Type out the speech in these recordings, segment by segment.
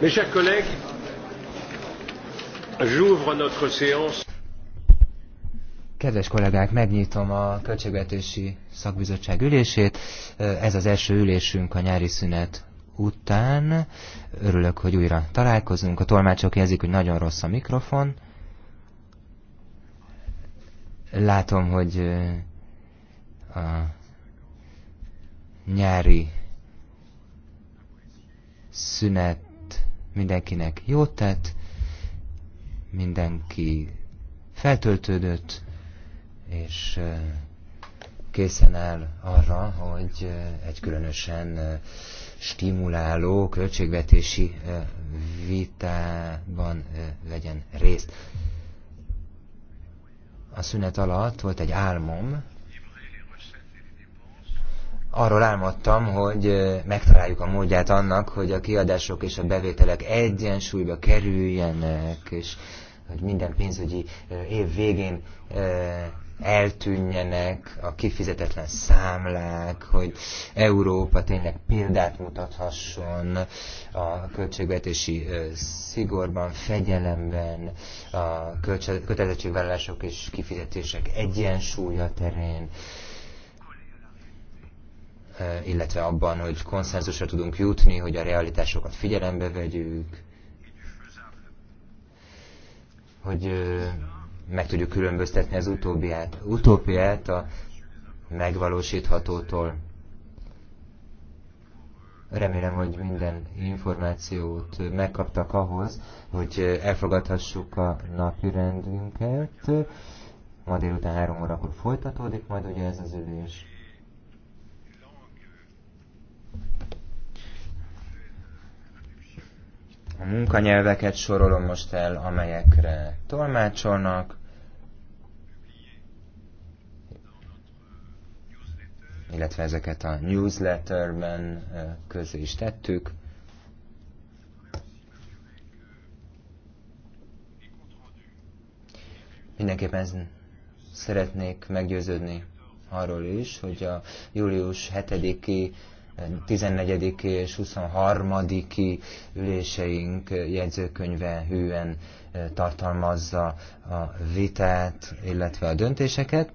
Mes chers collègues, j'ouvre notre séance. Kedves kollégák, megnyitom a Költségvetési Szakbizottság ülését. Ez az első ülésünk a nyári szünet után. Örülök, hogy újra találkozunk. A tolmácsok jelzik, hogy nagyon rossz a mikrofon. Látom, hogy a nyári szünet mindenkinek jót tett, mindenki feltöltődött, és készen áll arra, hogy egy különösen stimuláló költségvetési vitában vegyen részt a szünet alatt volt egy álmom, arról álmodtam, hogy megtaláljuk a módját annak, hogy a kiadások és a bevételek egyensúlyba kerüljenek, és hogy minden pénzügyi év végén eltűnjenek a kifizetetlen számlák, hogy Európa tényleg példát mutathasson a költségvetési szigorban, fegyelemben, a kötelezettségvállalások és kifizetések egyensúlya terén illetve abban, hogy konszenzusra tudunk jutni, hogy a realitásokat figyelembe vegyük, hogy meg tudjuk különböztetni az utópiát, utópiát a megvalósíthatótól. Remélem, hogy minden információt megkaptak ahhoz, hogy elfogadhassuk a napi rendünket. Ma délután három órakor folytatódik majd ugye ez az ülés. A munkanyelveket sorolom most el, amelyekre tolmácsolnak. illetve ezeket a newsletterben közé is tettük. Mindenképpen szeretnék meggyőződni arról is, hogy a július 7-i 14. és 23. üléseink jegyzőkönyve hűen tartalmazza a vitát, illetve a döntéseket.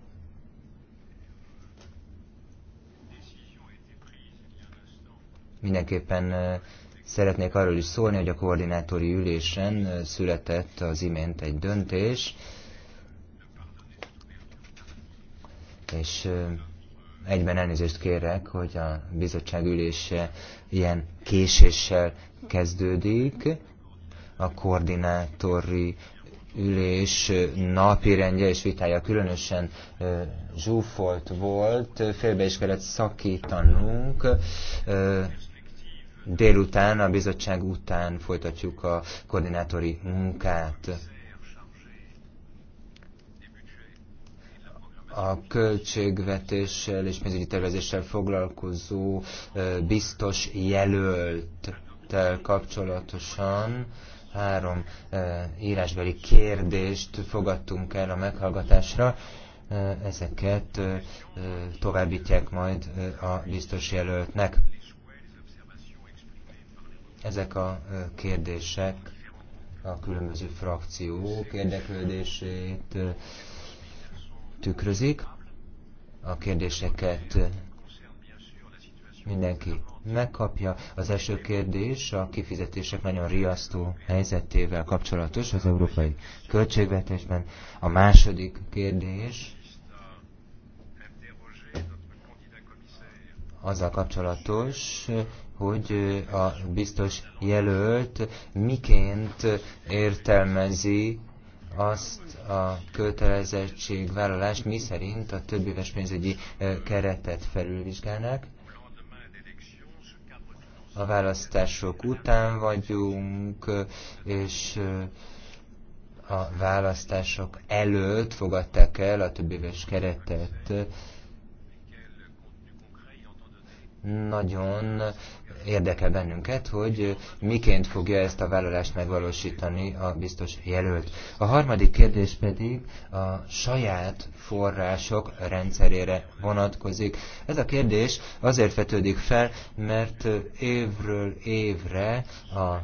Mindenképpen szeretnék arról is szólni, hogy a koordinátori ülésen született az imént egy döntés, és egyben elnézést kérek, hogy a bizottság ülése ilyen késéssel kezdődik. A koordinátori ülés napirendje és vitája különösen zsúfolt volt, félbe is kellett szakítanunk, délután, a bizottság után folytatjuk a koordinátori munkát. A költségvetéssel és pénzügyi tervezéssel foglalkozó biztos jelölttel kapcsolatosan három írásbeli kérdést fogadtunk el a meghallgatásra ezeket továbbítják majd a biztos jelöltnek. Ezek a kérdések a különböző frakciók érdeklődését tükrözik. A kérdéseket mindenki megkapja. Az első kérdés a kifizetések nagyon riasztó helyzetével kapcsolatos az európai költségvetésben. A második kérdés azzal kapcsolatos, hogy a biztos jelölt miként értelmezi azt a kötelezettségvállalást, mi szerint a több éves pénzügyi keretet felülvizsgálnak. A választások után vagyunk, és a választások előtt fogadták el a több éves keretet nagyon érdekel bennünket, hogy miként fogja ezt a vállalást megvalósítani a biztos jelölt. A harmadik kérdés pedig a saját források rendszerére vonatkozik. Ez a kérdés azért vetődik fel, mert évről évre a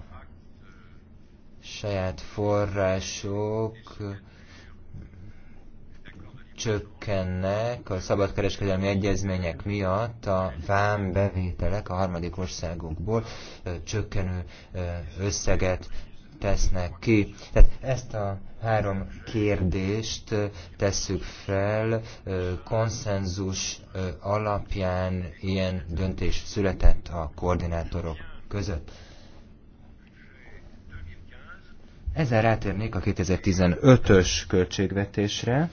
saját források csökkennek a szabadkereskedelmi egyezmények miatt a vám bevételek a harmadik országokból csökkenő összeget tesznek ki. Tehát ezt a három kérdést tesszük fel, konszenzus alapján ilyen döntés született a koordinátorok között. Ezzel rátérnék a 2015-ös költségvetésre.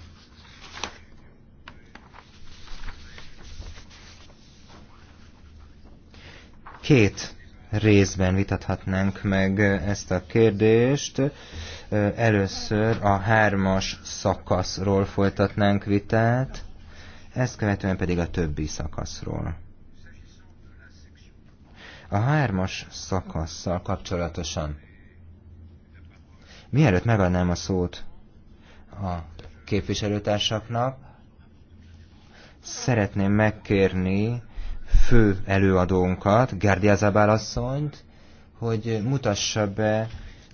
két részben vitathatnánk meg ezt a kérdést. Először a hármas szakaszról folytatnánk vitát, ezt követően pedig a többi szakaszról. A hármas szakasszal kapcsolatosan. Mielőtt megadnám a szót a képviselőtársaknak, szeretném megkérni fő előadónkat, Gárdia Zabál asszonyt, hogy mutassa be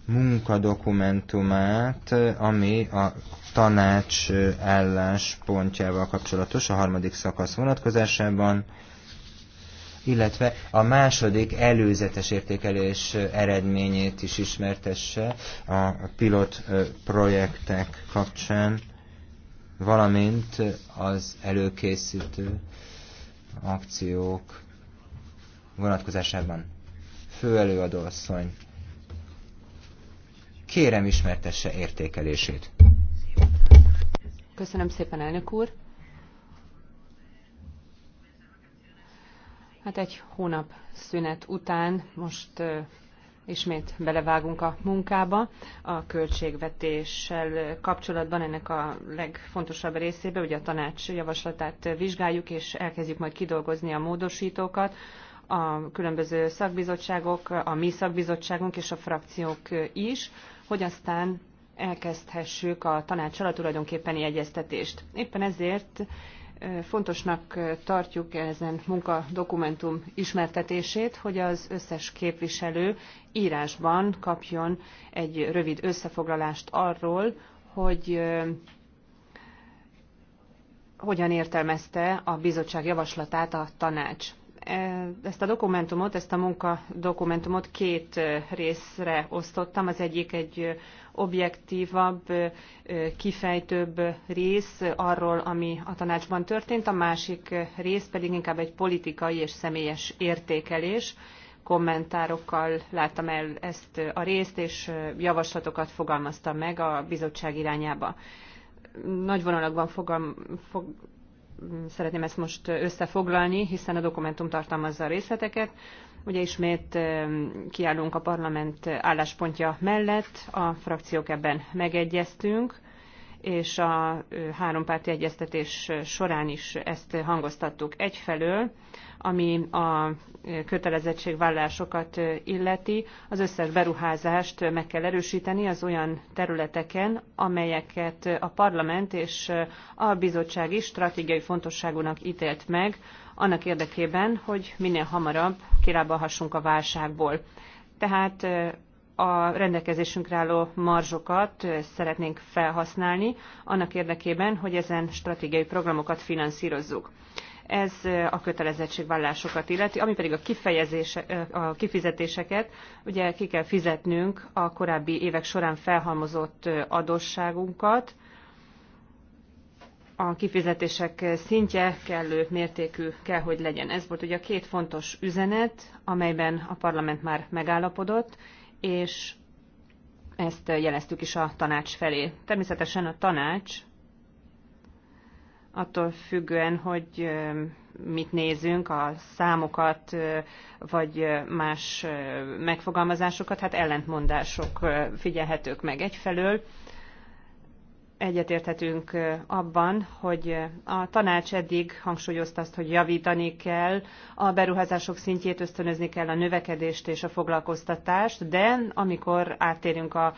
munkadokumentumát, ami a tanács álláspontjával kapcsolatos a harmadik szakasz vonatkozásában, illetve a második előzetes értékelés eredményét is ismertesse a pilot projektek kapcsán, valamint az előkészítő akciók vonatkozásában. Főelőadó asszony, kérem ismertesse értékelését. Köszönöm szépen, elnök úr. Hát egy hónap szünet után most ismét belevágunk a munkába. A költségvetéssel kapcsolatban ennek a legfontosabb részébe, ugye a tanács javaslatát vizsgáljuk, és elkezdjük majd kidolgozni a módosítókat. A különböző szakbizottságok, a mi szakbizottságunk és a frakciók is, hogy aztán elkezdhessük a tanács alatt tulajdonképpeni egyeztetést. Éppen ezért fontosnak tartjuk ezen munkadokumentum ismertetését, hogy az összes képviselő írásban kapjon egy rövid összefoglalást arról, hogy hogyan értelmezte a bizottság javaslatát a tanács. E, ezt a dokumentumot, ezt a munkadokumentumot két e, részre osztottam. Az egyik egy objektívabb, e, kifejtőbb rész arról, ami a tanácsban történt, a másik rész pedig inkább egy politikai és személyes értékelés. Kommentárokkal láttam el ezt a részt, és javaslatokat fogalmaztam meg a bizottság irányába. Nagy vonalakban fogal, fog, szeretném ezt most összefoglalni, hiszen a dokumentum tartalmazza a részleteket. Ugye ismét kiállunk a parlament álláspontja mellett, a frakciók ebben megegyeztünk és a hárompárti egyeztetés során is ezt hangoztattuk. Egyfelől, ami a kötelezettségvállásokat illeti, az összes beruházást meg kell erősíteni az olyan területeken, amelyeket a parlament és a bizottság is stratégiai fontosságúnak ítélt meg, annak érdekében, hogy minél hamarabb kilábalhassunk a válságból. Tehát a rendelkezésünkre álló marzsokat szeretnénk felhasználni annak érdekében, hogy ezen stratégiai programokat finanszírozzuk. Ez a kötelezettségvállásokat illeti, ami pedig a, a kifizetéseket, ugye ki kell fizetnünk a korábbi évek során felhalmozott adósságunkat, a kifizetések szintje kellő mértékű kell, hogy legyen. Ez volt ugye a két fontos üzenet, amelyben a parlament már megállapodott, és ezt jeleztük is a tanács felé. Természetesen a tanács attól függően, hogy mit nézünk, a számokat, vagy más megfogalmazásokat, hát ellentmondások figyelhetők meg egyfelől egyetérthetünk abban, hogy a tanács eddig hangsúlyozta azt, hogy javítani kell, a beruházások szintjét ösztönözni kell a növekedést és a foglalkoztatást, de amikor áttérünk a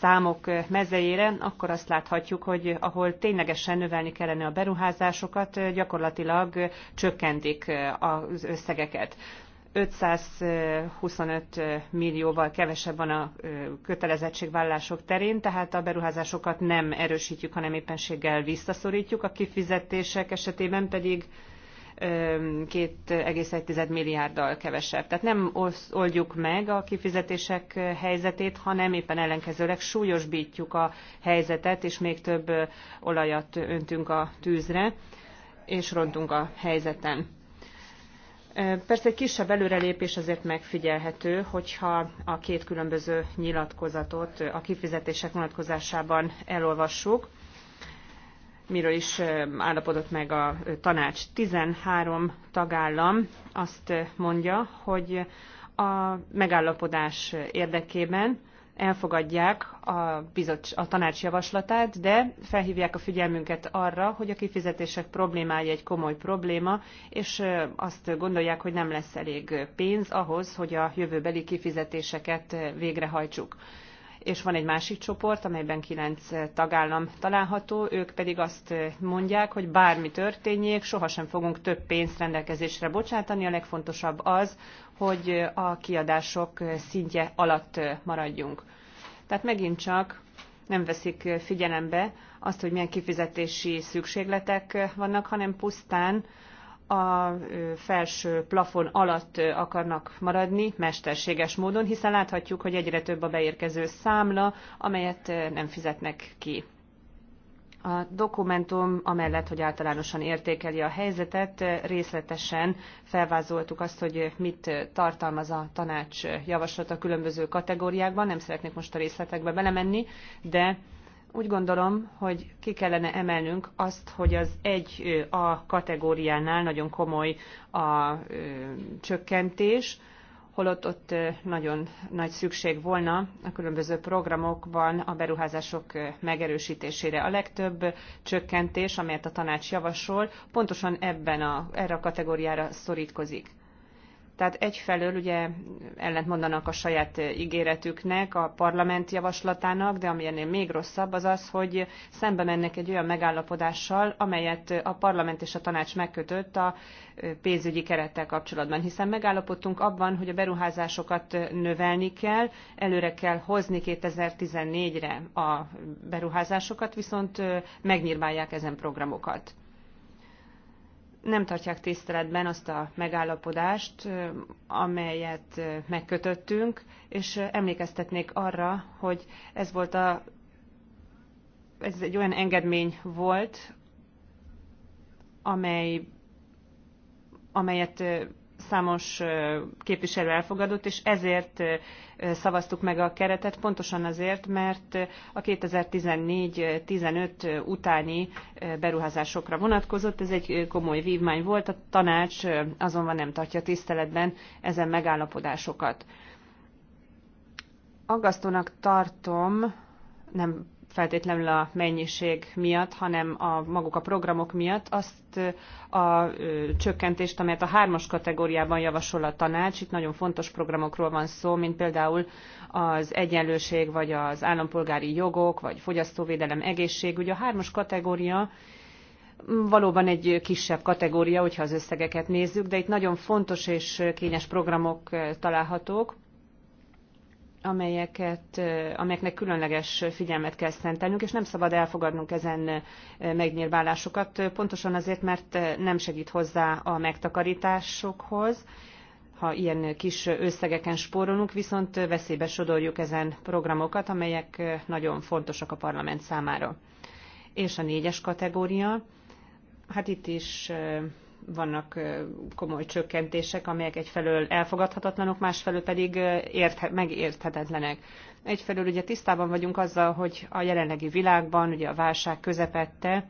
számok mezejére, akkor azt láthatjuk, hogy ahol ténylegesen növelni kellene a beruházásokat, gyakorlatilag csökkentik az összegeket. 525 millióval kevesebb van a kötelezettségvállások terén, tehát a beruházásokat nem erősítjük, hanem éppenséggel visszaszorítjuk, a kifizetések esetében pedig 2,1 milliárddal kevesebb. Tehát nem oldjuk meg a kifizetések helyzetét, hanem éppen ellenkezőleg súlyosbítjuk a helyzetet, és még több olajat öntünk a tűzre, és rontunk a helyzeten Persze egy kisebb előrelépés azért megfigyelhető, hogyha a két különböző nyilatkozatot a kifizetések vonatkozásában elolvassuk, miről is állapodott meg a tanács. 13 tagállam azt mondja, hogy a megállapodás érdekében elfogadják a, bizottság, a tanács javaslatát, de felhívják a figyelmünket arra, hogy a kifizetések problémája egy komoly probléma, és azt gondolják, hogy nem lesz elég pénz ahhoz, hogy a jövőbeli kifizetéseket végrehajtsuk és van egy másik csoport, amelyben kilenc eh, tagállam található, ők pedig azt eh, mondják, hogy bármi történjék, sohasem fogunk több pénzt rendelkezésre bocsátani, a legfontosabb az, hogy eh, a kiadások szintje alatt maradjunk. Tehát megint csak nem veszik figyelembe azt, hogy milyen kifizetési szükségletek vannak, hanem pusztán a felső plafon alatt akarnak maradni mesterséges módon, hiszen láthatjuk, hogy egyre több a beérkező számla, amelyet nem fizetnek ki. A dokumentum, amellett, hogy általánosan értékeli a helyzetet, részletesen felvázoltuk azt, hogy mit tartalmaz a tanács javaslata különböző kategóriákban. Nem szeretnék most a részletekbe belemenni, de úgy gondolom, hogy ki kellene emelnünk azt, hogy az egy a kategóriánál nagyon komoly a csökkentés, holott ott nagyon nagy szükség volna a különböző programokban a beruházások megerősítésére. A legtöbb csökkentés, amelyet a tanács javasol, pontosan ebben a, erre a kategóriára szorítkozik. Tehát egyfelől ugye ellent mondanak a saját ígéretüknek, a parlament javaslatának, de ami ennél még rosszabb az az, hogy szembe mennek egy olyan megállapodással, amelyet a parlament és a tanács megkötött a pénzügyi kerettel kapcsolatban. Hiszen megállapodtunk abban, hogy a beruházásokat növelni kell, előre kell hozni 2014-re a beruházásokat, viszont megnyírválják ezen programokat nem tartják tiszteletben azt a megállapodást, amelyet megkötöttünk, és emlékeztetnék arra, hogy ez volt a ez egy olyan engedmény volt, amely, amelyet számos képviselő elfogadott, és ezért szavaztuk meg a keretet, pontosan azért, mert a 2014-15 utáni beruházásokra vonatkozott. Ez egy komoly vívmány volt, a tanács azonban nem tartja tiszteletben ezen megállapodásokat. Aggasztónak tartom, nem feltétlenül a mennyiség miatt, hanem a maguk a programok miatt azt a csökkentést, amelyet a hármas kategóriában javasol a tanács. Itt nagyon fontos programokról van szó, mint például az egyenlőség, vagy az állampolgári jogok, vagy fogyasztóvédelem, Ugye A hármas kategória valóban egy kisebb kategória, hogyha az összegeket nézzük, de itt nagyon fontos és kényes programok találhatók amelyeket, amelyeknek különleges figyelmet kell szentelnünk, és nem szabad elfogadnunk ezen megnyírválásokat, pontosan azért, mert nem segít hozzá a megtakarításokhoz, ha ilyen kis összegeken spórolunk, viszont veszélybe sodorjuk ezen programokat, amelyek nagyon fontosak a parlament számára. És a négyes kategória, hát itt is vannak komoly csökkentések, amelyek egyfelől elfogadhatatlanok, másfelől pedig érthe- megérthetetlenek. Egyfelől ugye tisztában vagyunk azzal, hogy a jelenlegi világban, ugye a válság közepette,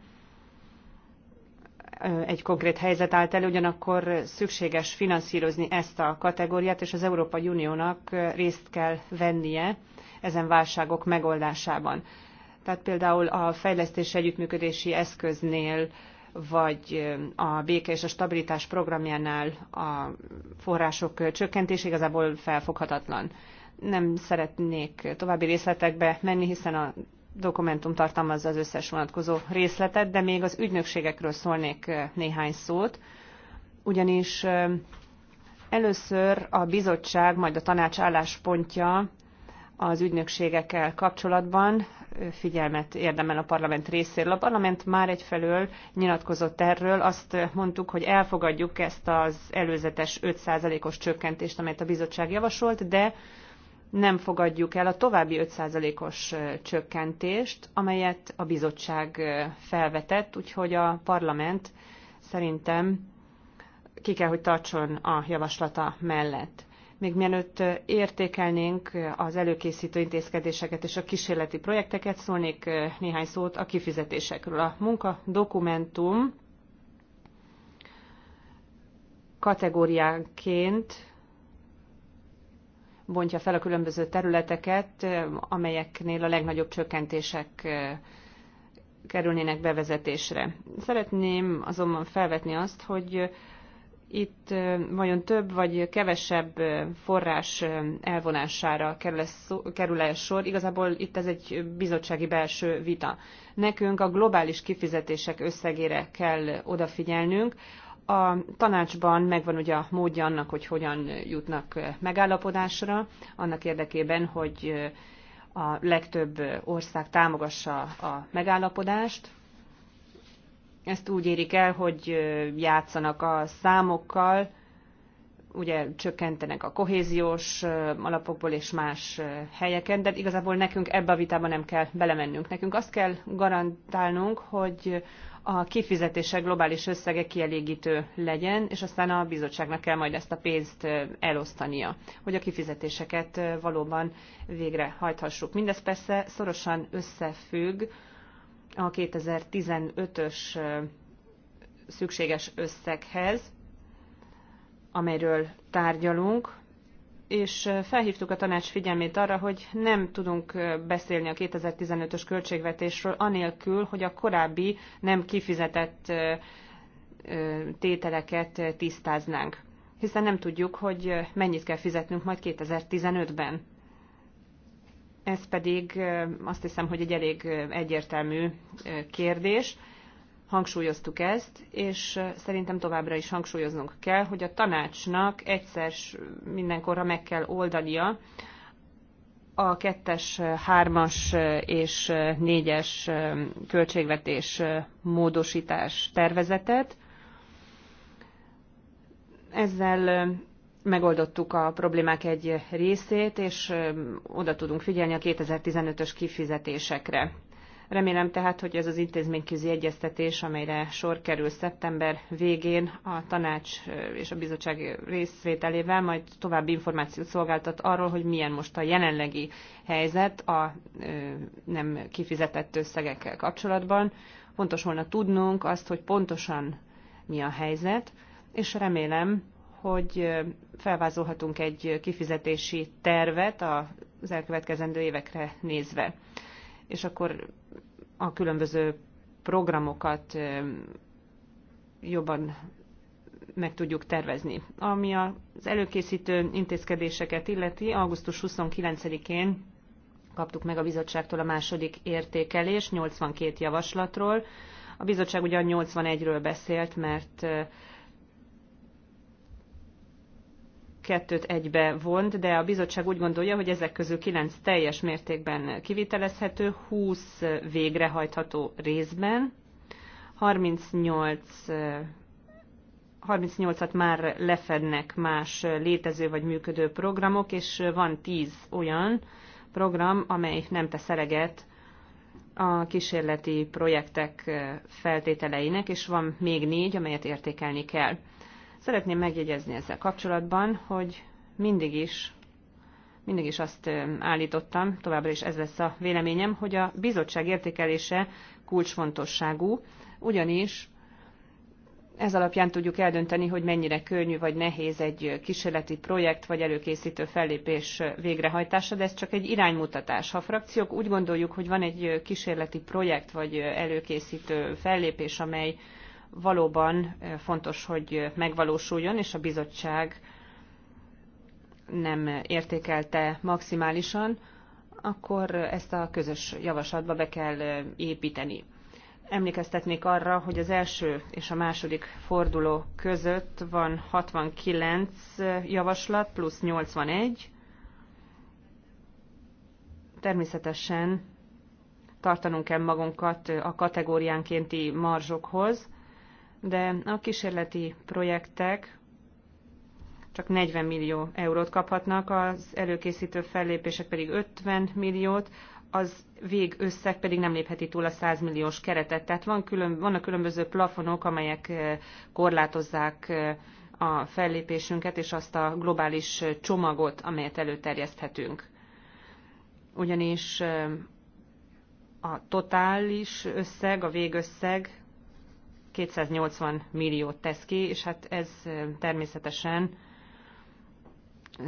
egy konkrét helyzet állt elő, ugyanakkor szükséges finanszírozni ezt a kategóriát, és az Európai Uniónak részt kell vennie ezen válságok megoldásában. Tehát például a fejlesztés együttműködési eszköznél vagy a béke és a stabilitás programjánál a források csökkentés igazából felfoghatatlan. Nem szeretnék további részletekbe menni, hiszen a dokumentum tartalmazza az összes vonatkozó részletet, de még az ügynökségekről szólnék néhány szót, ugyanis először a bizottság, majd a tanács álláspontja az ügynökségekkel kapcsolatban figyelmet érdemel a parlament részéről. A parlament már egyfelől nyilatkozott erről, azt mondtuk, hogy elfogadjuk ezt az előzetes 5%-os csökkentést, amelyet a bizottság javasolt, de nem fogadjuk el a további 5%-os csökkentést, amelyet a bizottság felvetett, úgyhogy a parlament szerintem ki kell, hogy tartson a javaslata mellett még mielőtt értékelnénk az előkészítő intézkedéseket és a kísérleti projekteket, szólnék néhány szót a kifizetésekről. A munka dokumentum kategóriánként bontja fel a különböző területeket, amelyeknél a legnagyobb csökkentések kerülnének bevezetésre. Szeretném azonban felvetni azt, hogy itt vajon több vagy kevesebb forrás elvonására kerül-e sor? Igazából itt ez egy bizottsági belső vita. Nekünk a globális kifizetések összegére kell odafigyelnünk. A tanácsban megvan ugye a módja annak, hogy hogyan jutnak megállapodásra, annak érdekében, hogy a legtöbb ország támogassa a megállapodást, ezt úgy érik el, hogy játszanak a számokkal, ugye csökkentenek a kohéziós alapokból és más helyeken, de igazából nekünk ebbe a vitába nem kell belemennünk. Nekünk azt kell garantálnunk, hogy a kifizetése globális összege kielégítő legyen, és aztán a bizottságnak kell majd ezt a pénzt elosztania, hogy a kifizetéseket valóban végrehajthassuk. Mindez persze szorosan összefügg a 2015-ös szükséges összeghez, amelyről tárgyalunk, és felhívtuk a tanács figyelmét arra, hogy nem tudunk beszélni a 2015-ös költségvetésről anélkül, hogy a korábbi nem kifizetett tételeket tisztáznánk, hiszen nem tudjuk, hogy mennyit kell fizetnünk majd 2015-ben. Ez pedig azt hiszem, hogy egy elég egyértelmű kérdés. Hangsúlyoztuk ezt, és szerintem továbbra is hangsúlyoznunk kell, hogy a tanácsnak egyszer mindenkorra meg kell oldania a kettes, hármas és négyes költségvetés módosítás tervezetet. Ezzel megoldottuk a problémák egy részét, és oda tudunk figyelni a 2015-ös kifizetésekre. Remélem tehát, hogy ez az intézményközi egyeztetés, amelyre sor kerül szeptember végén a tanács és a bizottság részvételével, majd további információt szolgáltat arról, hogy milyen most a jelenlegi helyzet a nem kifizetett összegekkel kapcsolatban. Fontos volna tudnunk azt, hogy pontosan mi a helyzet, és remélem, hogy felvázolhatunk egy kifizetési tervet az elkövetkezendő évekre nézve. És akkor a különböző programokat jobban meg tudjuk tervezni. Ami az előkészítő intézkedéseket illeti, augusztus 29-én kaptuk meg a bizottságtól a második értékelés 82 javaslatról. A bizottság ugyan 81-ről beszélt, mert kettőt egybe vont, de a bizottság úgy gondolja, hogy ezek közül kilenc teljes mértékben kivitelezhető, 20 végrehajtható részben, 38 38-at eh, már lefednek más létező vagy működő programok, és van 10 olyan program, amely nem tesz eleget a kísérleti projektek eh, feltételeinek, és van még négy, amelyet értékelni kell. Szeretném megjegyezni ezzel kapcsolatban, hogy mindig is mindig is azt állítottam, továbbra is ez lesz a véleményem, hogy a bizottság értékelése kulcsfontosságú, ugyanis ez alapján tudjuk eldönteni, hogy mennyire könnyű vagy nehéz egy kísérleti projekt vagy előkészítő fellépés végrehajtása, de ez csak egy iránymutatás. Ha a frakciók úgy gondoljuk, hogy van egy kísérleti projekt vagy előkészítő fellépés, amely valóban fontos, hogy megvalósuljon, és a bizottság nem értékelte maximálisan, akkor ezt a közös javaslatba be kell építeni. Emlékeztetnék arra, hogy az első és a második forduló között van 69 javaslat plusz 81. Természetesen tartanunk kell magunkat a kategóriánkénti marzsokhoz, de a kísérleti projektek csak 40 millió eurót kaphatnak, az előkészítő fellépések pedig 50 milliót, az vég összeg pedig nem lépheti túl a 100 milliós keretet. Tehát van külön, vannak különböző plafonok, amelyek eh, korlátozzák eh, a fellépésünket és azt a globális eh, csomagot, amelyet előterjeszthetünk. Ugyanis a totális összeg, a végösszeg 280 milliót tesz ki, és hát ez természetesen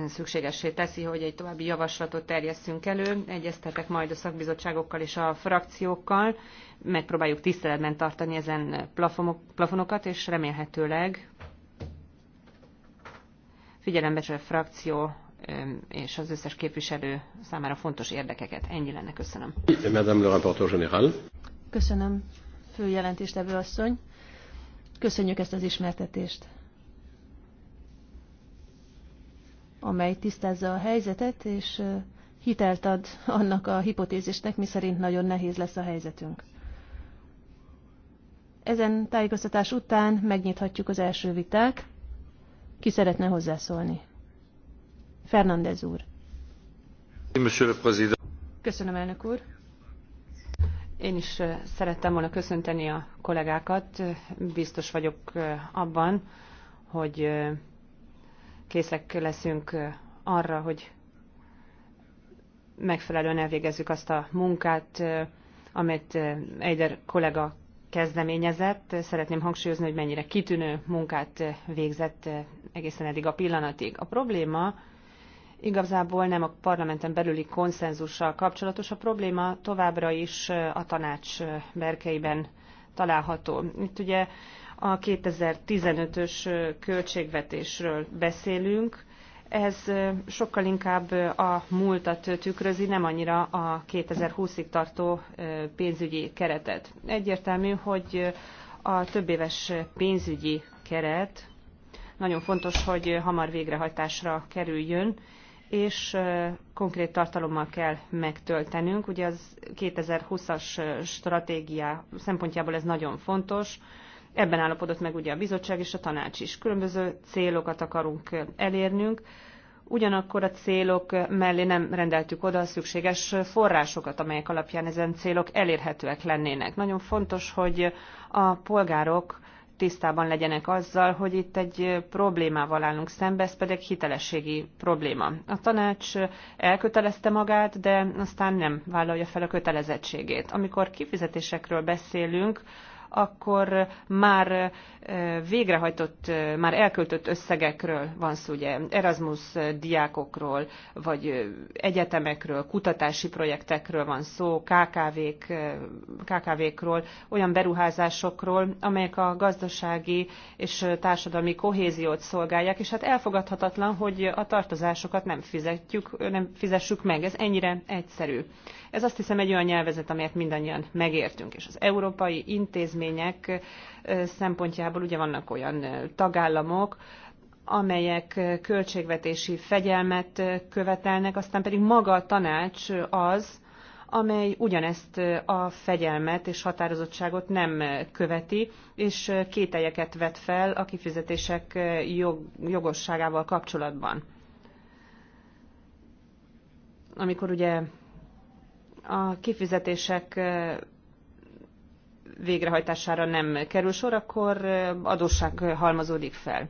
szükségessé teszi, hogy egy további javaslatot terjesszünk elő. Egyeztetek majd a szakbizottságokkal és a frakciókkal, megpróbáljuk tiszteletben tartani ezen plafonokat, és remélhetőleg figyelembe a frakció és az összes képviselő számára fontos érdekeket. Ennyi lenne, köszönöm. Köszönöm, főjelentéstevő asszony. Köszönjük ezt az ismertetést, amely tisztázza a helyzetet, és hitelt ad annak a hipotézisnek, miszerint nagyon nehéz lesz a helyzetünk. Ezen tájékoztatás után megnyithatjuk az első vitát. Ki szeretne hozzászólni? Fernández úr. Köszönöm, elnök úr. Én is szerettem volna köszönteni a kollégákat. Biztos vagyok abban, hogy készek leszünk arra, hogy megfelelően elvégezzük azt a munkát, amit Eider kollega kezdeményezett. Szeretném hangsúlyozni, hogy mennyire kitűnő munkát végzett egészen eddig a pillanatig. A probléma igazából nem a parlamenten belüli konszenzussal kapcsolatos, a probléma továbbra is a tanács berkeiben található. Itt ugye a 2015-ös költségvetésről beszélünk, ez sokkal inkább a múltat tükrözi, nem annyira a 2020-ig tartó pénzügyi keretet. Egyértelmű, hogy a többéves pénzügyi keret nagyon fontos, hogy hamar végrehajtásra kerüljön, és konkrét tartalommal kell megtöltenünk. Ugye az 2020-as stratégia szempontjából ez nagyon fontos. Ebben állapodott meg ugye a bizottság és a tanács is. Különböző célokat akarunk elérnünk, ugyanakkor a célok mellé nem rendeltük oda a szükséges forrásokat, amelyek alapján ezen célok elérhetőek lennének. Nagyon fontos, hogy a polgárok tisztában legyenek azzal, hogy itt egy problémával állunk szembe, ez pedig hitelességi probléma. A tanács elkötelezte magát, de aztán nem vállalja fel a kötelezettségét. Amikor kifizetésekről beszélünk, akkor már végrehajtott, már elköltött összegekről van szó, ugye Erasmus diákokról, vagy egyetemekről, kutatási projektekről van szó, kkv kről KKV-król, olyan beruházásokról, amelyek a gazdasági és társadalmi kohéziót szolgálják, és hát elfogadhatatlan, hogy a tartozásokat nem fizetjük, nem fizessük meg. Ez ennyire egyszerű. Ez azt hiszem egy olyan nyelvezet, amelyet mindannyian megértünk, és az európai intézmények szempontjából ugye vannak olyan tagállamok, amelyek költségvetési fegyelmet követelnek, aztán pedig maga a tanács az, amely ugyanezt a fegyelmet és határozottságot nem követi, és kételyeket vet fel a kifizetések jog, jogosságával kapcsolatban. Amikor ugye a kifizetések végrehajtására nem kerül sor, akkor adósság halmazódik fel.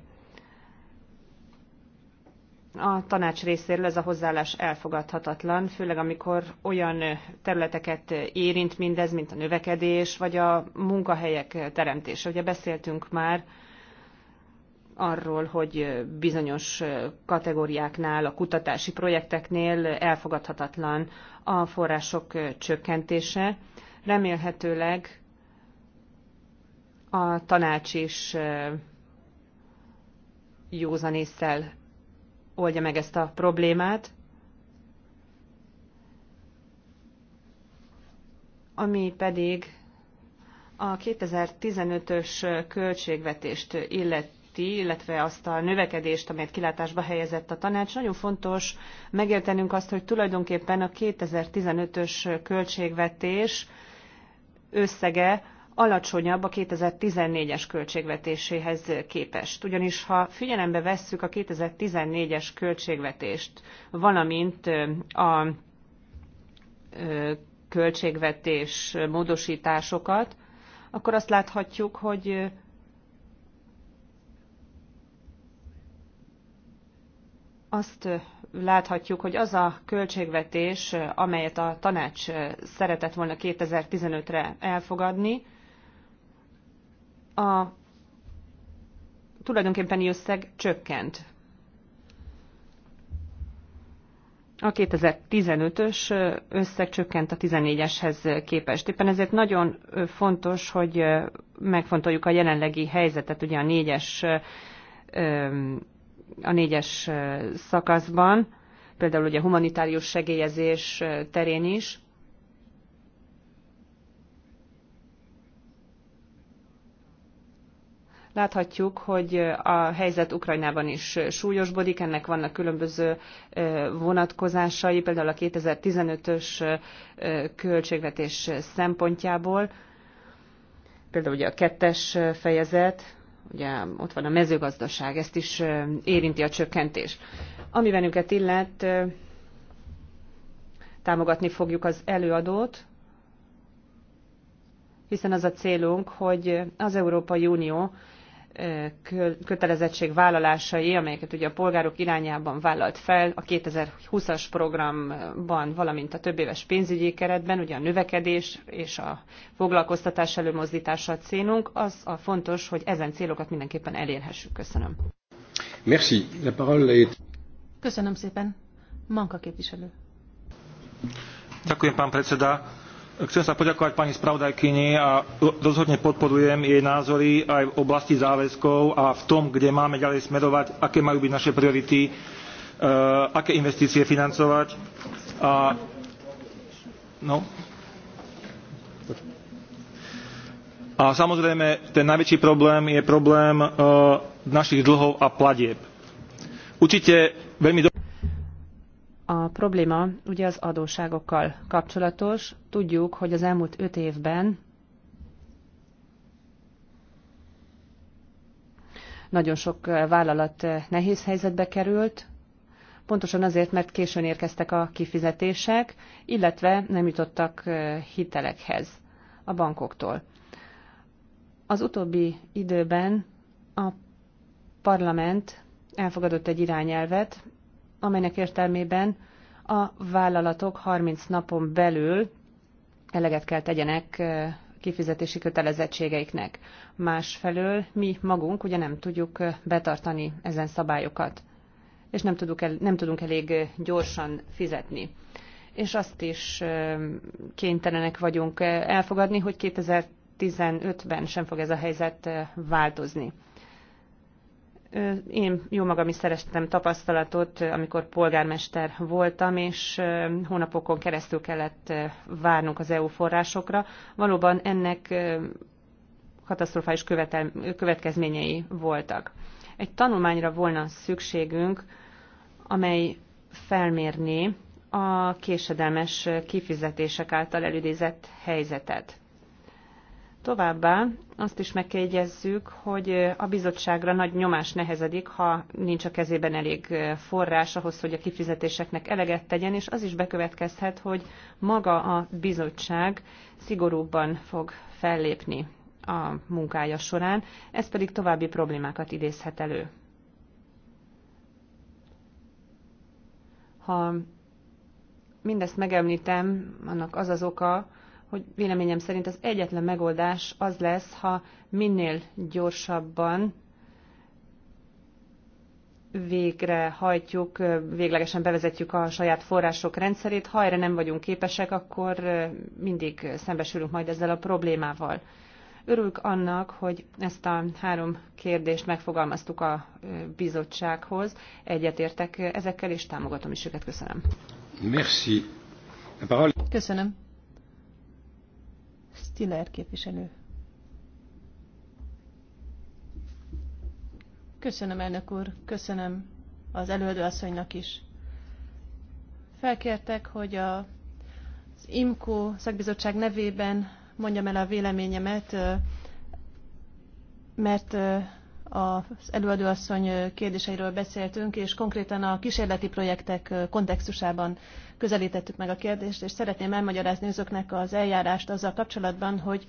A tanács részéről ez a hozzáállás elfogadhatatlan, főleg amikor olyan területeket érint mindez, mint a növekedés, vagy a munkahelyek teremtése. Ugye beszéltünk már arról, hogy bizonyos kategóriáknál, a kutatási projekteknél elfogadhatatlan a források csökkentése. Remélhetőleg a tanács is józan észsel oldja meg ezt a problémát. Ami pedig a 2015-ös költségvetést illeti, előtti, illetve azt a növekedést, amelyet kilátásba helyezett a tanács. Nagyon fontos megértenünk azt, hogy tulajdonképpen a 2015-ös költségvetés összege alacsonyabb a 2014-es költségvetéséhez képest. Ugyanis ha figyelembe vesszük a 2014-es költségvetést, valamint a költségvetés módosításokat, akkor azt láthatjuk, hogy azt láthatjuk, hogy az a költségvetés, amelyet a tanács szeretett volna 2015-re elfogadni, a tulajdonképpeni összeg csökkent. A 2015-ös összeg csökkent a 14-eshez képest. Éppen ezért nagyon fontos, hogy megfontoljuk a jelenlegi helyzetet, ugye a 4-es a négyes szakaszban, például ugye humanitárius segélyezés terén is. Láthatjuk, hogy a helyzet Ukrajnában is súlyosbodik, ennek vannak különböző vonatkozásai, például a 2015-ös költségvetés szempontjából, például ugye a kettes fejezet, ugye ott van a mezőgazdaság, ezt is érinti a csökkentés. Ami bennünket illet, támogatni fogjuk az előadót, hiszen az a célunk, hogy az Európai Unió kötelezettség vállalásai, amelyeket ugye a polgárok irányában vállalt fel a 2020-as programban, valamint a éves pénzügyi keretben, ugye a növekedés és a foglalkoztatás előmozdítása a célunk, az a fontos, hogy ezen célokat mindenképpen elérhessük. Köszönöm. Merci. La parole est... Köszönöm szépen. Manka képviselő. Köszönöm, pán predseda Chcem sa poďakovať pani spravodajkyni a rozhodne podporujem jej názory aj v oblasti záväzkov a v tom, kde máme ďalej smerovať, aké majú byť naše priority, e, aké investície financovať. A... No. A samozrejme, ten najväčší problém je problém e, našich dlhov a platieb. Určite veľmi dobre... A probléma ugye az adóságokkal kapcsolatos. Tudjuk, hogy az elmúlt öt évben nagyon sok vállalat nehéz helyzetbe került, pontosan azért, mert későn érkeztek a kifizetések, illetve nem jutottak hitelekhez a bankoktól. Az utóbbi időben a parlament elfogadott egy irányelvet, amelynek értelmében a vállalatok 30 napon belül eleget kell tegyenek kifizetési kötelezettségeiknek. Másfelől mi magunk ugye nem tudjuk betartani ezen szabályokat, és nem, tudunk el, nem tudunk elég gyorsan fizetni. És azt is kénytelenek vagyunk elfogadni, hogy 2015-ben sem fog ez a helyzet változni. Én jó magam is szereztem tapasztalatot, amikor polgármester voltam, és hónapokon keresztül kellett várnunk az EU forrásokra. Valóban ennek katasztrofális következményei voltak. Egy tanulmányra volna szükségünk, amely felmérné a késedelmes kifizetések által elidézett helyzetet. Továbbá azt is megjegyezzük, hogy a bizottságra nagy nyomás nehezedik, ha nincs a kezében elég forrás ahhoz, hogy a kifizetéseknek eleget tegyen, és az is bekövetkezhet, hogy maga a bizottság szigorúbban fog fellépni a munkája során, ez pedig további problémákat idézhet elő. Ha mindezt megemlítem, annak az az oka, hogy véleményem szerint az egyetlen megoldás az lesz, ha minél gyorsabban végrehajtjuk, véglegesen bevezetjük a saját források rendszerét. Ha erre nem vagyunk képesek, akkor mindig szembesülünk majd ezzel a problémával. Örülök annak, hogy ezt a három kérdést megfogalmaztuk a bizottsághoz. Egyetértek ezekkel, és támogatom is őket. Köszönöm. Merci. Köszönöm. Stiller képviselő. Köszönöm, elnök úr, köszönöm az előadóasszonynak is. Felkértek, hogy a, az IMCO szakbizottság nevében mondjam el a véleményemet, mert az előadóasszony kérdéseiről beszéltünk, és konkrétan a kísérleti projektek kontextusában közelítettük meg a kérdést, és szeretném elmagyarázni azoknak az eljárást azzal kapcsolatban, hogy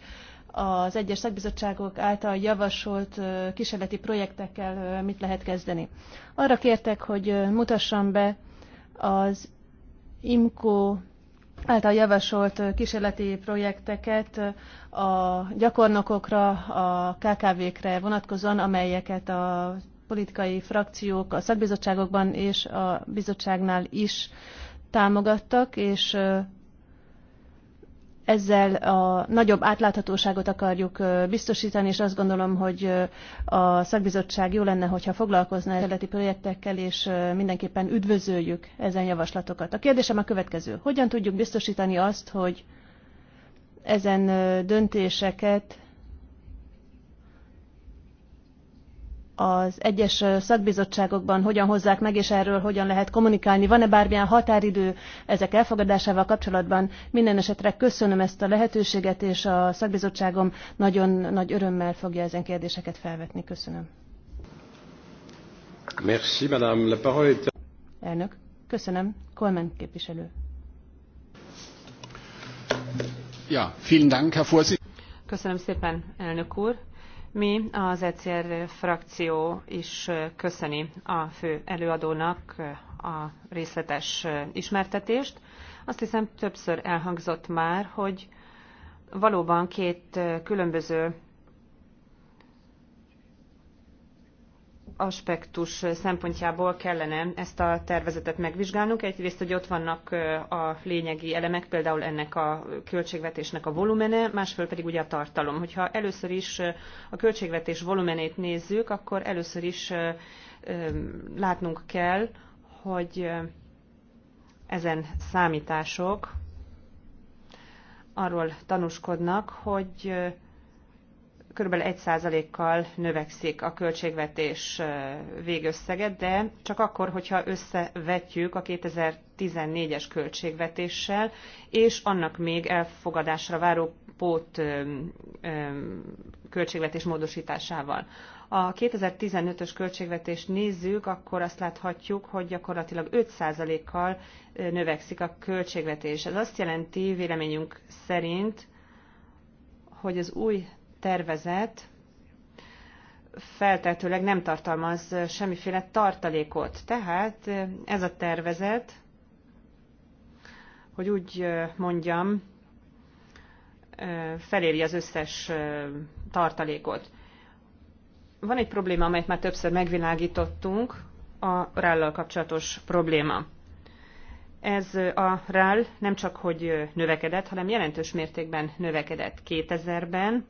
az egyes szakbizottságok által javasolt kísérleti projektekkel mit lehet kezdeni. Arra kértek, hogy mutassam be az IMCO által javasolt kísérleti projekteket a gyakornokokra, a KKV-kre vonatkozóan, amelyeket a politikai frakciók a szakbizottságokban és a bizottságnál is támogattak, és ezzel a nagyobb átláthatóságot akarjuk biztosítani, és azt gondolom, hogy a szakbizottság jó lenne, hogyha foglalkozna eredeti projektekkel, és mindenképpen üdvözöljük ezen javaslatokat. A kérdésem a következő. Hogyan tudjuk biztosítani azt, hogy ezen döntéseket az egyes szakbizottságokban hogyan hozzák meg, és erről hogyan lehet kommunikálni. Van-e bármilyen határidő ezek elfogadásával kapcsolatban? Minden esetre köszönöm ezt a lehetőséget, és a szakbizottságom nagyon nagy örömmel fogja ezen kérdéseket felvetni. Köszönöm. Merci, madame. La parole est... Elnök, köszönöm. Kolmen képviselő. Ja, vielen Dank, Herr Köszönöm szépen, elnök úr. Mi az ECR frakció is köszöni a fő előadónak a részletes ismertetést. Azt hiszem többször elhangzott már, hogy valóban két különböző aspektus szempontjából kellene ezt a tervezetet megvizsgálnunk. Egyrészt, hogy ott vannak a lényegi elemek, például ennek a költségvetésnek a volumene, másfél pedig ugye a tartalom. Hogyha először is a költségvetés volumenét nézzük, akkor először is látnunk kell, hogy ezen számítások arról tanúskodnak, hogy kb. 1%-kal növekszik a költségvetés végösszege, de csak akkor, hogyha összevetjük a 2014-es költségvetéssel, és annak még elfogadásra váró pót költségvetés módosításával. A 2015-ös költségvetést nézzük, akkor azt láthatjuk, hogy gyakorlatilag 5%-kal növekszik a költségvetés. Ez azt jelenti, véleményünk szerint, hogy az új tervezet feltehetőleg nem tartalmaz semmiféle tartalékot. Tehát ez a tervezet, hogy úgy mondjam, feléri az összes tartalékot. Van egy probléma, amelyet már többször megvilágítottunk, a rállal kapcsolatos probléma. Ez a rál nem csak hogy növekedett, hanem jelentős mértékben növekedett 2000-ben,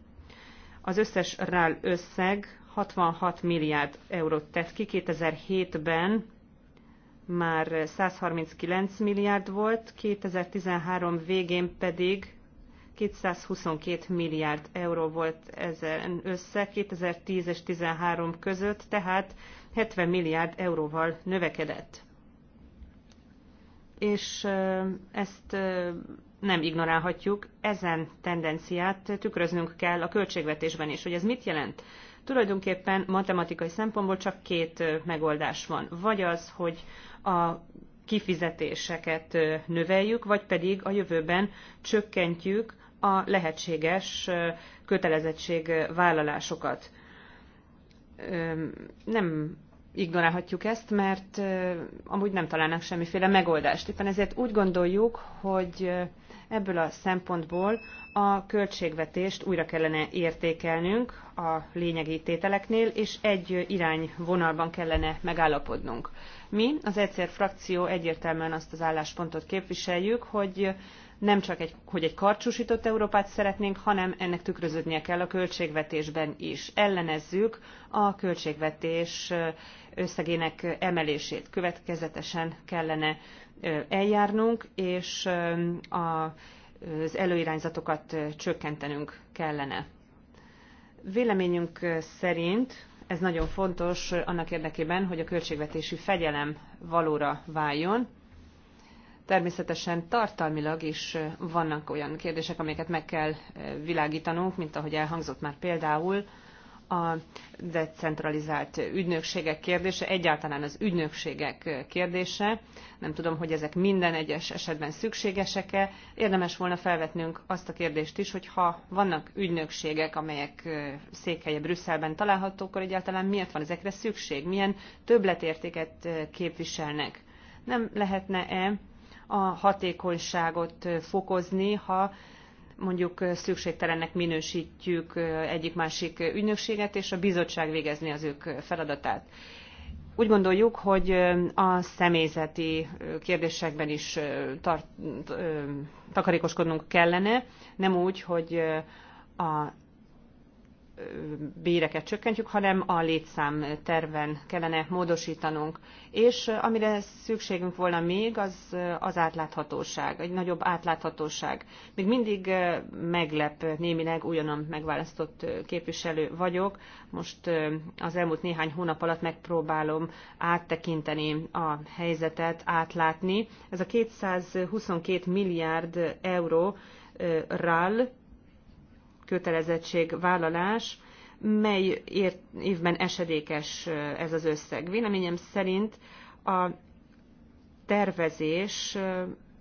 az összes rál összeg 66 milliárd eurót tett ki, 2007-ben már 139 milliárd volt, 2013 végén pedig 222 milliárd euró volt ezen össze 2010 és 2013 között, tehát 70 milliárd euróval növekedett. És ezt nem ignorálhatjuk, ezen tendenciát tükröznünk kell a költségvetésben is. Hogy ez mit jelent? Tulajdonképpen matematikai szempontból csak két megoldás van. Vagy az, hogy a kifizetéseket növeljük, vagy pedig a jövőben csökkentjük a lehetséges kötelezettségvállalásokat. Nem ignorálhatjuk ezt, mert amúgy nem találnak semmiféle megoldást. Éppen ezért úgy gondoljuk, hogy Ebből a szempontból a költségvetést újra kellene értékelnünk a lényegi tételeknél, és egy irányvonalban kellene megállapodnunk. Mi, az egyszer frakció egyértelműen azt az álláspontot képviseljük, hogy nem csak, egy, hogy egy karcsúsított Európát szeretnénk, hanem ennek tükröződnie kell a költségvetésben is. Ellenezzük a költségvetés összegének emelését. Következetesen kellene eljárnunk, és az előirányzatokat csökkentenünk kellene. Véleményünk szerint ez nagyon fontos annak érdekében, hogy a költségvetési fegyelem valóra váljon, Természetesen tartalmilag is vannak olyan kérdések, amelyeket meg kell világítanunk, mint ahogy elhangzott már például a decentralizált ügynökségek kérdése, egyáltalán az ügynökségek kérdése. Nem tudom, hogy ezek minden egyes esetben szükségesek-e. Érdemes volna felvetnünk azt a kérdést is, hogy ha vannak ügynökségek, amelyek székhelye Brüsszelben találhatók, akkor egyáltalán miért van ezekre szükség? Milyen többletértéket képviselnek? Nem lehetne-e a hatékonyságot fokozni, ha mondjuk szükségtelennek minősítjük egyik-másik ügynökséget, és a bizottság végezni az ők feladatát. Úgy gondoljuk, hogy a személyzeti kérdésekben is tart, takarékoskodnunk kellene, nem úgy, hogy a béreket csökkentjük, hanem a létszám terven kellene módosítanunk. És amire szükségünk volna még, az az átláthatóság, egy nagyobb átláthatóság. Még mindig meglep némileg, újonnan megválasztott képviselő vagyok. Most az elmúlt néhány hónap alatt megpróbálom áttekinteni a helyzetet, átlátni. Ez a 222 milliárd euró RAL, kötelezettségvállalás, mely évben esedékes ez az összeg. Véleményem szerint a tervezés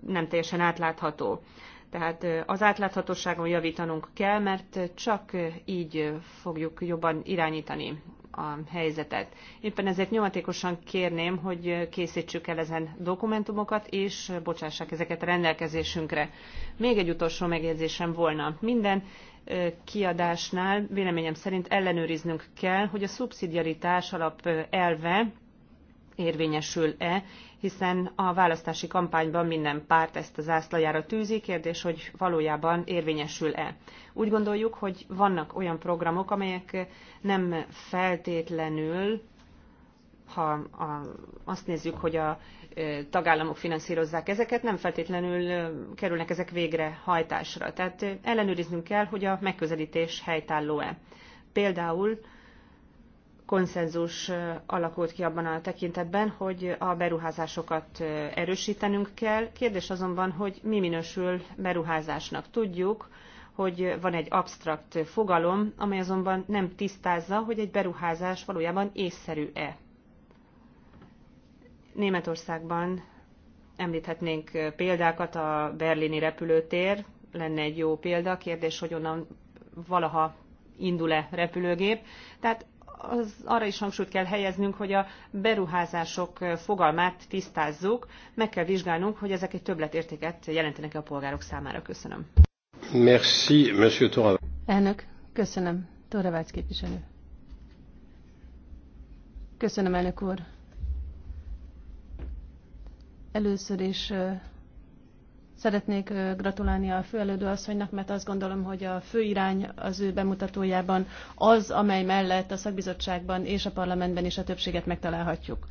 nem teljesen átlátható. Tehát az átláthatóságon javítanunk kell, mert csak így fogjuk jobban irányítani a helyzetet. Éppen ezért nyomatékosan kérném, hogy készítsük el ezen dokumentumokat, és bocsássák ezeket a rendelkezésünkre. Még egy utolsó megjegyzésem volna. Minden kiadásnál véleményem szerint ellenőriznünk kell, hogy a szubszidiaritás alap elve érvényesül-e, hiszen a választási kampányban minden párt ezt az ászlajára tűzi, kérdés, hogy valójában érvényesül-e. Úgy gondoljuk, hogy vannak olyan programok, amelyek nem feltétlenül ha a, azt nézzük, hogy a tagállamok finanszírozzák ezeket, nem feltétlenül kerülnek ezek végre hajtásra. Tehát ellenőriznünk kell, hogy a megközelítés helytálló-e. Például konszenzus alakult ki abban a tekintetben, hogy a beruházásokat erősítenünk kell. Kérdés azonban, hogy mi minősül beruházásnak. Tudjuk, hogy van egy absztrakt fogalom, amely azonban nem tisztázza, hogy egy beruházás valójában észszerű-e. Németországban említhetnénk példákat, a berlini repülőtér lenne egy jó példa, kérdés, hogy onnan valaha indul-e repülőgép. Tehát az, arra is hangsúlyt kell helyeznünk, hogy a beruházások fogalmát tisztázzuk, meg kell vizsgálnunk, hogy ezek egy többletértéket jelentenek -e a polgárok számára. Köszönöm. Merci, Monsieur Torav. Elnök, köszönöm. Toravács képviselő. Köszönöm, elnök úr. Először is szeretnék gratulálni a főelődő asszonynak, mert azt gondolom, hogy a fő irány az ő bemutatójában az, amely mellett a szakbizottságban és a parlamentben is a többséget megtalálhatjuk.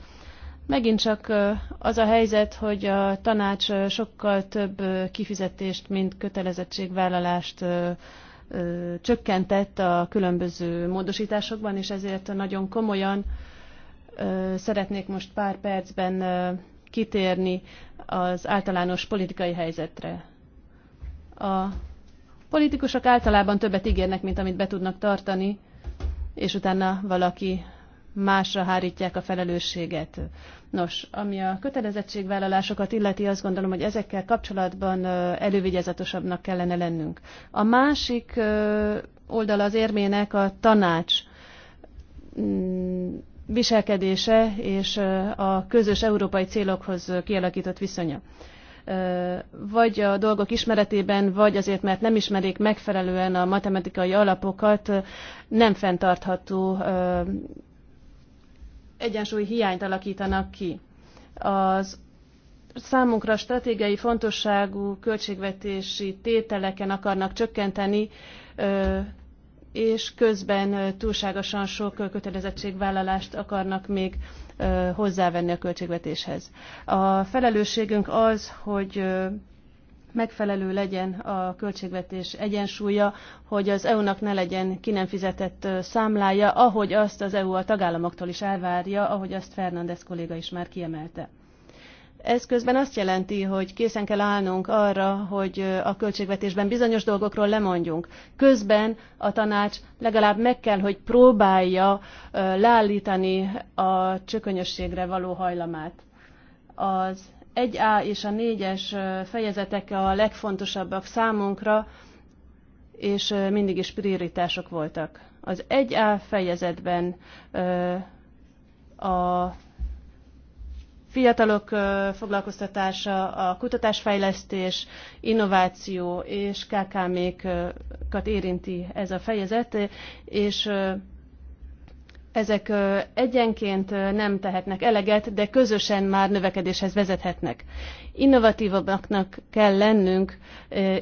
Megint csak az a helyzet, hogy a tanács sokkal több kifizetést, mint kötelezettségvállalást csökkentett a különböző módosításokban, és ezért nagyon komolyan szeretnék most pár percben kitérni az általános politikai helyzetre. A politikusok általában többet ígérnek, mint amit be tudnak tartani, és utána valaki másra hárítják a felelősséget. Nos, ami a kötelezettségvállalásokat illeti, azt gondolom, hogy ezekkel kapcsolatban elővigyázatosabbnak kellene lennünk. A másik oldala az érmének a tanács mm, viselkedése és a közös európai célokhoz kialakított viszonya. Vagy a dolgok ismeretében, vagy azért, mert nem ismerik megfelelően a matematikai alapokat, nem fenntartható egyensúly hiányt alakítanak ki. Az számunkra stratégiai fontosságú költségvetési tételeken akarnak csökkenteni, és közben túlságosan sok kötelezettségvállalást akarnak még hozzávenni a költségvetéshez. A felelősségünk az, hogy megfelelő legyen a költségvetés egyensúlya, hogy az EU-nak ne legyen ki nem fizetett számlája, ahogy azt az EU a tagállamoktól is elvárja, ahogy azt Fernández kolléga is már kiemelte. Ez közben azt jelenti, hogy készen kell állnunk arra, hogy a költségvetésben bizonyos dolgokról lemondjunk. Közben a tanács legalább meg kell, hogy próbálja leállítani a csökönyösségre való hajlamát. Az 1A és a 4-es fejezetek a legfontosabbak számunkra, és mindig is prioritások voltak. Az 1A fejezetben a fiatalok foglalkoztatása, a kutatásfejlesztés, innováció és KKM-kat érinti ez a fejezet, és ezek egyenként nem tehetnek eleget, de közösen már növekedéshez vezethetnek. Innovatívabbaknak kell lennünk,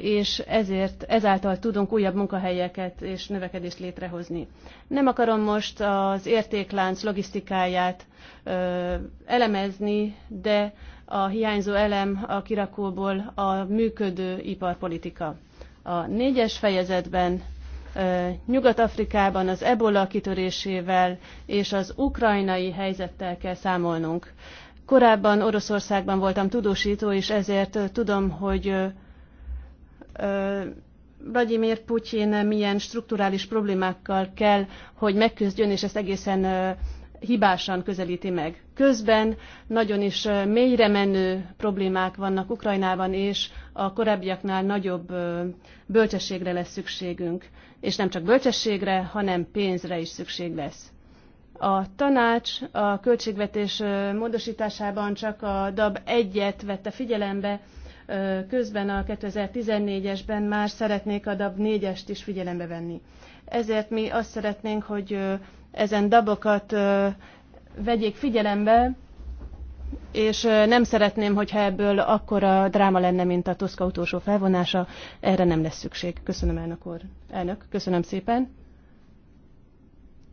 és ezért ezáltal tudunk újabb munkahelyeket és növekedést létrehozni. Nem akarom most az értéklánc logisztikáját elemezni, de a hiányzó elem a kirakóból a működő iparpolitika. A négyes fejezetben Nyugat-Afrikában az ebola kitörésével és az ukrajnai helyzettel kell számolnunk. Korábban Oroszországban voltam tudósító, és ezért tudom, hogy Vladimir Putyin milyen strukturális problémákkal kell, hogy megküzdjön, és ezt egészen hibásan közelíti meg. Közben nagyon is mélyre menő problémák vannak Ukrajnában, és a korábbiaknál nagyobb bölcsességre lesz szükségünk és nem csak bölcsességre, hanem pénzre is szükség lesz. A tanács a költségvetés módosításában csak a DAB egyet vette figyelembe, közben a 2014-esben már szeretnék a DAB 4-est is figyelembe venni. Ezért mi azt szeretnénk, hogy ezen dabokat vegyék figyelembe, és nem szeretném, hogyha ebből akkora dráma lenne, mint a Toszka utolsó felvonása. Erre nem lesz szükség. Köszönöm, elnök úr. Elnök, köszönöm szépen.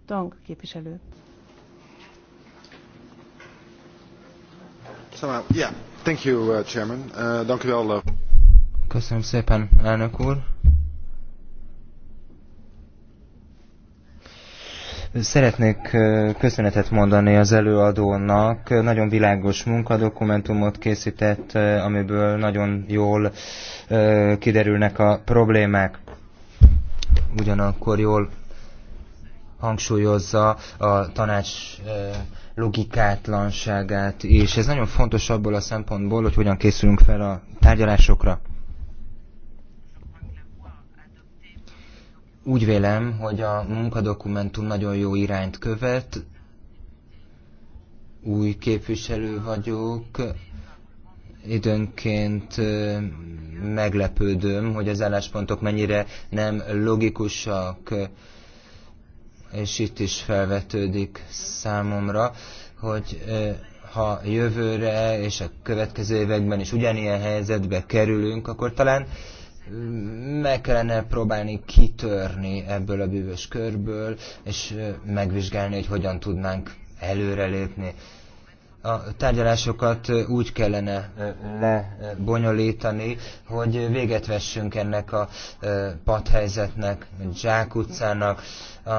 Tang képviselő. Szóval, uh, uh, uh. Köszönöm szépen, elnök úr. Szeretnék köszönetet mondani az előadónak. Nagyon világos munkadokumentumot készített, amiből nagyon jól kiderülnek a problémák. Ugyanakkor jól hangsúlyozza a tanács logikátlanságát, és ez nagyon fontos abból a szempontból, hogy hogyan készülünk fel a tárgyalásokra. Úgy vélem, hogy a munkadokumentum nagyon jó irányt követ, új képviselő vagyok, időnként meglepődöm, hogy az álláspontok mennyire nem logikusak, és itt is felvetődik számomra, hogy ha jövőre és a következő években is ugyanilyen helyzetbe kerülünk, akkor talán meg kellene próbálni kitörni ebből a bűvös körből, és megvizsgálni, hogy hogyan tudnánk előrelépni. A tárgyalásokat úgy kellene lebonyolítani, hogy véget vessünk ennek a padhelyzetnek, zsákutcának, a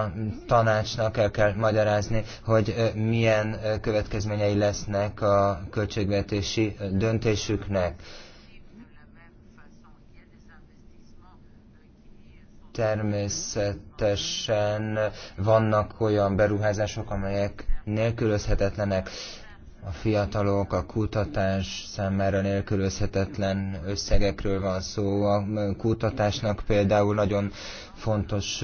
tanácsnak el kell magyarázni, hogy milyen következményei lesznek a költségvetési döntésüknek természetesen vannak olyan beruházások, amelyek nélkülözhetetlenek a fiatalok, a kutatás számára nélkülözhetetlen összegekről van szó. A kutatásnak például nagyon fontos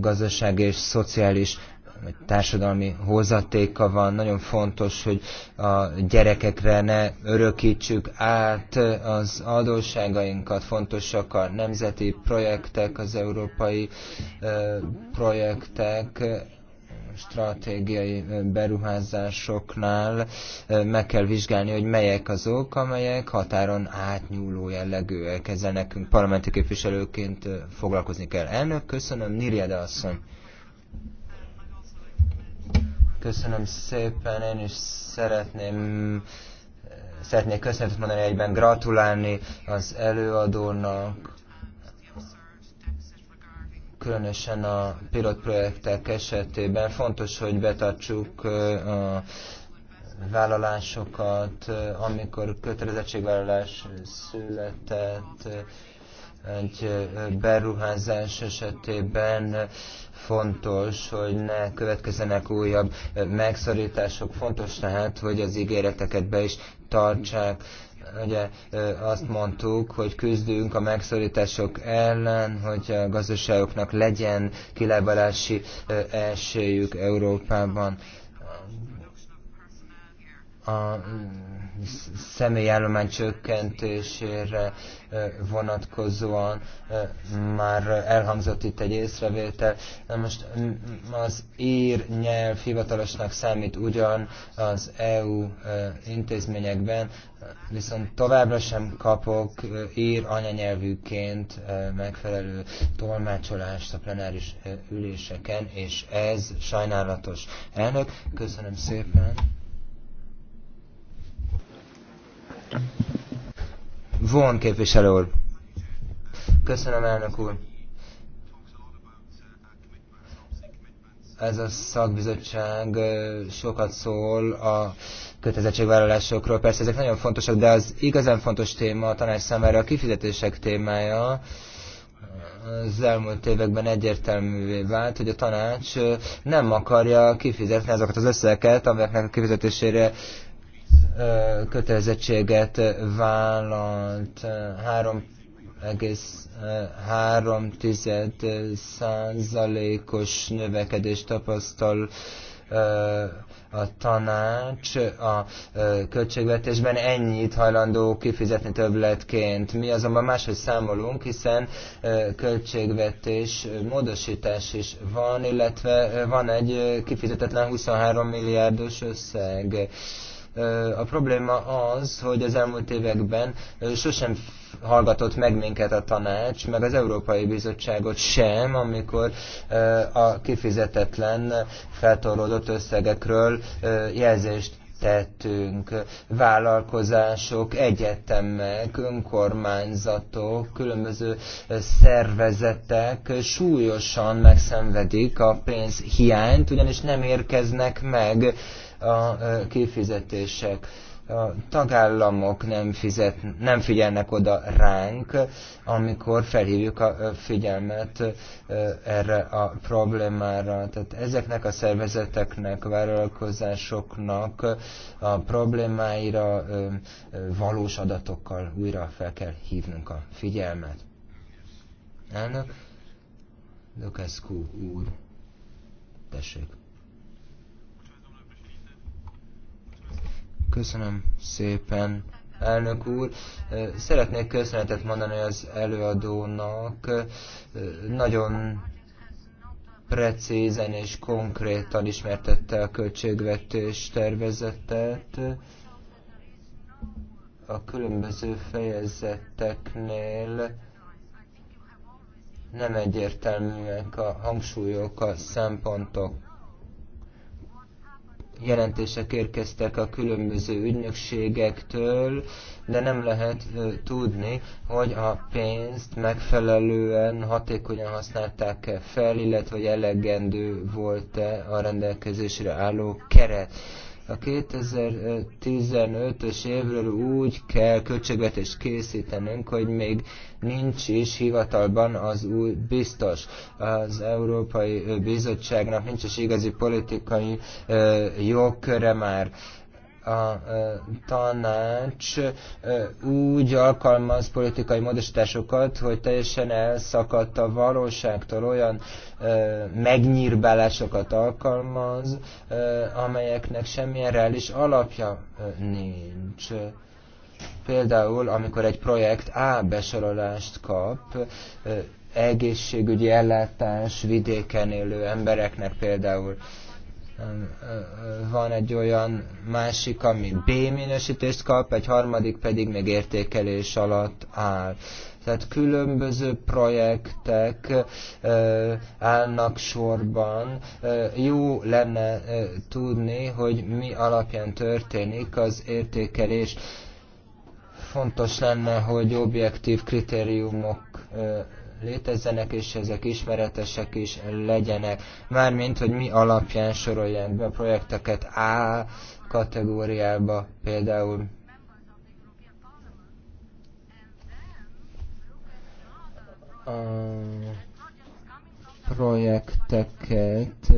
gazdaság és szociális vagy társadalmi hozatéka van. Nagyon fontos, hogy a gyerekekre ne örökítsük át az adósságainkat. Fontosak a nemzeti projektek, az európai projektek, stratégiai beruházásoknál meg kell vizsgálni, hogy melyek azok, amelyek határon átnyúló jellegűek. Ezzel nekünk parlamenti képviselőként foglalkozni kell. Elnök, köszönöm, Niriada asszony. Köszönöm szépen, én is szeretném szeretnék köszönetet mondani egyben gratulálni az előadónak, különösen a pilotprojektek esetében. Fontos, hogy betartsuk a vállalásokat, amikor kötelezettségvállalás született, egy beruházás esetében fontos, hogy ne következzenek újabb megszorítások. Fontos tehát, hogy az ígéreteket be is tartsák. Ugye azt mondtuk, hogy küzdünk a megszorítások ellen, hogy a gazdaságoknak legyen kilábalási esélyük Európában a személyállomány csökkentésére vonatkozóan már elhangzott itt egy észrevétel. Na most az ír nyelv hivatalosnak számít ugyan az EU intézményekben, viszont továbbra sem kapok ír anyanyelvűként megfelelő tolmácsolást a plenáris üléseken, és ez sajnálatos. Elnök, köszönöm szépen! Von képviselő úr. Köszönöm, elnök úr. Ez a szakbizottság sokat szól a kötelezettségvállalásokról. Persze ezek nagyon fontosak, de az igazán fontos téma a tanács számára a kifizetések témája az elmúlt években egyértelművé vált, hogy a tanács nem akarja kifizetni azokat az összeget, amelyeknek a kifizetésére kötelezettséget vállalt 3,3 százalékos növekedést tapasztal a tanács a költségvetésben ennyit hajlandó kifizetni többletként. Mi azonban máshogy számolunk, hiszen költségvetés módosítás is van, illetve van egy kifizetetlen 23 milliárdos összeg. A probléma az, hogy az elmúlt években sosem hallgatott meg minket a tanács, meg az Európai Bizottságot sem, amikor a kifizetetlen feltorlódott összegekről jelzést tettünk, vállalkozások, egyetemek, önkormányzatok, különböző szervezetek súlyosan megszenvedik a pénz hiányt, ugyanis nem érkeznek meg a kifizetések a tagállamok nem, fizet, nem figyelnek oda ránk, amikor felhívjuk a figyelmet erre a problémára. Tehát ezeknek a szervezeteknek, vállalkozásoknak a problémáira valós adatokkal újra fel kell hívnunk a figyelmet. Elnök, Lukaszkú úr, tessék. Köszönöm szépen, elnök úr. Szeretnék köszönetet mondani az előadónak. Nagyon precízen és konkrétan ismertette a költségvetés tervezetet. A különböző fejezeteknél nem egyértelműek a hangsúlyok, a szempontok jelentések érkeztek a különböző ügynökségektől, de nem lehet tudni, hogy a pénzt megfelelően, hatékonyan használták-e fel, illetve hogy elegendő volt-e a rendelkezésre álló keret. A 2015-ös évről úgy kell költségvetést készítenünk, hogy még nincs is hivatalban az új biztos. Az Európai Bizottságnak nincs is igazi politikai jogköre már a e, tanács e, úgy alkalmaz politikai módosításokat, hogy teljesen elszakadt a valóságtól, olyan e, megnyírbálásokat alkalmaz, amelyeknek semmilyen reális alapja nincs. Például, amikor egy projekt A besorolást kap, egészségügyi ellátás vidéken élő embereknek például van egy olyan másik, ami B minősítést kap, egy harmadik pedig még értékelés alatt áll. Tehát különböző projektek állnak sorban. Jó lenne tudni, hogy mi alapján történik az értékelés. Fontos lenne, hogy objektív kritériumok létezzenek, és ezek ismeretesek is legyenek. Mármint, hogy mi alapján sorolják be projekteket A kategóriába például. A projekteket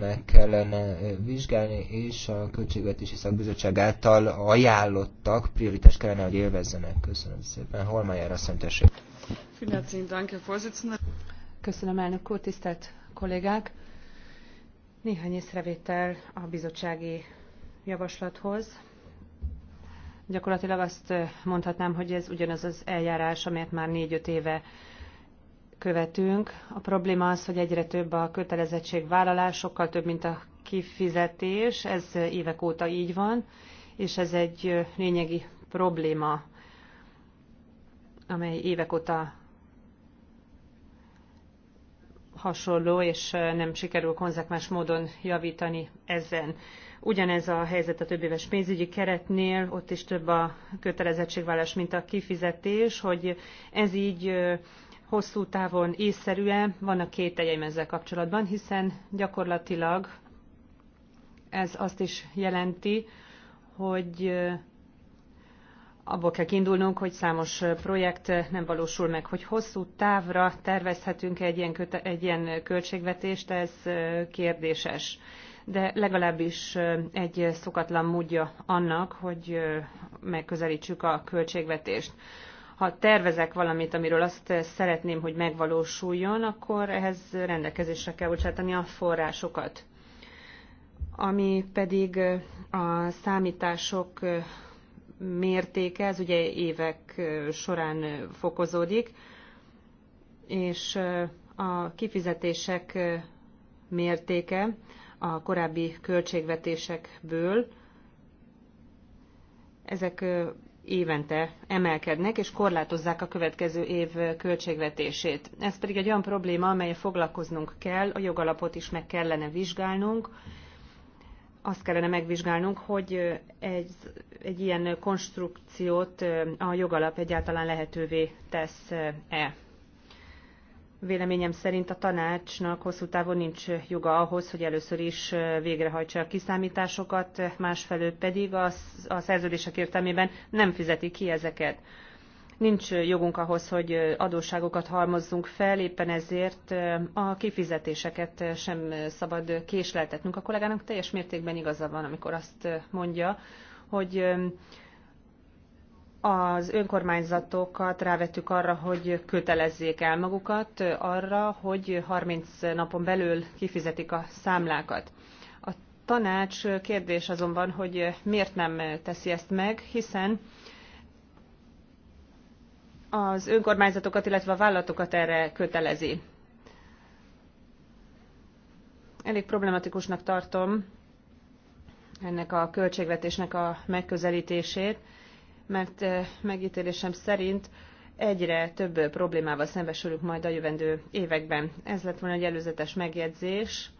meg kellene vizsgálni, és a Költségvetési Szakbizottság által ajánlottak prioritást kellene, hogy élvezzenek. Köszönöm szépen. Holmájára szentesét. Köszönöm, elnök úr, tisztelt kollégák! Néhány észrevétel a bizottsági javaslathoz. Gyakorlatilag azt mondhatnám, hogy ez ugyanaz az eljárás, amelyet már négy-öt éve követünk. A probléma az, hogy egyre több a vállalás sokkal több, mint a kifizetés. Ez évek óta így van, és ez egy lényegi probléma amely évek óta hasonló, és nem sikerül konzekvens módon javítani ezen. Ugyanez a helyzet a több éves pénzügyi keretnél, ott is több a kötelezettségvállás, mint a kifizetés, hogy ez így hosszú távon észszerű-e, két tegyeim ezzel kapcsolatban, hiszen gyakorlatilag ez azt is jelenti, hogy abból kell kiindulnunk, hogy számos projekt nem valósul meg, hogy hosszú távra tervezhetünk egy ilyen, köte, egy ilyen költségvetést, ez kérdéses. De legalábbis egy szokatlan módja annak, hogy megközelítsük a költségvetést. Ha tervezek valamit, amiről azt szeretném, hogy megvalósuljon, akkor ehhez rendelkezésre kell bocsátani a forrásokat. Ami pedig a számítások mértéke, ez ugye évek során fokozódik, és a kifizetések mértéke a korábbi költségvetésekből ezek évente emelkednek, és korlátozzák a következő év költségvetését. Ez pedig egy olyan probléma, amelyet foglalkoznunk kell, a jogalapot is meg kellene vizsgálnunk, azt kellene megvizsgálnunk, hogy egy, egy ilyen konstrukciót a jogalap egyáltalán lehetővé tesz-e. Véleményem szerint a tanácsnak hosszú távon nincs joga ahhoz, hogy először is végrehajtsa a kiszámításokat, másfelől pedig a, szerződések értelmében nem fizeti ki ezeket. Nincs jogunk ahhoz, hogy adósságokat halmozzunk fel, éppen ezért a kifizetéseket sem szabad késleltetnünk. A kollégának teljes mértékben igaza van, amikor azt mondja, hogy az önkormányzatokat rávettük arra, hogy kötelezzék el magukat arra, hogy 30 napon belül kifizetik a számlákat. A tanács kérdés azonban, hogy miért nem teszi ezt meg, hiszen az önkormányzatokat, illetve a vállalatokat erre kötelezi. Elég problematikusnak tartom ennek a költségvetésnek a megközelítését, mert eh, megítélésem szerint egyre több problémával szembesülünk majd a jövendő években. Ez lett volna egy előzetes megjegyzés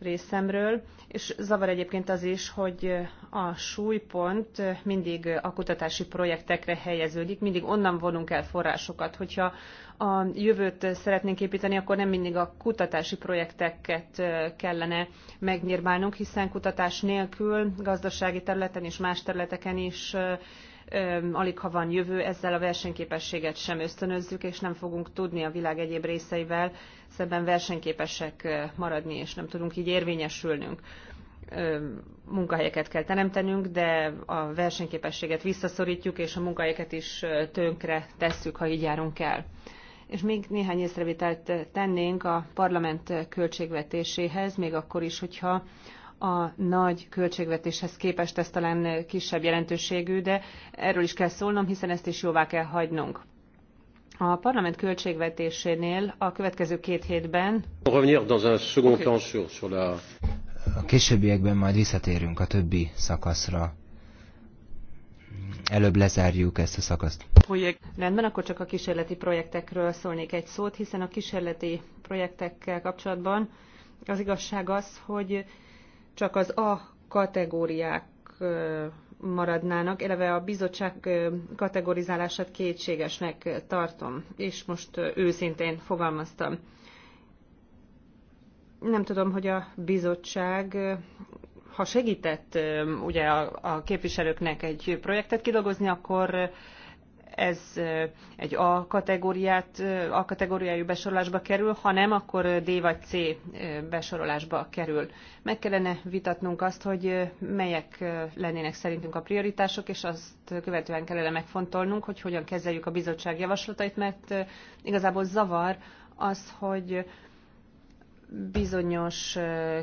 részemről, és zavar egyébként az is, hogy a súlypont mindig a kutatási projektekre helyeződik, mindig onnan vonunk el forrásokat. Hogyha a jövőt szeretnénk építeni, akkor nem mindig a kutatási projekteket kellene megnyírbálnunk, hiszen kutatás nélkül gazdasági területen és más területeken is alig ha van jövő, ezzel a versenyképességet sem ösztönözzük, és nem fogunk tudni a világ egyéb részeivel szemben versenyképesek maradni, és nem tudunk így érvényesülnünk munkahelyeket kell teremtenünk, de a versenyképességet visszaszorítjuk, és a munkahelyeket is tönkre tesszük, ha így járunk el. És még néhány észrevételt tennénk a parlament költségvetéséhez, még akkor is, hogyha a nagy költségvetéshez képest ez talán kisebb jelentőségű, de erről is kell szólnom, hiszen ezt is jóvá kell hagynunk. A parlament költségvetésénél a következő két hétben... A későbbiekben majd visszatérünk a többi szakaszra. Előbb lezárjuk ezt a szakaszt. Projekt. Rendben, akkor csak a kísérleti projektekről szólnék egy szót, hiszen a kísérleti projektekkel kapcsolatban az igazság az, hogy csak az A kategóriák maradnának, eleve a bizottság kategorizálását kétségesnek tartom, és most őszintén fogalmaztam. Nem tudom, hogy a bizottság ha segített ugye a, a képviselőknek egy projektet kidolgozni, akkor ez egy A kategóriát, A kategóriájú besorolásba kerül, ha nem, akkor D vagy C besorolásba kerül. Meg kellene vitatnunk azt, hogy melyek lennének szerintünk a prioritások, és azt követően kellene megfontolnunk, hogy hogyan kezeljük a bizottság javaslatait, mert igazából zavar az, hogy bizonyos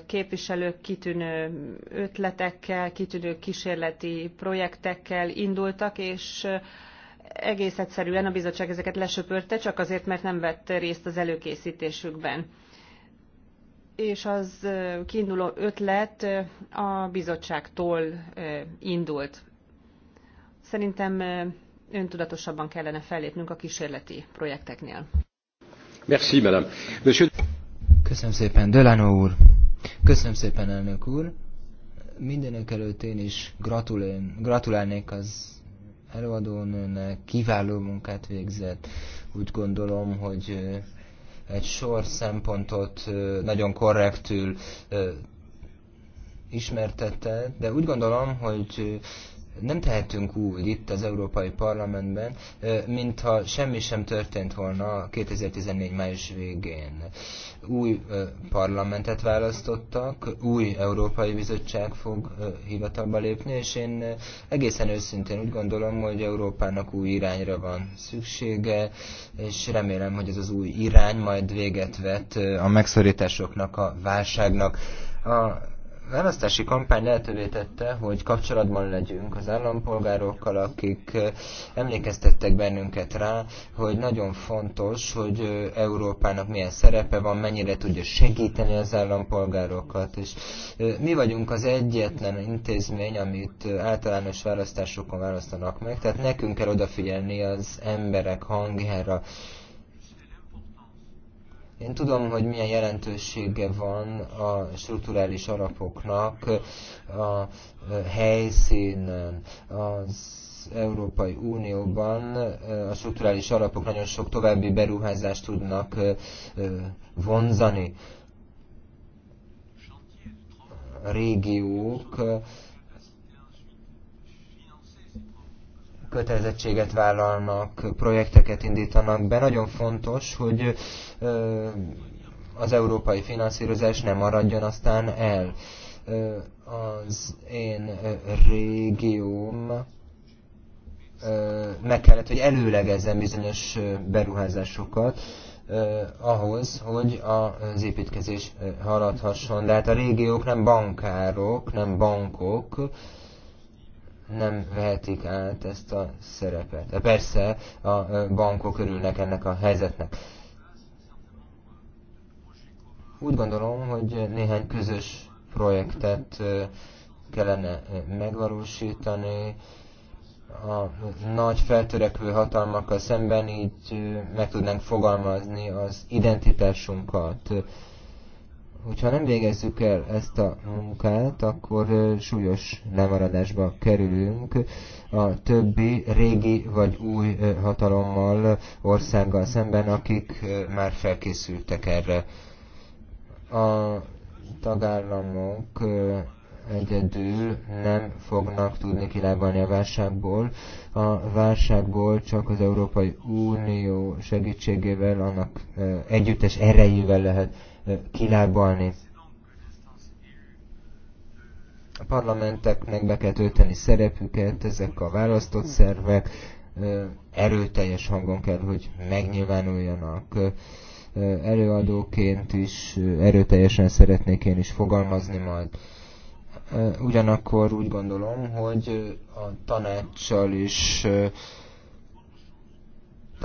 képviselők kitűnő ötletekkel, kitűnő kísérleti projektekkel indultak, és egész egyszerűen a bizottság ezeket lesöpörte, csak azért, mert nem vett részt az előkészítésükben. És az kiinduló ötlet a bizottságtól indult. Szerintem öntudatosabban kellene fellépnünk a kísérleti projekteknél. Merci, madame. Monsieur... Köszönöm szépen, Delano úr. Köszönöm szépen, elnök úr. Mindenek előtt én is gratulálnék az előadónőnek, kiváló munkát végzett. Úgy gondolom, hogy egy sor szempontot nagyon korrektül ismertette, de úgy gondolom, hogy nem tehetünk úgy itt az Európai Parlamentben, mintha semmi sem történt volna 2014 május végén. Új parlamentet választottak, új Európai Bizottság fog hivatalba lépni, és én egészen őszintén úgy gondolom, hogy Európának új irányra van szüksége, és remélem, hogy ez az új irány majd véget vet a megszorításoknak, a válságnak. A választási kampány lehetővé tette, hogy kapcsolatban legyünk az állampolgárokkal, akik emlékeztettek bennünket rá, hogy nagyon fontos, hogy Európának milyen szerepe van, mennyire tudja segíteni az állampolgárokat, és mi vagyunk az egyetlen intézmény, amit általános választásokon választanak meg, tehát nekünk kell odafigyelni az emberek hangjára, én tudom, hogy milyen jelentősége van a strukturális alapoknak a helyszínen, az Európai Unióban a strukturális alapok nagyon sok további beruházást tudnak vonzani. A régiók kötelezettséget vállalnak, projekteket indítanak be. Nagyon fontos, hogy az európai finanszírozás nem maradjon aztán el. Az én régióm meg kellett, hogy előlegezzen bizonyos beruházásokat, ahhoz, hogy az építkezés haladhasson. De hát a régiók nem bankárok, nem bankok, nem vehetik át ezt a szerepet. De persze a e, bankok örülnek ennek a helyzetnek. Úgy gondolom, hogy néhány közös projektet e, kellene e, megvalósítani, a nagy feltörekvő hatalmakkal szemben így meg tudnánk fogalmazni az identitásunkat hogyha nem végezzük el ezt a munkát, akkor súlyos lemaradásba kerülünk a többi régi vagy új hatalommal, országgal szemben, akik már felkészültek erre. A tagállamok egyedül nem fognak tudni kilábalni a válságból. A válságból csak az Európai Unió segítségével, annak együttes erejével lehet kilábalni. A parlamenteknek be kell tölteni szerepüket, ezek a választott szervek erőteljes hangon kell, hogy megnyilvánuljanak. Előadóként is erőteljesen szeretnék én is fogalmazni majd ugyanakkor úgy gondolom, hogy a tanácssal is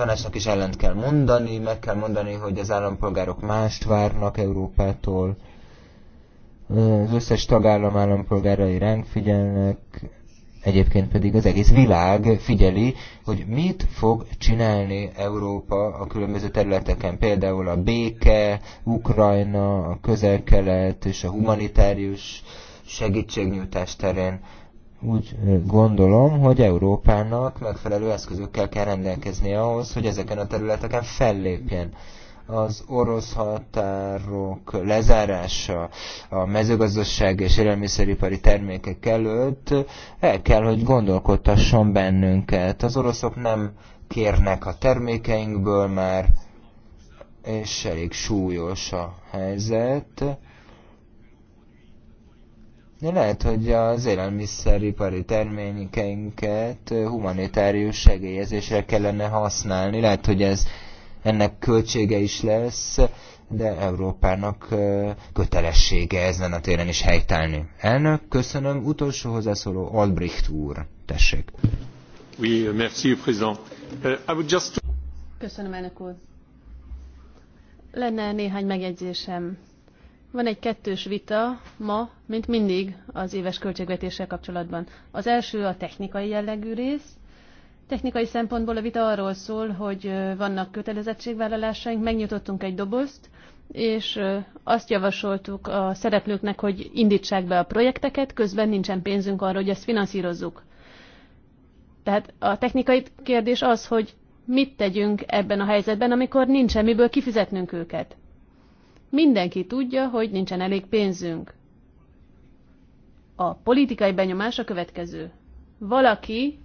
tanácsnak is ellent kell mondani, meg kell mondani, hogy az állampolgárok mást várnak Európától, az összes tagállam állampolgárai ránk figyelnek, egyébként pedig az egész világ figyeli, hogy mit fog csinálni Európa a különböző területeken, például a béke, Ukrajna, a közel-kelet és a humanitárius segítségnyújtás terén úgy gondolom, hogy Európának megfelelő eszközökkel kell rendelkezni ahhoz, hogy ezeken a területeken fellépjen. Az orosz határok lezárása a mezőgazdaság és élelmiszeripari termékek előtt el kell, hogy gondolkodtasson bennünket. Az oroszok nem kérnek a termékeinkből már, és elég súlyos a helyzet lehet, hogy az élelmiszeripari terményeinket humanitárius segélyezésre kellene használni. Lehet, hogy ez ennek költsége is lesz, de Európának kötelessége ezen a téren is helytállni. Elnök, köszönöm. Utolsó hozzászóló Albrecht úr. Tessék. Oui, merci, président. Euh, I would just... Köszönöm, elnök úr. Lenne néhány megjegyzésem van egy kettős vita ma, mint mindig az éves költségvetéssel kapcsolatban. Az első a technikai jellegű rész. Technikai szempontból a vita arról szól, hogy vannak kötelezettségvállalásaink, megnyitottunk egy dobozt, és azt javasoltuk a szereplőknek, hogy indítsák be a projekteket, közben nincsen pénzünk arra, hogy ezt finanszírozzuk. Tehát a technikai kérdés az, hogy mit tegyünk ebben a helyzetben, amikor nincsen miből kifizetnünk őket. Mindenki tudja, hogy nincsen elég pénzünk. A politikai benyomás a következő. Valaki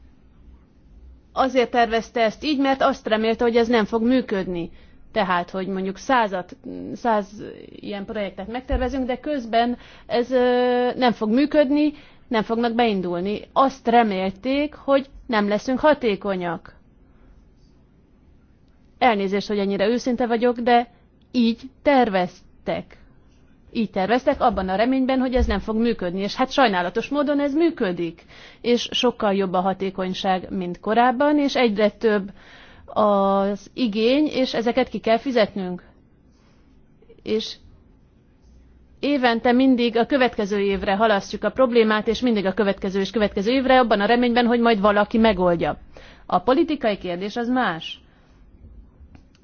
azért tervezte ezt így, mert azt remélte, hogy ez nem fog működni. Tehát, hogy mondjuk százat, száz ilyen projektet megtervezünk, de közben ez ö, nem fog működni, nem fognak beindulni. Azt remélték, hogy nem leszünk hatékonyak. Elnézést, hogy ennyire őszinte vagyok, de így terveztek. Így terveztek, abban a reményben, hogy ez nem fog működni, és hát sajnálatos módon ez működik, és sokkal jobb a hatékonyság, mint korábban, és egyre több az igény, és ezeket ki kell fizetnünk. És évente mindig a következő évre halasztjuk a problémát, és mindig a következő és következő évre, abban a reményben, hogy majd valaki megoldja. A politikai kérdés az más.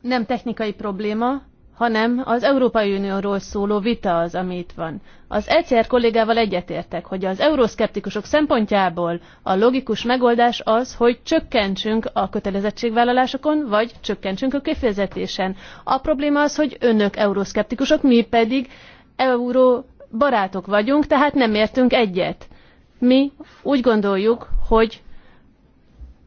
Nem technikai probléma, hanem az Európai Unióról szóló vita az, ami itt van. Az ECR kollégával egyetértek, hogy az euroszkeptikusok szempontjából a logikus megoldás az, hogy csökkentsünk a kötelezettségvállalásokon, vagy csökkentsünk a kifizetésen. A probléma az, hogy önök euroszkeptikusok, mi pedig euró barátok vagyunk, tehát nem értünk egyet. Mi úgy gondoljuk, hogy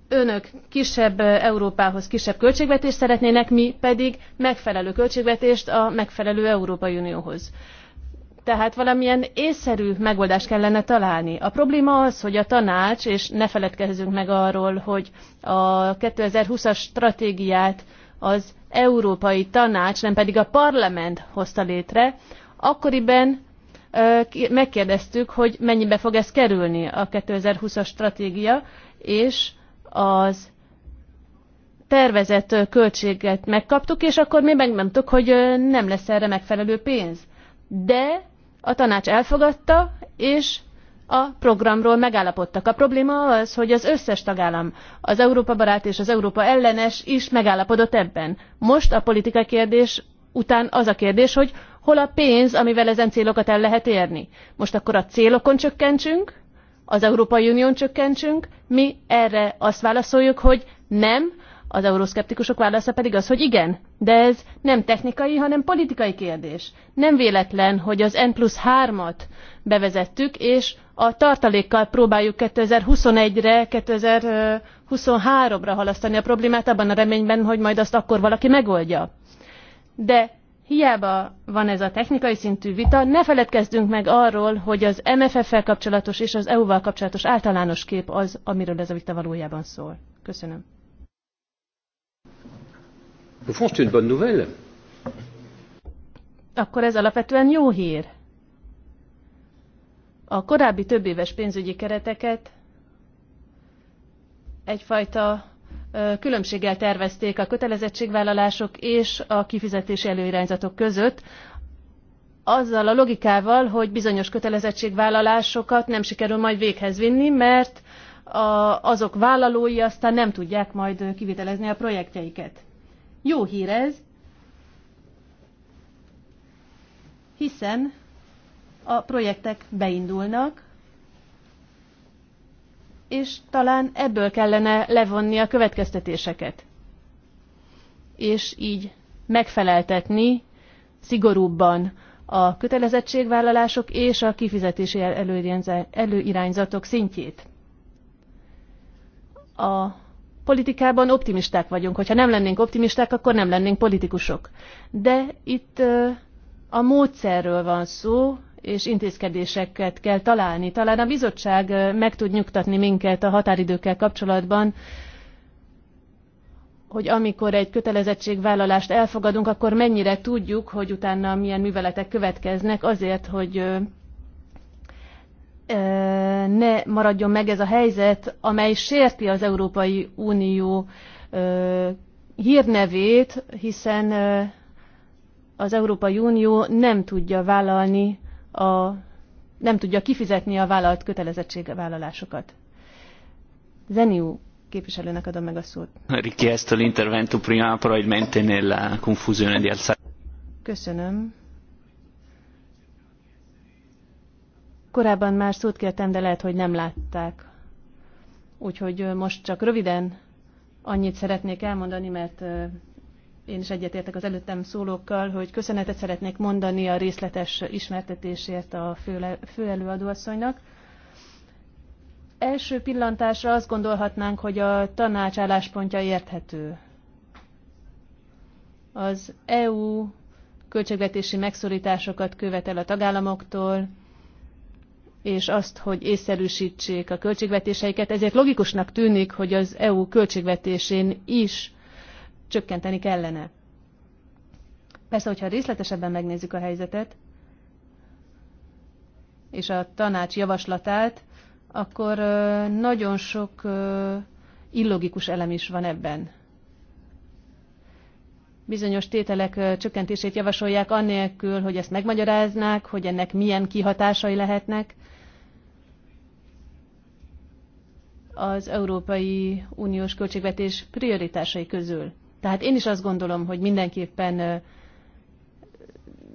önök kisebb Európához kisebb költségvetést szeretnének, mi pedig megfelelő költségvetést a megfelelő Európai Unióhoz. Tehát valamilyen észszerű megoldást kellene találni. A probléma az, hogy a tanács, és ne feledkezzünk meg arról, hogy a 2020-as stratégiát az Európai Tanács, nem pedig a parlament hozta létre, akkoriben megkérdeztük, hogy mennyibe fog ez kerülni a 2020-as stratégia, és az tervezett költséget megkaptuk, és akkor mi megmondtuk, hogy nem lesz erre megfelelő pénz. De a tanács elfogadta, és a programról megállapodtak. A probléma az, hogy az összes tagállam, az Európa barát és az Európa ellenes is megállapodott ebben. Most a politika kérdés után az a kérdés, hogy hol a pénz, amivel ezen célokat el lehet érni. Most akkor a célokon csökkentsünk, az Európai Unión csökkentsünk, mi erre azt válaszoljuk, hogy nem, az euroszkeptikusok válasza pedig az, hogy igen, de ez nem technikai, hanem politikai kérdés. Nem véletlen, hogy az N plusz 3-at bevezettük, és a tartalékkal próbáljuk 2021-re, 2023-ra halasztani a problémát, abban a reményben, hogy majd azt akkor valaki megoldja. De Hiába van ez a technikai szintű vita, ne feledkezzünk meg arról, hogy az MFF-fel kapcsolatos és az EU-val kapcsolatos általános kép az, amiről ez a vita valójában szól. Köszönöm. Akkor ez alapvetően jó hír. A korábbi több éves pénzügyi kereteket egyfajta különbséggel tervezték a kötelezettségvállalások és a kifizetési előirányzatok között, azzal a logikával, hogy bizonyos kötelezettségvállalásokat nem sikerül majd véghez vinni, mert a, azok vállalói aztán nem tudják majd kivitelezni a projektjeiket. Jó hír ez, hiszen a projektek beindulnak, és talán ebből kellene levonni a következtetéseket. És így megfeleltetni szigorúbban a kötelezettségvállalások és a kifizetési előirányzatok szintjét. A politikában optimisták vagyunk. Hogyha nem lennénk optimisták, akkor nem lennénk politikusok. De itt a módszerről van szó, és intézkedéseket kell találni. Talán a bizottság meg tud nyugtatni minket a határidőkkel kapcsolatban, hogy amikor egy kötelezettségvállalást elfogadunk, akkor mennyire tudjuk, hogy utána milyen műveletek következnek azért, hogy ne maradjon meg ez a helyzet, amely sérti az Európai Unió hírnevét, hiszen az Európai Unió nem tudja vállalni a, nem tudja kifizetni a vállalt kötelezettségvállalásokat. Zeniu képviselőnek adom meg a szót. Richiesto l'intervento prima probabilmente nella confusione di alzare. Köszönöm. Korábban már szót kértem, de lehet, hogy nem látták. Úgyhogy most csak röviden annyit szeretnék elmondani, mert én is egyetértek az előttem szólókkal, hogy köszönetet szeretnék mondani a részletes ismertetésért a fő, főelőadóasszonynak. Első pillantásra azt gondolhatnánk, hogy a tanács álláspontja érthető. Az EU költségvetési megszorításokat követel a tagállamoktól, és azt, hogy észszerűsítsék a költségvetéseiket. Ezért logikusnak tűnik, hogy az EU költségvetésén is csökkenteni kellene. Persze, hogyha részletesebben megnézzük a helyzetet, és a tanács javaslatát, akkor nagyon sok illogikus elem is van ebben. Bizonyos tételek csökkentését javasolják annélkül, hogy ezt megmagyaráznák, hogy ennek milyen kihatásai lehetnek. az Európai Uniós költségvetés prioritásai közül. Tehát én is azt gondolom, hogy mindenképpen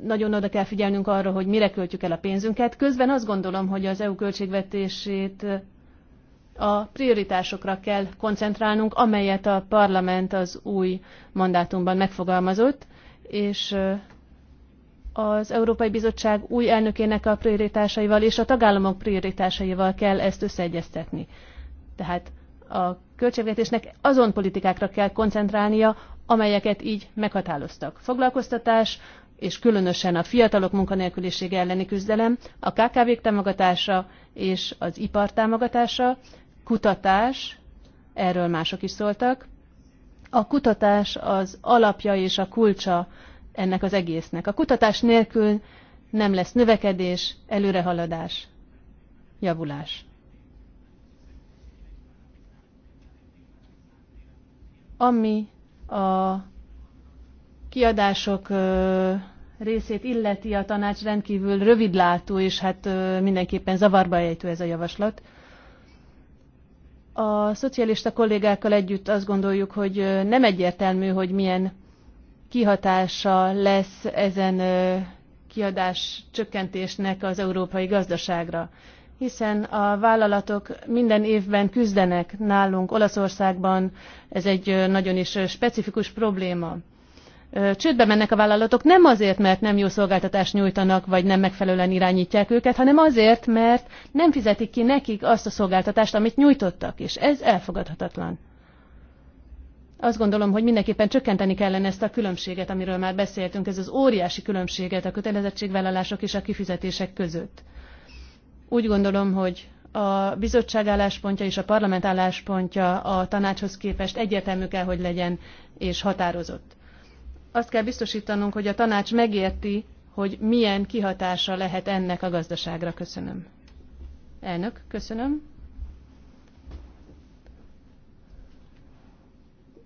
nagyon oda kell figyelnünk arra, hogy mire költjük el a pénzünket. Közben azt gondolom, hogy az EU költségvetését a prioritásokra kell koncentrálnunk, amelyet a parlament az új mandátumban megfogalmazott, és az Európai Bizottság új elnökének a prioritásaival és a tagállamok prioritásaival kell ezt összeegyeztetni. Tehát a költségvetésnek azon politikákra kell koncentrálnia, amelyeket így meghatároztak. Foglalkoztatás, és különösen a fiatalok munkanélkülisége elleni küzdelem, a KKV-k támogatása és az ipar támogatása, kutatás, erről mások is szóltak. A kutatás az alapja és a kulcsa ennek az egésznek. A kutatás nélkül nem lesz növekedés, előrehaladás, javulás. Ami a kiadások részét illeti a tanács rendkívül rövidlátó, és hát mindenképpen zavarba ejtő ez a javaslat. A szocialista kollégákkal együtt azt gondoljuk, hogy nem egyértelmű, hogy milyen kihatása lesz ezen kiadás csökkentésnek az európai gazdaságra hiszen a vállalatok minden évben küzdenek nálunk Olaszországban, ez egy nagyon is specifikus probléma. Csődbe mennek a vállalatok nem azért, mert nem jó szolgáltatást nyújtanak, vagy nem megfelelően irányítják őket, hanem azért, mert nem fizetik ki nekik azt a szolgáltatást, amit nyújtottak, és ez elfogadhatatlan. Azt gondolom, hogy mindenképpen csökkenteni kellene ezt a különbséget, amiről már beszéltünk, ez az óriási különbséget a kötelezettségvállalások és a kifizetések között úgy gondolom, hogy a bizottság álláspontja és a parlament álláspontja a tanácshoz képest egyértelmű kell, hogy legyen és határozott. Azt kell biztosítanunk, hogy a tanács megérti, hogy milyen kihatása lehet ennek a gazdaságra. Köszönöm. Elnök, köszönöm.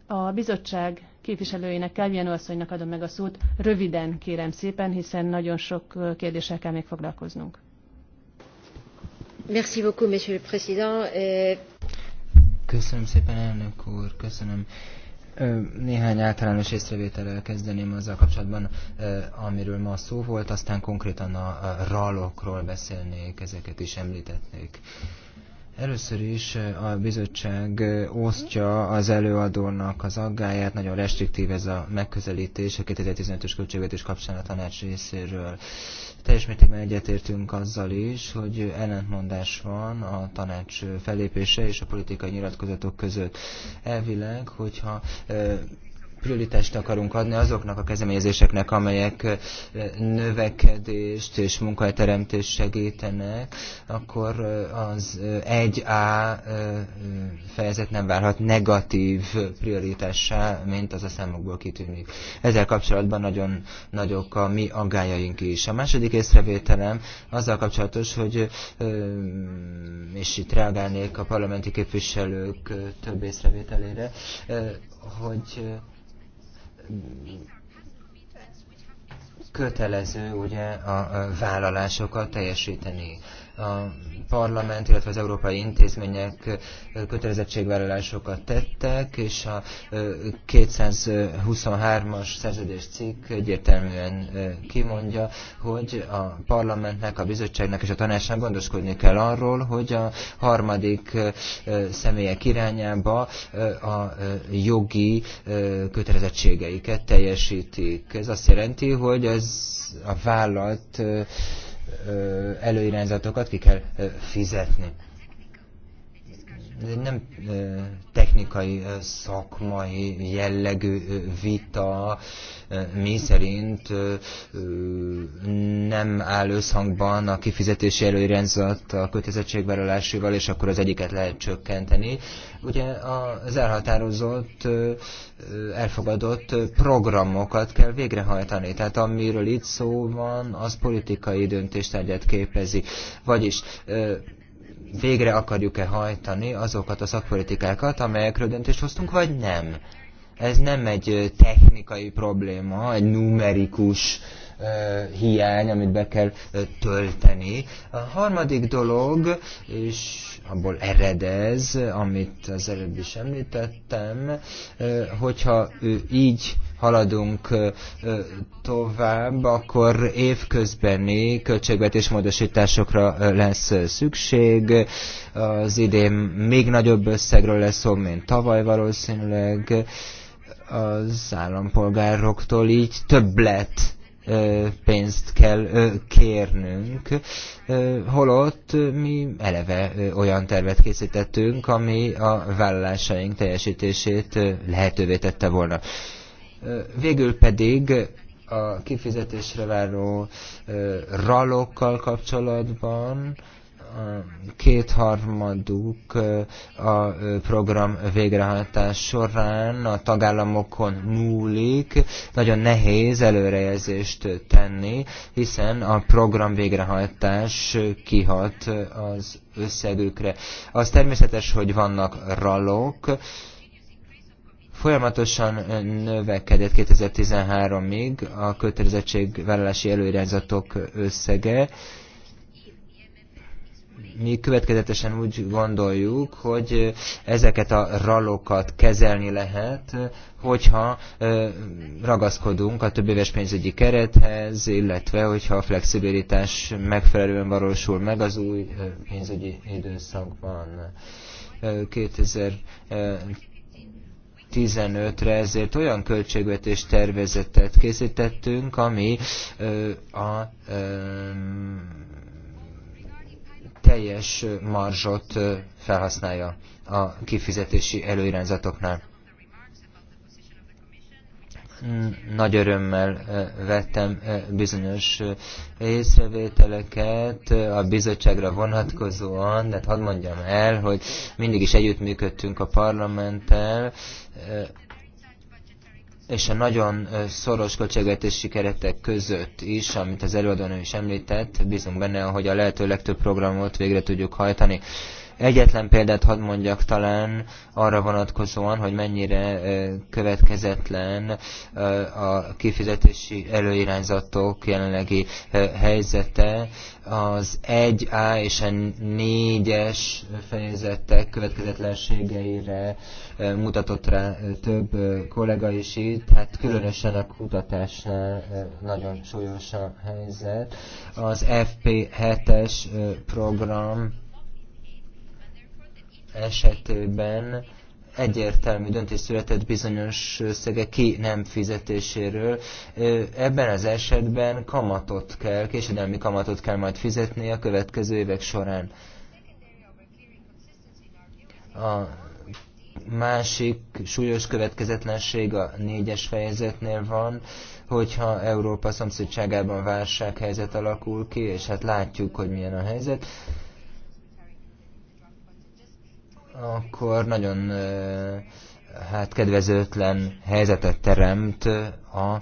A bizottság képviselőjének, Kelvin asszonynak adom meg a szót. Röviden kérem szépen, hiszen nagyon sok kérdéssel kell még foglalkoznunk. Merci beaucoup, monsieur le président. Euh, köszönöm szépen, elnök úr, köszönöm. Néhány általános észrevétellel kezdeném azzal kapcsolatban, amiről ma szó volt, aztán konkrétan a ralokról beszélnék, ezeket is említetnék. Először is a bizottság osztja az előadónak az aggáját, nagyon restriktív ez a megközelítés a 2015-ös költségvetés kapcsán a tanács részéről. Teljes mértékben egyetértünk azzal is, hogy ellentmondás van a tanács felépése és a politikai nyilatkozatok között. Elvileg, hogyha prioritást akarunk adni azoknak a kezdeményezéseknek, amelyek növekedést és munkahelyteremtést segítenek, akkor az 1A fejezet nem válhat negatív prioritássá, mint az a számokból kitűnik. Ezzel kapcsolatban nagyon nagyok a mi aggájaink is. A második észrevételem azzal kapcsolatos, hogy mm, és itt reagálnék a parlamenti képviselők több észrevételére, hogy kötelező ugye a vállalásokat teljesíteni a parlament, illetve az európai intézmények kötelezettségvállalásokat tettek, és a 223-as szerződés cikk egyértelműen kimondja, hogy a parlamentnek, a bizottságnak és a tanácsnak gondoskodni kell arról, hogy a harmadik személyek irányába a jogi kötelezettségeiket teljesítik. Ez azt jelenti, hogy ez a vállalat előirányzatokat ki kell fizetni nem technikai, szakmai jellegű vita, mi szerint nem áll összhangban a kifizetési előirányzat a kötelezettségvállalásival, és akkor az egyiket lehet csökkenteni. Ugye az elhatározott, elfogadott programokat kell végrehajtani, tehát amiről itt szó van, az politikai döntéstárgyat képezi. Vagyis végre akarjuk-e hajtani azokat a szakpolitikákat, amelyekről döntést hoztunk, vagy nem. Ez nem egy technikai probléma, egy numerikus hiány, amit be kell tölteni. A harmadik dolog, és abból eredez, amit az előbb is említettem, hogyha így haladunk tovább, akkor évközbeni költségvetés módosításokra lesz szükség. Az idén még nagyobb összegről lesz szó, mint tavaly valószínűleg. Az állampolgároktól így többlet pénzt kell kérnünk, holott mi eleve olyan tervet készítettünk, ami a vállalásaink teljesítését lehetővé tette volna. Végül pedig a kifizetésre váró ralokkal kapcsolatban kétharmaduk a program végrehajtás során a tagállamokon múlik. Nagyon nehéz előrejelzést tenni, hiszen a program végrehajtás kihat az összegükre. Az természetes, hogy vannak ralok, Folyamatosan növekedett 2013-ig a kötelezettségvállalási előirányzatok összege, mi következetesen úgy gondoljuk, hogy ezeket a ralokat kezelni lehet, hogyha ragaszkodunk a éves pénzügyi kerethez, illetve hogyha a flexibilitás megfelelően valósul meg az új pénzügyi időszakban. 2000 2015-re, ezért olyan költségvetés tervezetet készítettünk, ami ö, a ö, teljes marzsot felhasználja a kifizetési előirányzatoknál. Mm, nagy örömmel vettem bizonyos észrevételeket a bizottságra vonatkozóan, de hát hadd mondjam el, hogy mindig is együttműködtünk a parlamenttel, és a nagyon szoros költségvetési keretek között is, amit az előadónő is említett, bízunk benne, hogy a lehető legtöbb programot végre tudjuk hajtani. Egyetlen példát hadd mondjak talán arra vonatkozóan, hogy mennyire következetlen a kifizetési előirányzatok jelenlegi helyzete. Az 1A és a 4-es fejezetek következetlenségeire mutatott rá több kollega is itt, hát különösen a kutatásnál nagyon súlyos a helyzet. Az FP7-es program esetében egyértelmű döntés született bizonyos összege ki nem fizetéséről. Ebben az esetben kamatot kell, késedelmi kamatot kell majd fizetni a következő évek során. A másik súlyos következetlenség a négyes fejezetnél van, hogyha Európa szomszédságában válsághelyzet alakul ki, és hát látjuk, hogy milyen a helyzet akkor nagyon hát kedvezőtlen helyzetet teremt a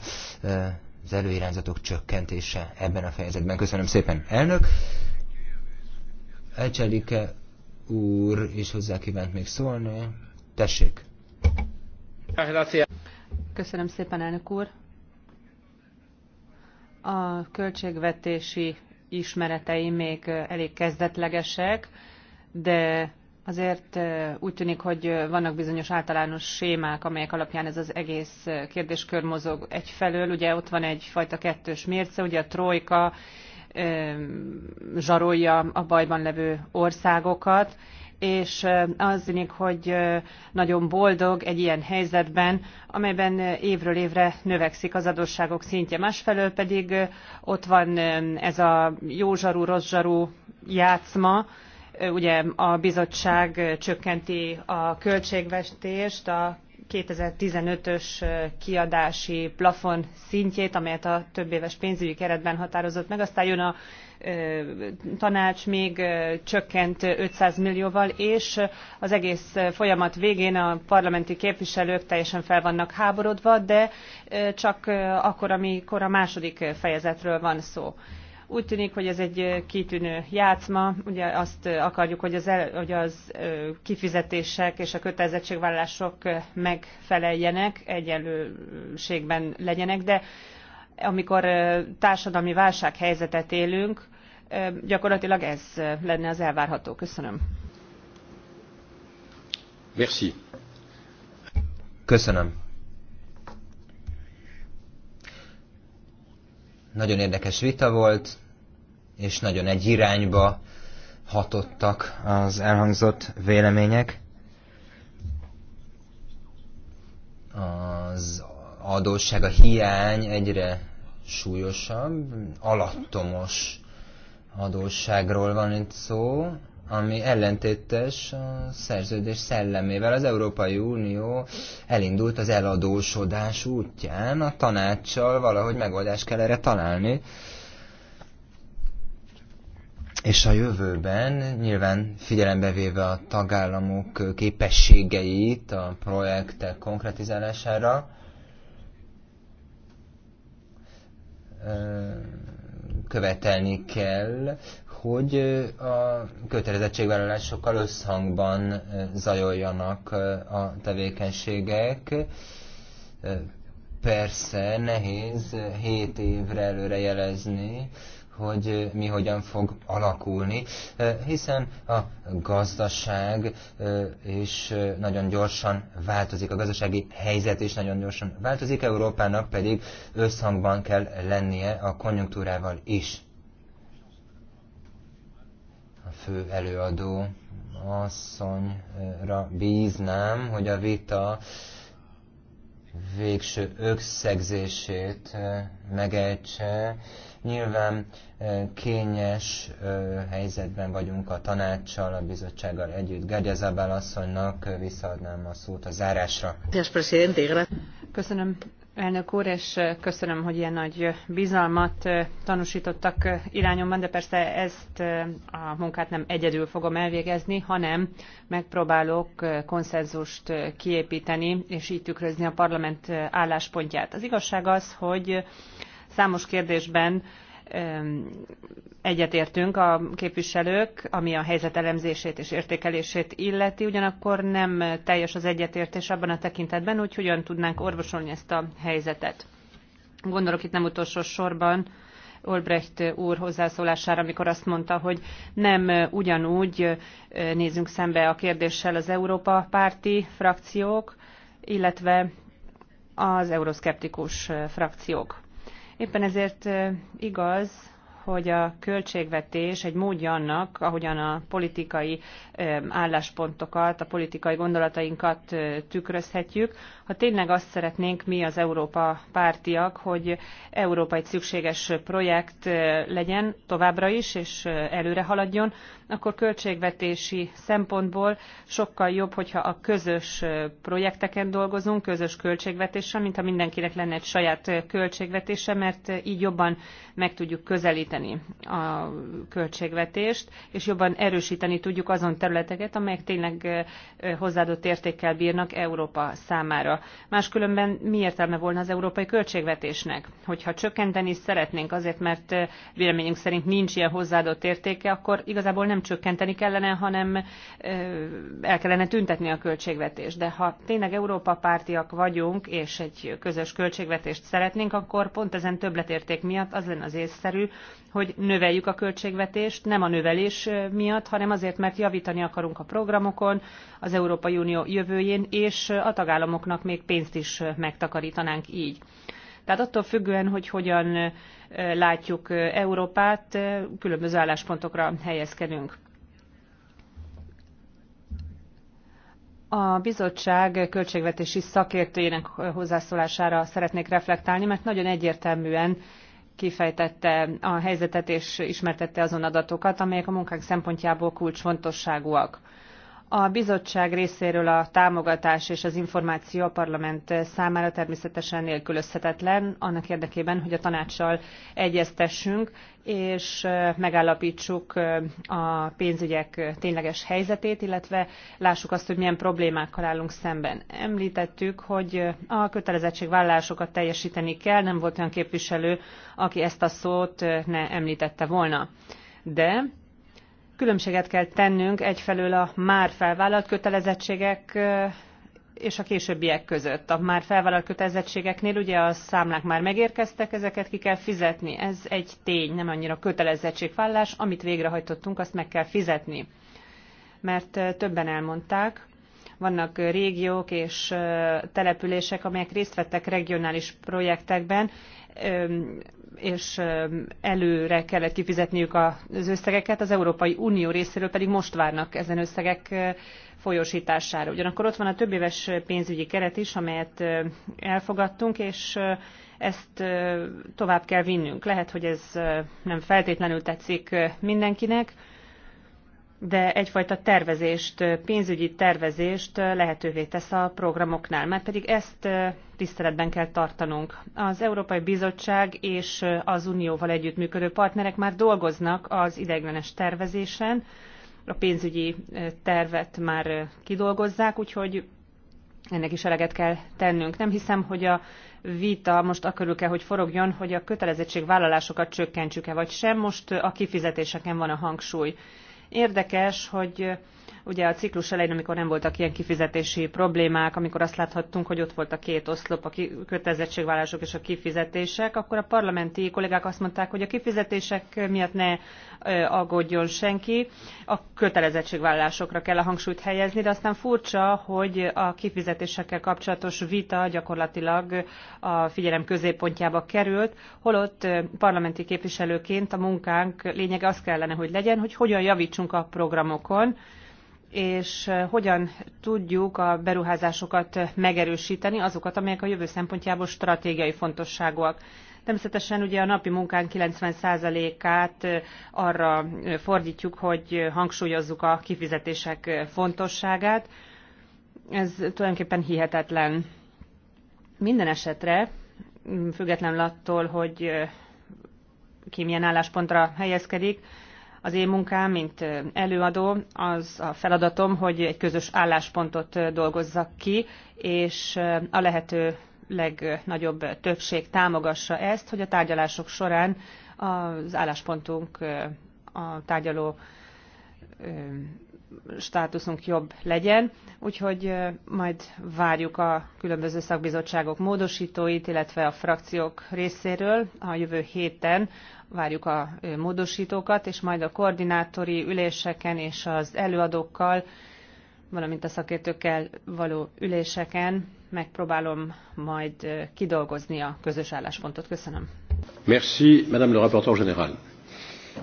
az előirányzatok csökkentése ebben a fejezetben. Köszönöm szépen, elnök. Ecselike úr is hozzá kívánt még szólni. Tessék. Köszönöm szépen, elnök úr. A költségvetési ismeretei még elég kezdetlegesek, de Azért úgy tűnik, hogy vannak bizonyos általános sémák, amelyek alapján ez az egész kérdéskör mozog egyfelől. Ugye ott van egyfajta kettős mérce, ugye a trojka zsarolja a bajban levő országokat, és az tűnik, hogy nagyon boldog egy ilyen helyzetben, amelyben évről évre növekszik az adósságok szintje. Másfelől pedig ott van ez a jó zsarú, rossz zsarú játszma, ugye a bizottság csökkenti a költségvetést, a 2015-ös kiadási plafon szintjét, amelyet a éves pénzügyi keretben határozott meg. Aztán jön a tanács még csökkent 500 millióval, és az egész folyamat végén a parlamenti képviselők teljesen fel vannak háborodva, de csak akkor, amikor a második fejezetről van szó. Úgy tűnik, hogy ez egy kitűnő játszma. Ugye azt akarjuk, hogy az, el, hogy az kifizetések és a kötelezettségvállalások megfeleljenek, egyenlőségben legyenek, de amikor társadalmi válsághelyzetet élünk, gyakorlatilag ez lenne az elvárható. Köszönöm. Merci. Köszönöm. Nagyon érdekes vita volt és nagyon egy irányba hatottak az elhangzott vélemények. Az adósság, a hiány egyre súlyosabb, alattomos adósságról van itt szó, ami ellentétes a szerződés szellemével. Az Európai Unió elindult az eladósodás útján, a tanácssal valahogy megoldást kell erre találni és a jövőben nyilván figyelembe véve a tagállamok képességeit a projektek konkretizálására, követelni kell, hogy a kötelezettségvállalásokkal összhangban zajoljanak a tevékenységek. Persze nehéz hét évre előre jelezni, hogy eh, mi hogyan fog alakulni, eh, hiszen a gazdaság eh, is nagyon gyorsan változik, a gazdasági helyzet is nagyon gyorsan változik, Európának pedig összhangban kell lennie a konjunktúrával is. A fő előadó asszonyra bíznám, hogy a vita végső összegzését megejtse, Nyilván kényes helyzetben vagyunk a tanácssal, a bizottsággal együtt. Gergye Zabál asszonynak visszaadnám a szót a zárásra. Köszönöm. Elnök úr, és köszönöm, hogy ilyen nagy bizalmat tanúsítottak irányomban, de persze ezt a munkát nem egyedül fogom elvégezni, hanem megpróbálok konszenzust kiépíteni, és így tükrözni a parlament álláspontját. Az igazság az, hogy Számos kérdésben egyetértünk a képviselők, ami a helyzet elemzését és értékelését illeti, ugyanakkor nem teljes az egyetértés abban a tekintetben, hogy hogyan tudnánk orvosolni ezt a helyzetet. Gondolok itt nem utolsó sorban Olbrecht úr hozzászólására, amikor azt mondta, hogy nem ugyanúgy nézünk szembe a kérdéssel az Európa párti frakciók, illetve az euroszkeptikus frakciók. Éppen ezért igaz, hogy a költségvetés egy módja annak, ahogyan a politikai álláspontokat, a politikai gondolatainkat tükrözhetjük. Ha tényleg azt szeretnénk mi az Európa pártiak, hogy Európa egy szükséges projekt legyen továbbra is, és előre haladjon, akkor költségvetési szempontból sokkal jobb, hogyha a közös projekteken dolgozunk, közös költségvetéssel, mint ha mindenkinek lenne egy saját költségvetése, mert így jobban meg tudjuk közelíteni a költségvetést, és jobban erősíteni tudjuk azon területeket, amelyek tényleg hozzáadott értékkel bírnak Európa számára. Máskülönben mi értelme volna az európai költségvetésnek? Hogyha csökkenteni szeretnénk azért, mert véleményünk szerint nincs ilyen hozzáadott értéke, akkor igazából nem csökkenteni kellene, hanem el kellene tüntetni a költségvetést. De ha tényleg Európa pártiak vagyunk, és egy közös költségvetést szeretnénk, akkor pont ezen többletérték miatt az lenne az észszerű, hogy növeljük a költségvetést, nem a növelés miatt, hanem azért, mert javítani akarunk a programokon, az Európai Unió jövőjén, és a tagállamoknak még pénzt is megtakarítanánk így. Tehát attól függően, hogy hogyan látjuk Európát, különböző álláspontokra helyezkedünk. A bizottság költségvetési szakértőjének hozzászólására szeretnék reflektálni, mert nagyon egyértelműen kifejtette a helyzetet és ismertette azon adatokat, amelyek a munkánk szempontjából kulcsfontosságúak. A bizottság részéről a támogatás és az információ a parlament számára természetesen nélkülözhetetlen, annak érdekében, hogy a tanácssal egyeztessünk, és megállapítsuk a pénzügyek tényleges helyzetét, illetve lássuk azt, hogy milyen problémákkal állunk szemben. Említettük, hogy a kötelezettségvállalásokat teljesíteni kell, nem volt olyan képviselő, aki ezt a szót ne említette volna. De különbséget kell tennünk egyfelől a már felvállalt kötelezettségek és a későbbiek között. A már felvállalt kötelezettségeknél ugye a számlák már megérkeztek, ezeket ki kell fizetni. Ez egy tény, nem annyira kötelezettségvállás, amit végrehajtottunk, azt meg kell fizetni. Mert többen elmondták, vannak régiók és települések, amelyek részt vettek regionális projektekben, és előre kellett kifizetniük az összegeket, az Európai Unió részéről pedig most várnak ezen összegek folyósítására. Ugyanakkor ott van a több éves pénzügyi keret is, amelyet elfogadtunk, és ezt tovább kell vinnünk. Lehet, hogy ez nem feltétlenül tetszik mindenkinek, de egyfajta tervezést, pénzügyi tervezést lehetővé tesz a programoknál, mert pedig ezt tiszteletben kell tartanunk. Az Európai Bizottság és az Unióval együttműködő partnerek már dolgoznak az ideiglenes tervezésen, a pénzügyi tervet már kidolgozzák, úgyhogy ennek is eleget kell tennünk. Nem hiszem, hogy a vita most akörül kell, hogy forogjon, hogy a kötelezettségvállalásokat csökkentsük-e vagy sem. Most a kifizetéseken van a hangsúly. Érdekes, hogy Ugye a ciklus elején, amikor nem voltak ilyen kifizetési problémák, amikor azt láthattunk, hogy ott volt a két oszlop, a kötelezettségvállások és a kifizetések, akkor a parlamenti kollégák azt mondták, hogy a kifizetések miatt ne aggódjon senki, a kötelezettségvállásokra kell a hangsúlyt helyezni, de aztán furcsa, hogy a kifizetésekkel kapcsolatos vita gyakorlatilag a figyelem középpontjába került, holott parlamenti képviselőként a munkánk lényege az kellene, hogy legyen, hogy hogyan javítsunk a programokon, és hogyan tudjuk a beruházásokat megerősíteni, azokat, amelyek a jövő szempontjából stratégiai fontosságúak. Természetesen ugye a napi munkán 90%-át arra fordítjuk, hogy hangsúlyozzuk a kifizetések fontosságát. Ez tulajdonképpen hihetetlen. Minden esetre, függetlenül attól, hogy ki milyen álláspontra helyezkedik, az én munkám, mint előadó, az a feladatom, hogy egy közös álláspontot dolgozzak ki, és a lehető legnagyobb többség támogassa ezt, hogy a tárgyalások során az álláspontunk a tárgyaló státuszunk jobb legyen, úgyhogy majd várjuk a különböző szakbizottságok módosítóit, illetve a frakciók részéről a jövő héten várjuk a módosítókat, és majd a koordinátori üléseken és az előadókkal, valamint a szakértőkkel való üléseken megpróbálom majd kidolgozni a közös álláspontot. Köszönöm. Merci, Madame le rapporteur général.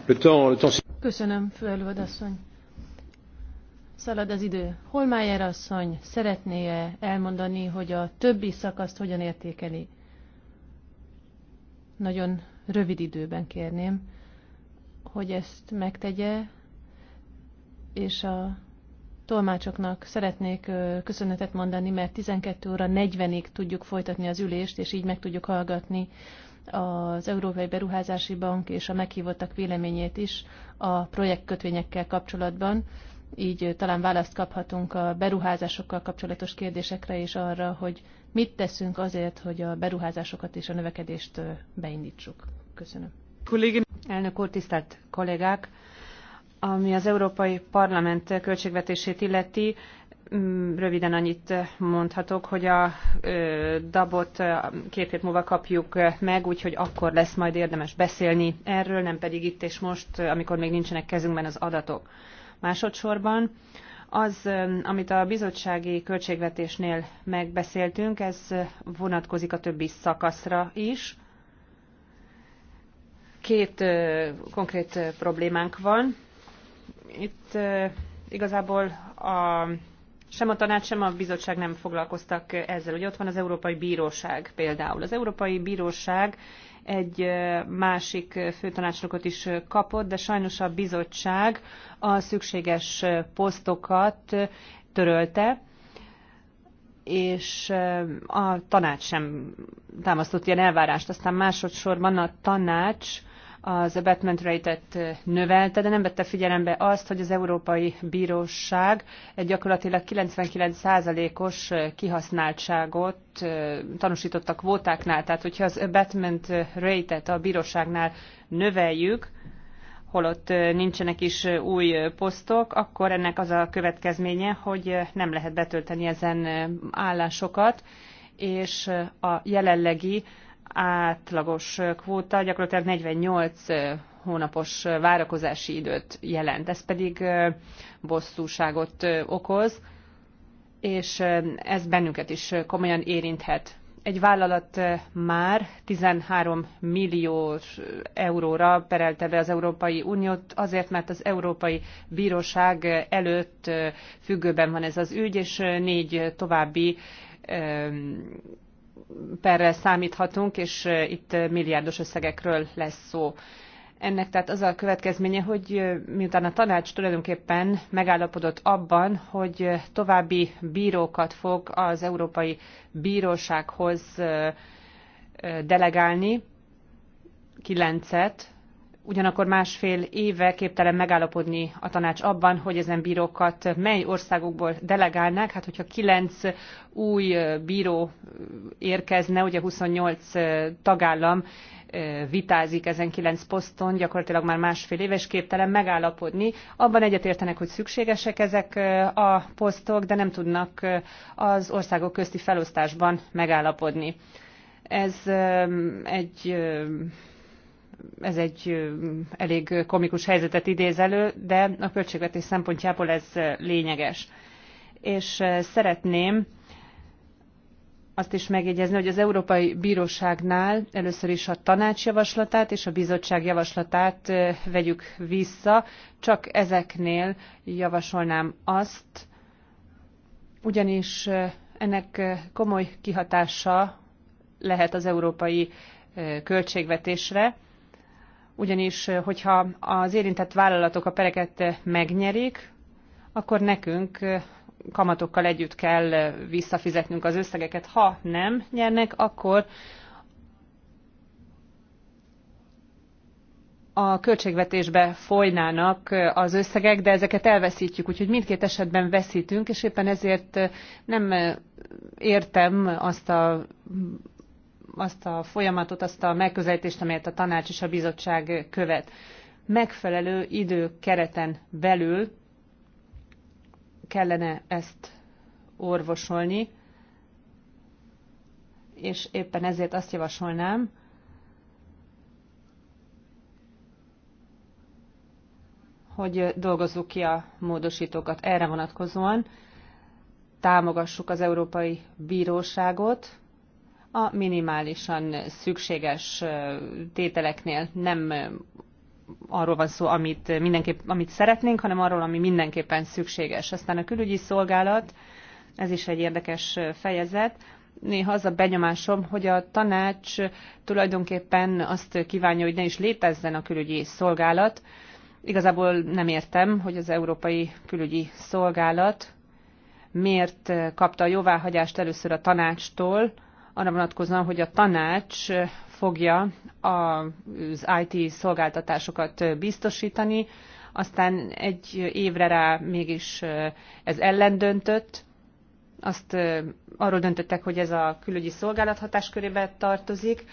Le temps, le temps... Köszönöm, főelőadasszony. Szalad az idő. Holmájer asszony szeretné-e elmondani, hogy a többi szakaszt hogyan értékeli? Nagyon rövid időben kérném, hogy ezt megtegye, és a tolmácsoknak szeretnék köszönetet mondani, mert 12 óra 40-ig tudjuk folytatni az ülést, és így meg tudjuk hallgatni az Európai Beruházási Bank és a meghívottak véleményét is a projektkötvényekkel kapcsolatban így talán választ kaphatunk a beruházásokkal kapcsolatos kérdésekre és arra, hogy mit teszünk azért, hogy a beruházásokat és a növekedést beindítsuk. Köszönöm. Kollégin. Elnök úr, tisztelt kollégák! Ami az Európai Parlament költségvetését illeti, mm, röviden annyit mondhatok, hogy a dabot két hét múlva kapjuk meg, úgyhogy akkor lesz majd érdemes beszélni erről, nem pedig itt és most, amikor még nincsenek kezünkben az adatok. Másodszorban az, amit a bizottsági költségvetésnél megbeszéltünk, ez vonatkozik a többi szakaszra is. Két konkrét problémánk van. Itt igazából a, sem a tanács, sem a bizottság nem foglalkoztak ezzel, hogy ott van az Európai Bíróság például. Az Európai Bíróság egy másik főtanácsnokot is kapott, de sajnos a bizottság a szükséges posztokat törölte, és a tanács sem támasztott ilyen elvárást. Aztán másodszorban a tanács az Batman rate-et növelte, de nem vette figyelembe azt, hogy az Európai Bíróság egy gyakorlatilag 99%-os kihasználtságot tanúsított a kvótáknál. Tehát, hogyha az Batman rate-et a bíróságnál növeljük, holott nincsenek is új posztok, akkor ennek az a következménye, hogy nem lehet betölteni ezen állásokat, és a jelenlegi átlagos kvóta gyakorlatilag 48 hónapos várakozási időt jelent. Ez pedig bosszúságot okoz, és ez bennünket is komolyan érinthet. Egy vállalat már 13 millió euróra perelte be az Európai Uniót, azért, mert az Európai Bíróság előtt függőben van ez az ügy, és négy további perre számíthatunk, és itt milliárdos összegekről lesz szó. Ennek tehát az a következménye, hogy miután a tanács tulajdonképpen megállapodott abban, hogy további bírókat fog az Európai Bírósághoz delegálni, kilencet, ugyanakkor másfél éve képtelen megállapodni a tanács abban, hogy ezen bírókat mely országokból delegálnák. Hát, hogyha kilenc új bíró érkezne, ugye 28 tagállam vitázik ezen kilenc poszton, gyakorlatilag már másfél éves képtelen megállapodni. Abban egyetértenek, hogy szükségesek ezek a posztok, de nem tudnak az országok közti felosztásban megállapodni. Ez egy ez egy elég komikus helyzetet idéz elő, de a költségvetés szempontjából ez lényeges. És szeretném azt is megjegyezni, hogy az Európai Bíróságnál először is a tanács javaslatát és a bizottság javaslatát vegyük vissza, csak ezeknél javasolnám azt, ugyanis ennek komoly kihatása lehet az európai költségvetésre, ugyanis eh, hogyha az érintett vállalatok a pereket eh, megnyerik, akkor nekünk eh, kamatokkal együtt kell visszafizetnünk az összegeket. Ha nem nyernek, akkor a költségvetésbe folynának az összegek, de ezeket elveszítjük, úgyhogy mindkét esetben veszítünk, és éppen ezért nem értem azt a azt a folyamatot, azt a megközelítést, amelyet a tanács és a bizottság követ. Megfelelő időkereten belül kellene ezt orvosolni, és éppen ezért azt javasolnám, hogy dolgozzuk ki a módosítókat erre vonatkozóan, támogassuk az Európai Bíróságot, a minimálisan szükséges tételeknél nem arról van szó, amit, mindenképp, amit szeretnénk, hanem arról, ami mindenképpen szükséges. Aztán a külügyi szolgálat, ez is egy érdekes fejezet, néha az a benyomásom, hogy a tanács tulajdonképpen azt kívánja, hogy ne is létezzen a külügyi szolgálat. Igazából nem értem, hogy az Európai Külügyi Szolgálat miért kapta a jóváhagyást először a tanácstól, arra vonatkozóan, hogy a tanács fogja az IT szolgáltatásokat biztosítani, aztán egy évre rá mégis ez ellen döntött, azt arról döntöttek, hogy ez a külügyi szolgálat hatáskörébe tartozik,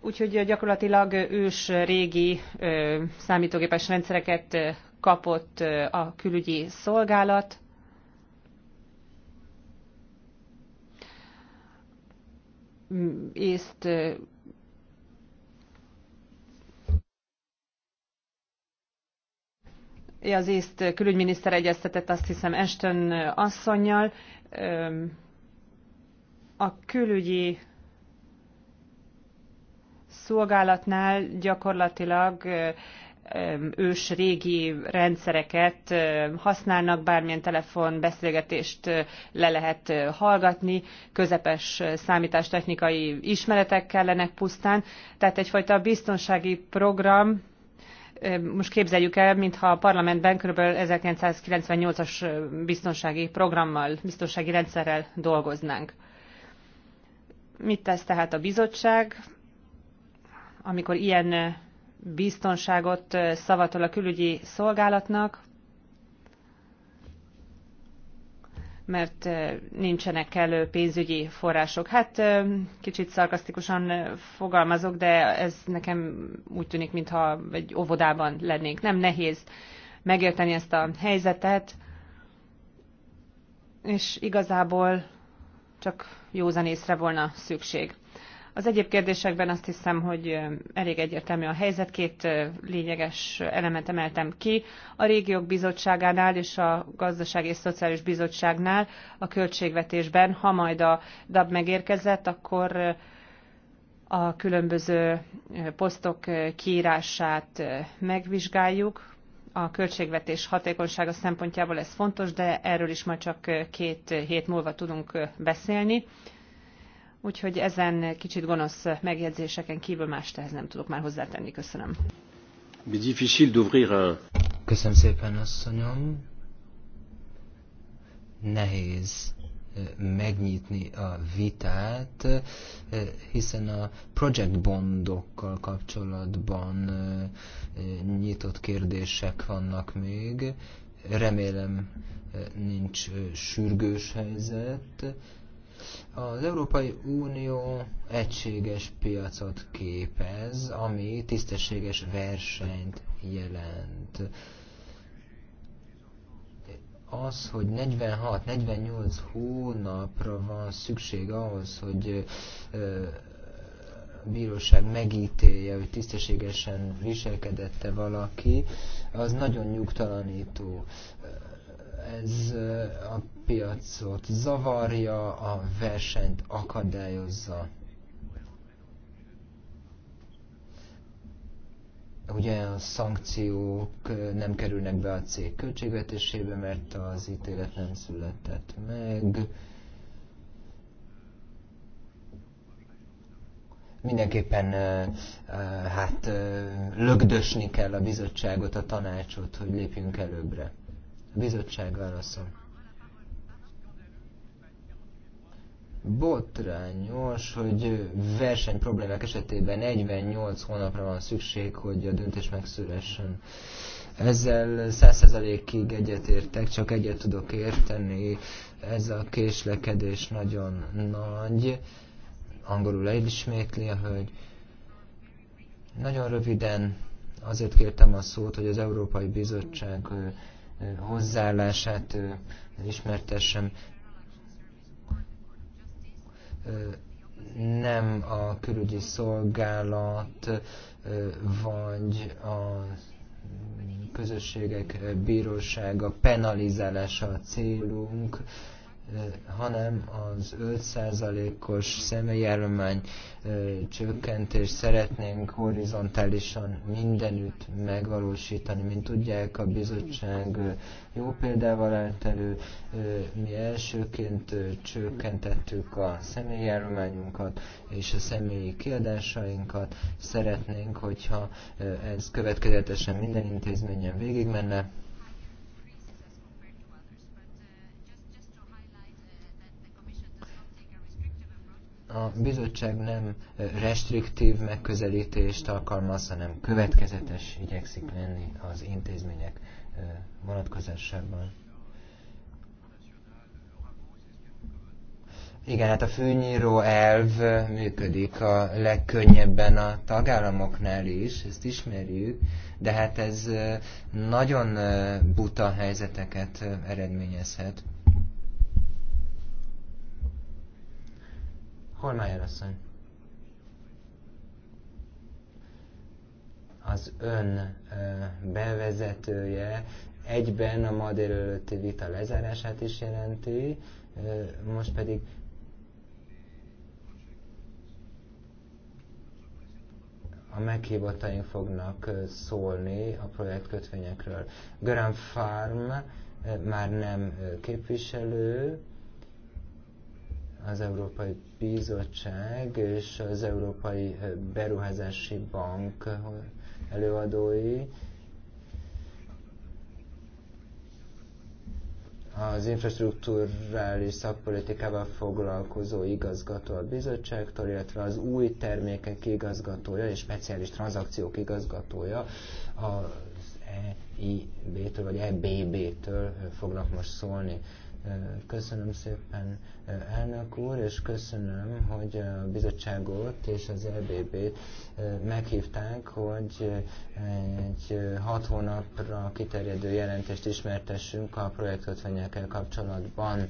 úgyhogy gyakorlatilag ős régi számítógépes rendszereket kapott a külügyi szolgálat, észt az észt külügyminiszter egyeztetett azt hiszem Ashton asszonynal. A külügyi szolgálatnál gyakorlatilag ős régi rendszereket használnak, bármilyen telefon beszélgetést le lehet hallgatni, közepes számítástechnikai ismeretek kellenek pusztán, tehát egyfajta biztonsági program, most képzeljük el, mintha a parlamentben kb. 1998-as biztonsági programmal, biztonsági rendszerrel dolgoznánk. Mit tesz tehát a bizottság, amikor ilyen biztonságot szavatol a külügyi szolgálatnak, mert nincsenek kellő pénzügyi források. Hát kicsit szarkasztikusan fogalmazok, de ez nekem úgy tűnik, mintha egy óvodában lennénk. Nem nehéz megérteni ezt a helyzetet, és igazából csak józan észre volna szükség. Az egyéb kérdésekben azt hiszem, hogy elég egyértelmű a helyzet. Két lényeges elemet emeltem ki. A régiók bizottságánál és a gazdaság és szociális bizottságnál a költségvetésben, ha majd a DAB megérkezett, akkor a különböző posztok kiírását megvizsgáljuk. A költségvetés hatékonysága szempontjából ez fontos, de erről is majd csak két hét múlva tudunk beszélni. Úgyhogy ezen kicsit gonosz megjegyzéseken kívül más tehez nem tudok már hozzátenni. Köszönöm. Euh, Köszönöm szépen, asszonyom. Nehéz euh, megnyitni a vitát, euh, hiszen a project bondokkal kapcsolatban nyitott kérdések vannak még. Remélem nincs sürgős helyzet az Európai Unió egységes piacot képez, ami tisztességes versenyt jelent. Az, hogy 46-48 hónapra van szükség ahhoz, hogy a bíróság megítélje, hogy tisztességesen viselkedette valaki, az nagyon nyugtalanító. Ez a piacot zavarja, a versenyt akadályozza. Ugye a szankciók nem kerülnek be a cég költségvetésébe, mert az ítélet nem született meg. mindenképpen hát lögdösni kell a bizottságot, a tanácsot, hogy lépjünk előbbre. A bizottság válaszol. botrányos, hogy versenyproblémák esetében 48 hónapra van szükség, hogy a döntés megszülessen. Ezzel 100%-ig egyetértek, csak egyet tudok érteni, ez a késlekedés nagyon nagy. Angolul elismétli a hogy Nagyon röviden azért kértem a szót, hogy az Európai Bizottság hozzáállását ismertessem nem a külügyi szolgálat vagy a közösségek bírósága penalizálása a célunk, hanem az 5%-os személyállomány csökkentést szeretnénk horizontálisan mindenütt megvalósítani. Mint tudják, a bizottság jó példával állt elő, mi elsőként csökkentettük a személyállományunkat és a személyi kiadásainkat. Szeretnénk, hogyha ez következetesen minden intézményen végigmenne, a bizottság nem restriktív megközelítést alkalmaz, hanem következetes igyekszik lenni az intézmények vonatkozásában. Igen, hát a főnyíró elv működik a legkönnyebben a tagállamoknál is, ezt ismerjük, de hát ez nagyon buta helyzeteket eredményezhet. Holmájer asszony. Az ön bevezetője egyben a ma délelőtti vita lezárását is jelenti, most pedig a meghívottaink fognak szólni a projekt kötvényekről. Graham Farm már nem képviselő, az Európai Bizottság és az Európai Beruházási Bank előadói. Az infrastruktúrális szakpolitikával foglalkozó igazgató a bizottságtól, illetve az új termékek igazgatója és speciális tranzakciók igazgatója az EIB-től vagy EBB-től fognak most szólni. Köszönöm szépen, elnök úr, és köszönöm, hogy a bizottságot és az LBB-t e meghívták, hogy egy hat hónapra kiterjedő jelentést ismertessünk a projektkötvényekkel kapcsolatban.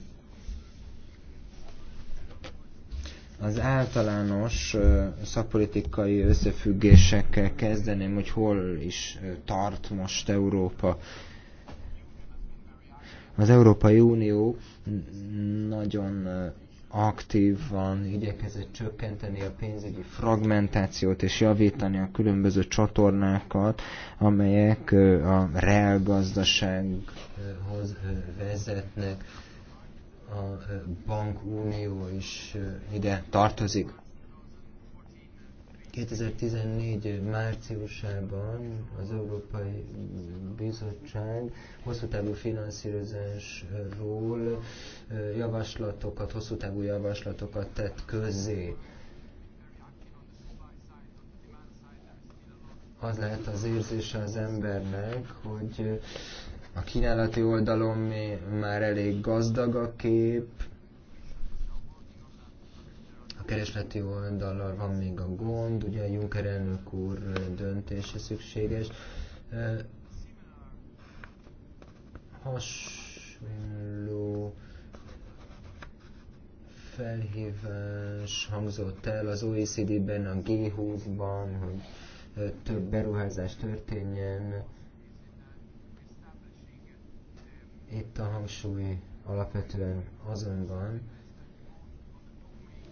az általános szakpolitikai összefüggésekkel kezdeném, hogy hol is tart most Európa az Európai Unió nagyon aktívan igyekezett csökkenteni a pénzügyi fragmentációt és javítani a különböző csatornákat, amelyek a reálgazdasághoz vezetnek. A bankunió is ide tartozik. 2014 márciusában az Európai Bizottság hosszú távú finanszírozásról javaslatokat, hosszú távú javaslatokat tett közzé. Az lehet az érzése az embernek, hogy a kínálati oldalon már elég gazdag a kép, keresleti oldalról van még a gond, ugye a Juncker elnök úr döntése szükséges. Hasonló felhívás hangzott el az OECD-ben, a G20-ban, hogy több beruházás történjen. Itt a hangsúly alapvetően azon van,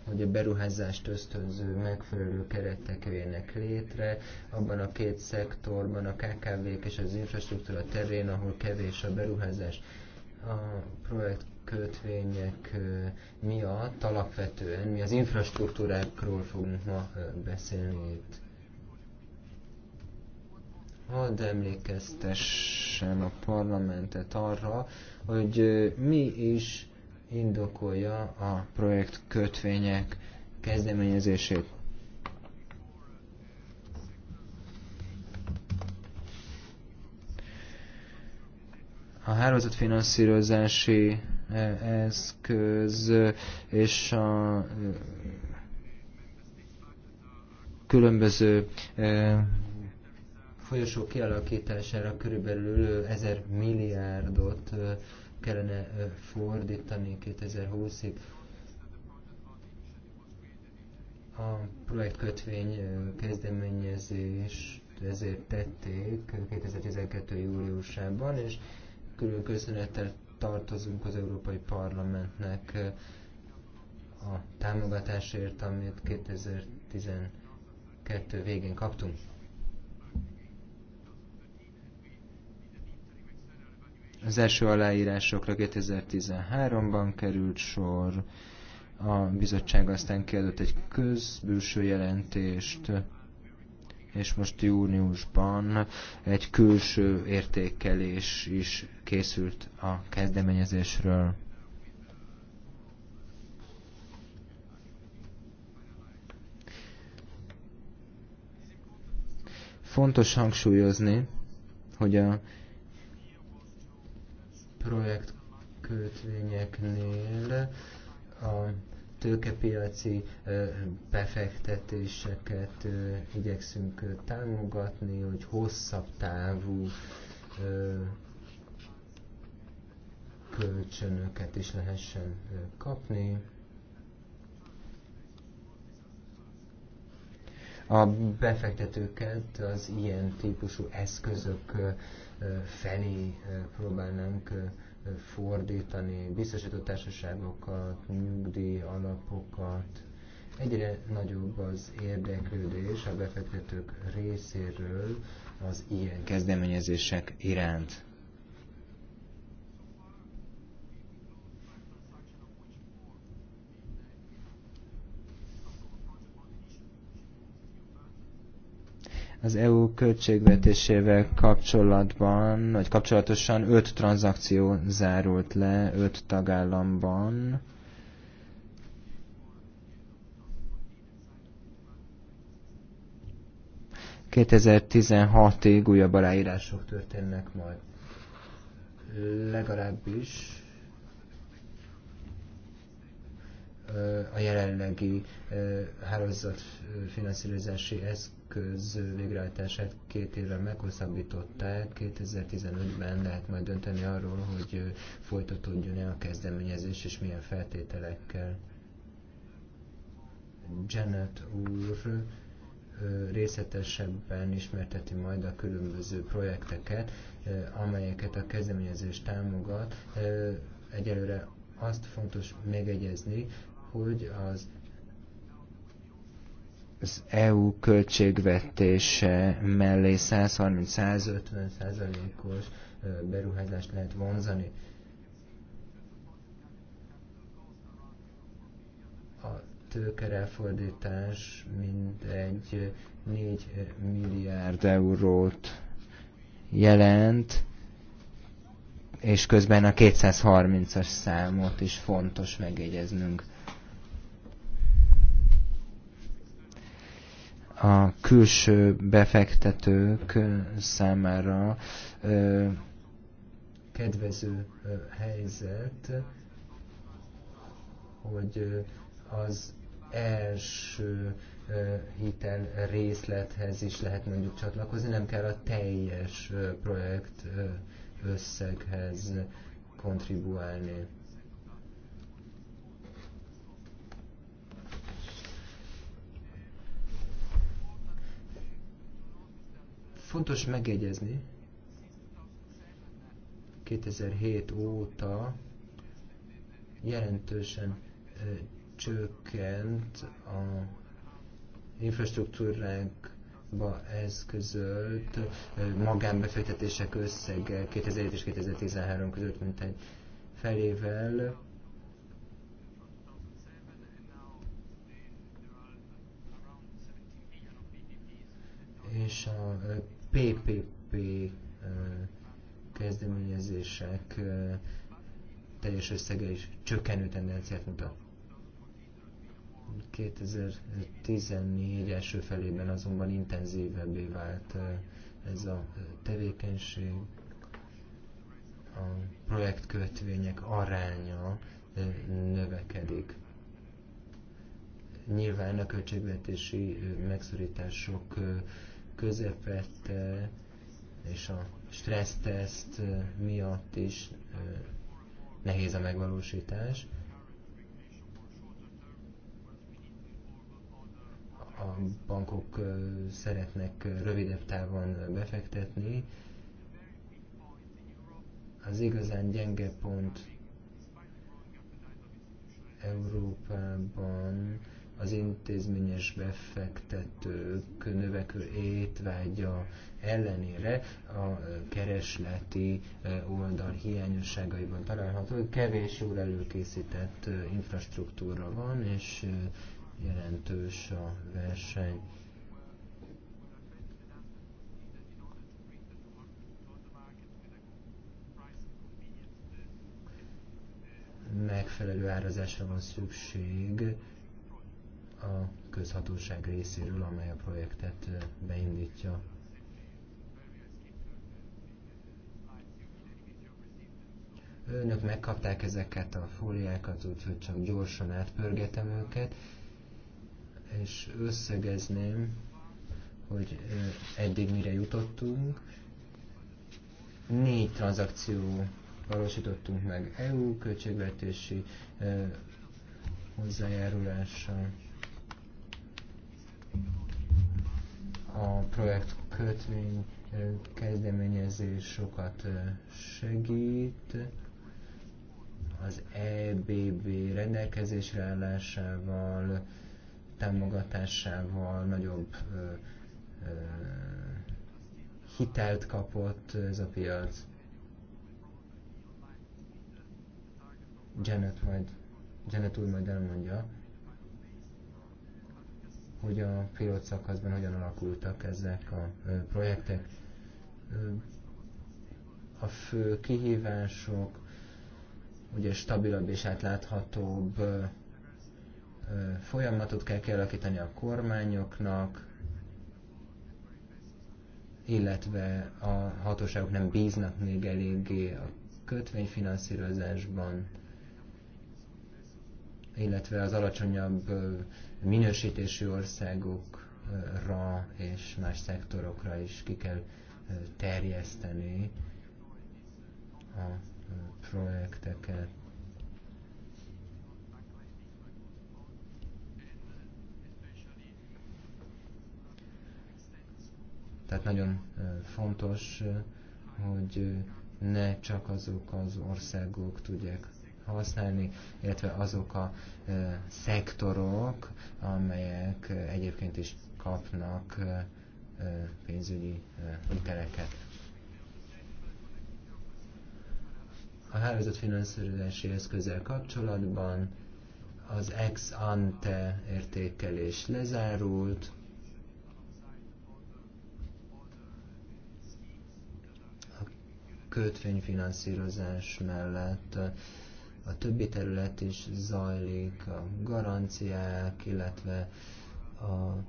hogy a beruházást ösztönző megfelelő keretek jöjjenek létre, abban a két szektorban, a KKV-k és az infrastruktúra terén, ahol kevés a beruházás. A projekt kötvények miatt alapvetően mi az infrastruktúrákról fogunk ma beszélni itt. Hadd emlékeztessen a parlamentet arra, hogy mi is indokolja a projekt kötvények kezdeményezését. A hálózatfinanszírozási e, eszköz és a e, különböző e, folyosók kialakítására körülbelül 1000 milliárdot kellene fordítani 2020-ig. A projektkötvény kezdeményezést ezért tették 2012. júliusában, és külön köszönettel tartozunk az Európai Parlamentnek a támogatásért, amit 2012 végén kaptunk. Az első aláírásokra 2013-ban került sor, a bizottság aztán kiadott egy közbülső jelentést, és most júniusban egy külső értékelés is készült a kezdeményezésről. Fontos hangsúlyozni, hogy a projektkötvényeknél a tőkepiaci befektetéseket igyekszünk támogatni, hogy hosszabb távú kölcsönöket is lehessen kapni. A befektetőket az ilyen típusú eszközök felé próbálnánk fordítani biztosító társaságokat, nyugdíj alapokat. Egyre nagyobb az érdeklődés a befektetők részéről az ilyen kezdeményezések iránt. az EU költségvetésével kapcsolatban, vagy kapcsolatosan öt tranzakció zárult le öt tagállamban. ...2016-ig újabb aláírások történnek majd. Legalábbis a jelenlegi hálózat finanszírozási eszköz végrehajtását két évre meghosszabbították. 2015-ben lehet majd dönteni arról, hogy folytatódjon-e a kezdeményezés és milyen feltételekkel. Janet úr részletesebben ismerteti majd a különböző projekteket, amelyeket a kezdeményezés támogat. Egyelőre azt fontos megegyezni, hogy az az EU költségvetése mellé 130-150 os beruházást lehet vonzani. A tőkerefordítás mindegy 4 milliárd eurót jelent, és közben a 230-as számot is fontos megjegyeznünk. a külső befektetők számára kedvező helyzet, hogy az első hitel részlethez is lehet mondjuk csatlakozni, nem kell a teljes projekt összeghez kontribuálni. Fontos megjegyezni, 2007 óta jelentősen csökkent a infrastruktúránkba eszközölt magánbefektetések összege 2007 és 2013 között mintegy felével és a PPP kezdeményezések teljes összege is csökkenő tendenciát mutat. 2014 első felében azonban intenzívebbé vált ez a tevékenység. A projektkötvények aránya növekedik. Nyilván a költségvetési megszorítások közepette és a stresszteszt miatt is nehéz a megvalósítás. A bankok szeretnek rövidebb távon befektetni. Az igazán gyenge pont Európában az intézményes befektetők növekvő étvágya ellenére a keresleti e, oldal hiányosságaiban található. Kevés jól előkészített e, infrastruktúra van, és e, jelentős a verseny. Megfelelő árazásra van szükség, a közhatóság részéről, amely a projektet beindítja. Önök megkapták ezeket a fóliákat, úgyhogy csak gyorsan átpörgetem őket, és összegezném, hogy eddig mire jutottunk. Négy tranzakció valósítottunk meg EU költségvetési hozzájárulással. a projekt kötvény kezdeményezés sokat segít. Az EBB rendelkezésre állásával, támogatásával nagyobb hitelt kapott ez a piac. Janet majd, Janet úr majd elmondja hogy a pilot szakaszban hogyan alakultak ezek a projektek. A fő kihívások, ugye stabilabb és átláthatóbb folyamatot kell kialakítani a kormányoknak, illetve a hatóságok nem bíznak még eléggé a kötvényfinanszírozásban, illetve az alacsonyabb minősítésű országokra és más szektorokra is ki kell terjeszteni a projekteket. Tehát nagyon fontos, hogy ne csak azok az országok tudják használni, illetve azok a szektorok, amelyek egyébként is kapnak pénzügyi hiteleket. A hálózatfinanszírozási eszközzel kapcsolatban az ex ante értékelés lezárult, kötvényfinanszírozás mellett a többi terület is zajlik, a garanciák, illetve a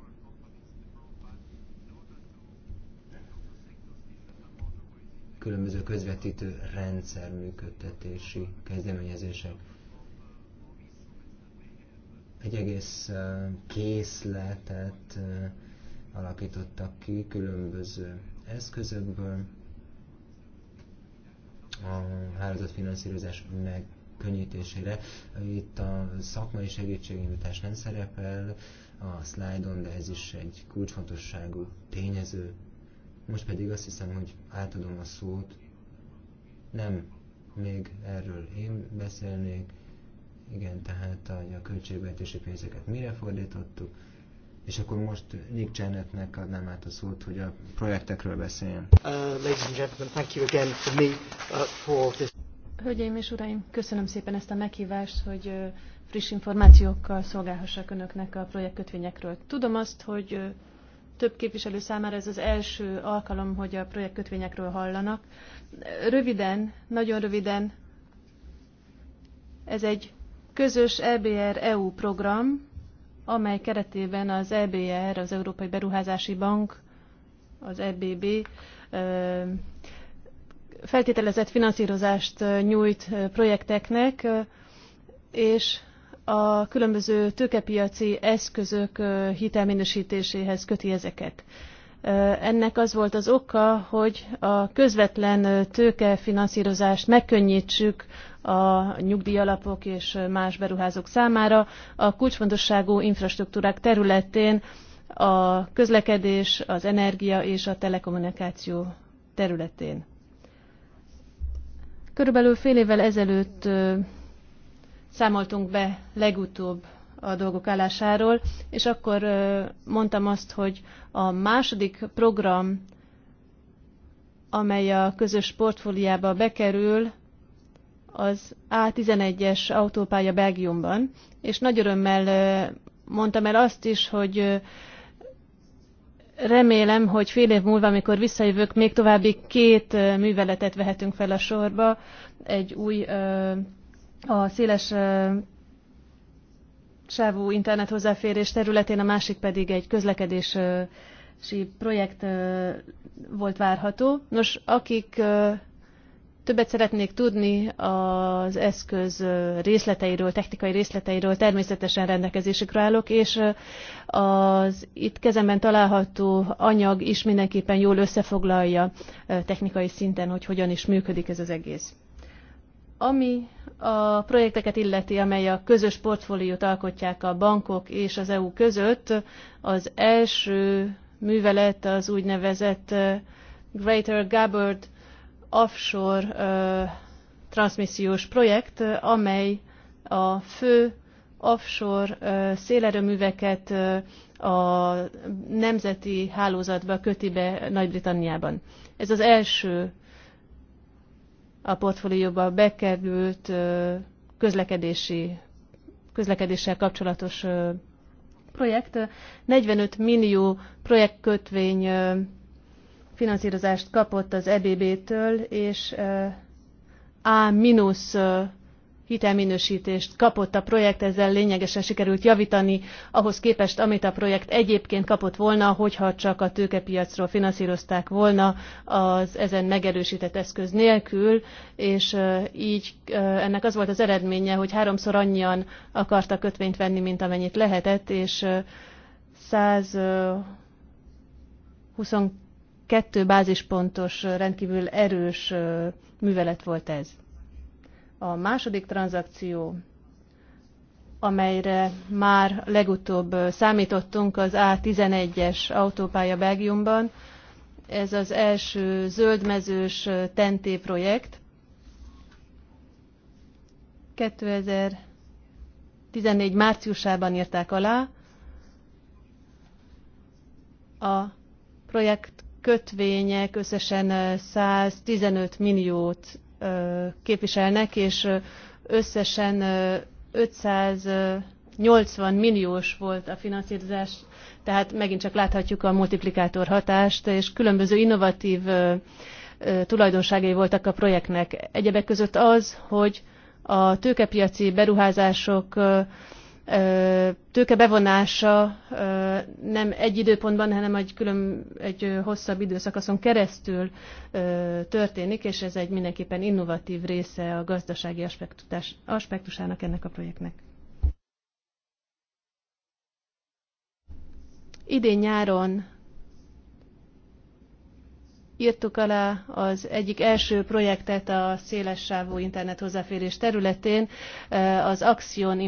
különböző közvetítő rendszer működtetési kezdeményezések. Egy egész eh, készletet eh, alakítottak ki különböző eszközökből a hálózatfinanszírozás meg könnyítésére, Itt a szakmai segítségnyújtás nem szerepel a szlájdon, de ez is egy kulcsfontosságú tényező. Most pedig azt hiszem, hogy átadom a szót. Nem, még erről én beszélnék. Igen, tehát a, a költségvetési pénzeket mire fordítottuk. És akkor most Nick Janetnek adnám át a szót, hogy a projektekről beszéljen. Uh, ladies and gentlemen, thank you again for me uh, for this. Hölgyeim és uraim, köszönöm szépen ezt a meghívást, hogy friss információkkal szolgálhassak önöknek a projektkötvényekről. Tudom azt, hogy több képviselő számára ez az első alkalom, hogy a projektkötvényekről hallanak. Röviden, nagyon röviden, ez egy közös EBR-EU program, amely keretében az EBR, az Európai Beruházási Bank, az EBB feltételezett finanszírozást nyújt projekteknek, és a különböző tőkepiaci eszközök hitelminősítéséhez köti ezeket. Ennek az volt az oka, hogy a közvetlen tőkefinanszírozást megkönnyítsük a nyugdíjalapok és más beruházók számára. A kulcsfontosságú infrastruktúrák területén a közlekedés, az energia és a telekommunikáció területén. Körülbelül fél évvel ezelőtt számoltunk be legutóbb a dolgok állásáról, és akkor mondtam azt, hogy a második program, amely a közös portfóliába bekerül, az A11-es autópálya Belgiumban, és nagy örömmel mondtam el azt is, hogy Remélem, hogy fél év múlva, amikor visszajövök, még további két műveletet vehetünk fel a sorba. Egy új, a széles sávú internet hozzáférés területén, a másik pedig egy közlekedési projekt volt várható. Nos, akik Többet szeretnék tudni az eszköz részleteiről, technikai részleteiről, természetesen rendelkezésükre állok, és az itt kezemben található anyag is mindenképpen jól összefoglalja technikai szinten, hogy hogyan is működik ez az egész. Ami a projekteket illeti, amely a közös portfóliót alkotják a bankok és az EU között, az első művelet az úgynevezett Greater Gabbard offshore uh, transmissziós projekt, amely a fő offshore uh, szélerőműveket uh, a nemzeti hálózatba köti be Nagy-Britanniában. Ez az első a portfólióba bekerült uh, közlekedési, közlekedéssel kapcsolatos projekt. 45 millió projektkötvény finanszírozást kapott az EBB-től, és A- hitelminősítést kapott a projekt, ezzel lényegesen sikerült javítani ahhoz képest, amit a projekt egyébként kapott volna, hogyha csak a tőkepiacról finanszírozták volna az ezen megerősített eszköz nélkül, és így ennek az volt az eredménye, hogy háromszor annyian akarta kötvényt venni, mint amennyit lehetett, és 120 kettő bázispontos, rendkívül erős művelet volt ez. A második tranzakció, amelyre már legutóbb számítottunk, az A11-es autópálya Belgiumban, ez az első zöldmezős tenté projekt. 2014 márciusában írták alá. A projekt kötvények összesen 115 milliót képviselnek, és összesen 580 milliós volt a finanszírozás, tehát megint csak láthatjuk a multiplikátor hatást, és különböző innovatív tulajdonságai voltak a projektnek. Egyebek között az, hogy a tőkepiaci beruházások tőke bevonása nem egy időpontban, hanem egy, külön, egy hosszabb időszakaszon keresztül történik, és ez egy mindenképpen innovatív része a gazdasági aspektusának ennek a projektnek. Idén nyáron írtuk alá az egyik első projektet a szélessávú internet hozzáférés területén, eh, az Axion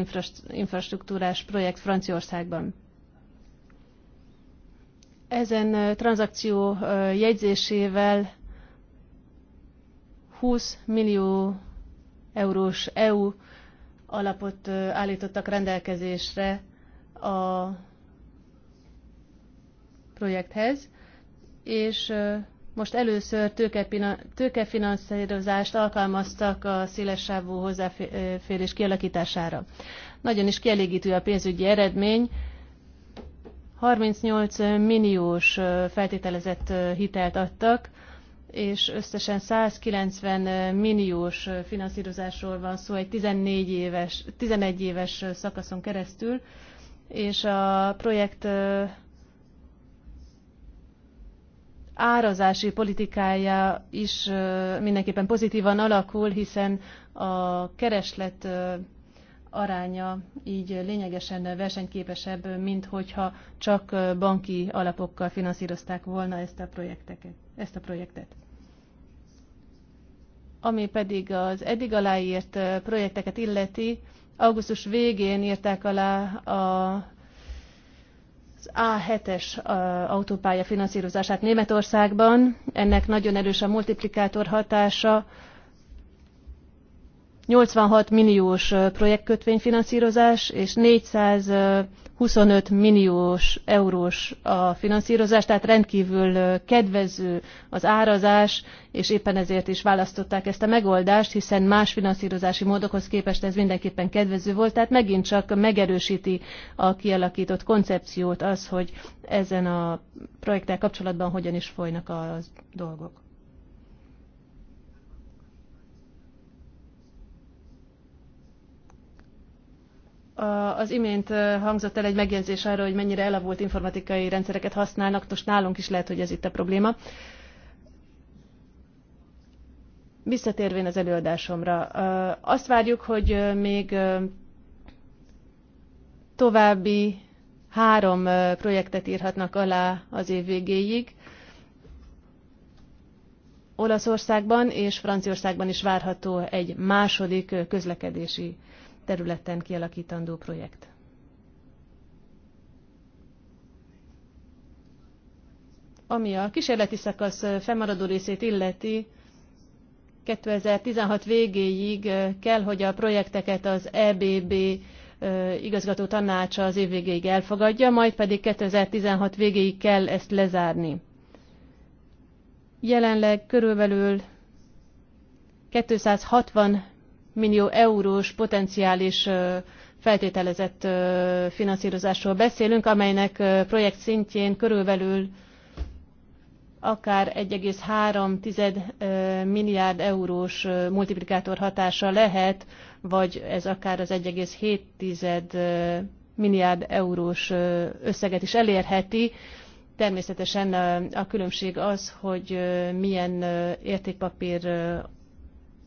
infrastruktúrás projekt Franciaországban. Ezen eh, tranzakció eh, jegyzésével 20 millió eurós EU alapot állítottak rendelkezésre a projekthez, és most először tőkefinanszírozást alkalmaztak a szélessávú hozzáférés kialakítására. Nagyon is kielégítő a pénzügyi eredmény. 38 milliós feltételezett hitelt adtak, és összesen 190 milliós finanszírozásról van szó egy 14 éves, 11 éves szakaszon keresztül, és a projekt árazási politikája is mindenképpen pozitívan alakul, hiszen a kereslet aránya így lényegesen versenyképesebb, mint hogyha csak banki alapokkal finanszírozták volna ezt a, projekteket, ezt a projektet. Ami pedig az eddig aláírt projekteket illeti, augusztus végén írták alá a az A7-es autópálya finanszírozását Németországban. Ennek nagyon erős a multiplikátor hatása. 86 milliós projektkötvényfinanszírozás és 400 25 milliós eurós a finanszírozás, tehát rendkívül kedvező az árazás, és éppen ezért is választották ezt a megoldást, hiszen más finanszírozási módokhoz képest ez mindenképpen kedvező volt, tehát megint csak megerősíti a kialakított koncepciót az, hogy ezen a projekttel kapcsolatban hogyan is folynak a dolgok. az imént hangzott el egy megjegyzés arra, hogy mennyire elavult informatikai rendszereket használnak, most nálunk is lehet, hogy ez itt a probléma. Visszatérvén az előadásomra, azt várjuk, hogy még további három projektet írhatnak alá az év végéig. Olaszországban és Franciaországban is várható egy második közlekedési területen kialakítandó projekt. Ami a kísérleti szakasz fennmaradó részét illeti, 2016 végéig kell, hogy a projekteket az EBB igazgató tanácsa az év végéig elfogadja, majd pedig 2016 végéig kell ezt lezárni. Jelenleg körülbelül 260 millió eurós potenciális feltételezett finanszírozásról beszélünk, amelynek projekt szintjén körülbelül akár 1,3 milliárd eurós multiplikátor hatása lehet, vagy ez akár az 1,7 milliárd eurós összeget is elérheti. Természetesen a különbség az, hogy milyen értékpapír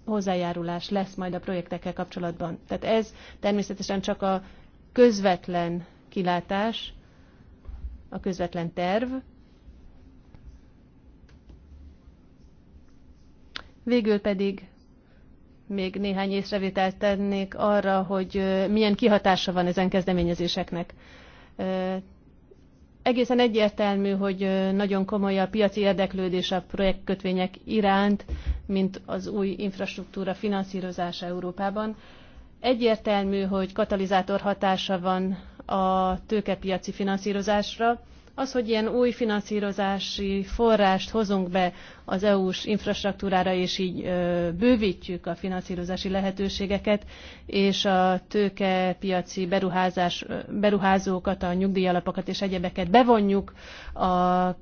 hozzájárulás lesz majd a projektekkel kapcsolatban. Tehát ez természetesen csak a közvetlen kilátás, a közvetlen terv. Végül pedig még néhány észrevételt tennék arra, hogy milyen kihatása van ezen kezdeményezéseknek egészen egyértelmű, hogy nagyon komoly a piaci érdeklődés a projektkötvények iránt, mint az új infrastruktúra finanszírozása Európában. Egyértelmű, hogy katalizátor hatása van a tőkepiaci finanszírozásra, az, hogy ilyen új finanszírozási forrást hozunk be az EU-s infrastruktúrára, és így bővítjük a finanszírozási lehetőségeket, és a tőkepiaci beruházás, beruházókat, a nyugdíjalapokat és egyebeket bevonjuk a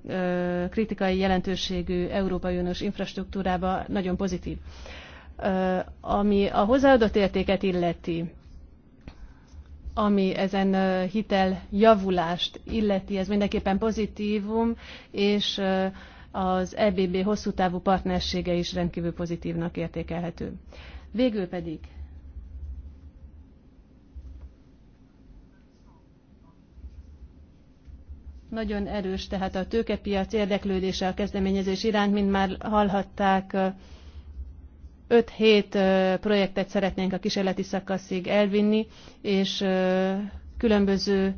kritikai jelentőségű Európai Uniós infrastruktúrába, nagyon pozitív. Ami a hozzáadott értéket illeti, ami ezen hitel javulást illeti, ez mindenképpen pozitívum, és az EBB hosszú távú partnersége is rendkívül pozitívnak értékelhető. Végül pedig nagyon erős, tehát a tőkepiac érdeklődése a kezdeményezés iránt, mint már hallhatták, 5-7 projektet szeretnénk a kísérleti szakaszig elvinni, és különböző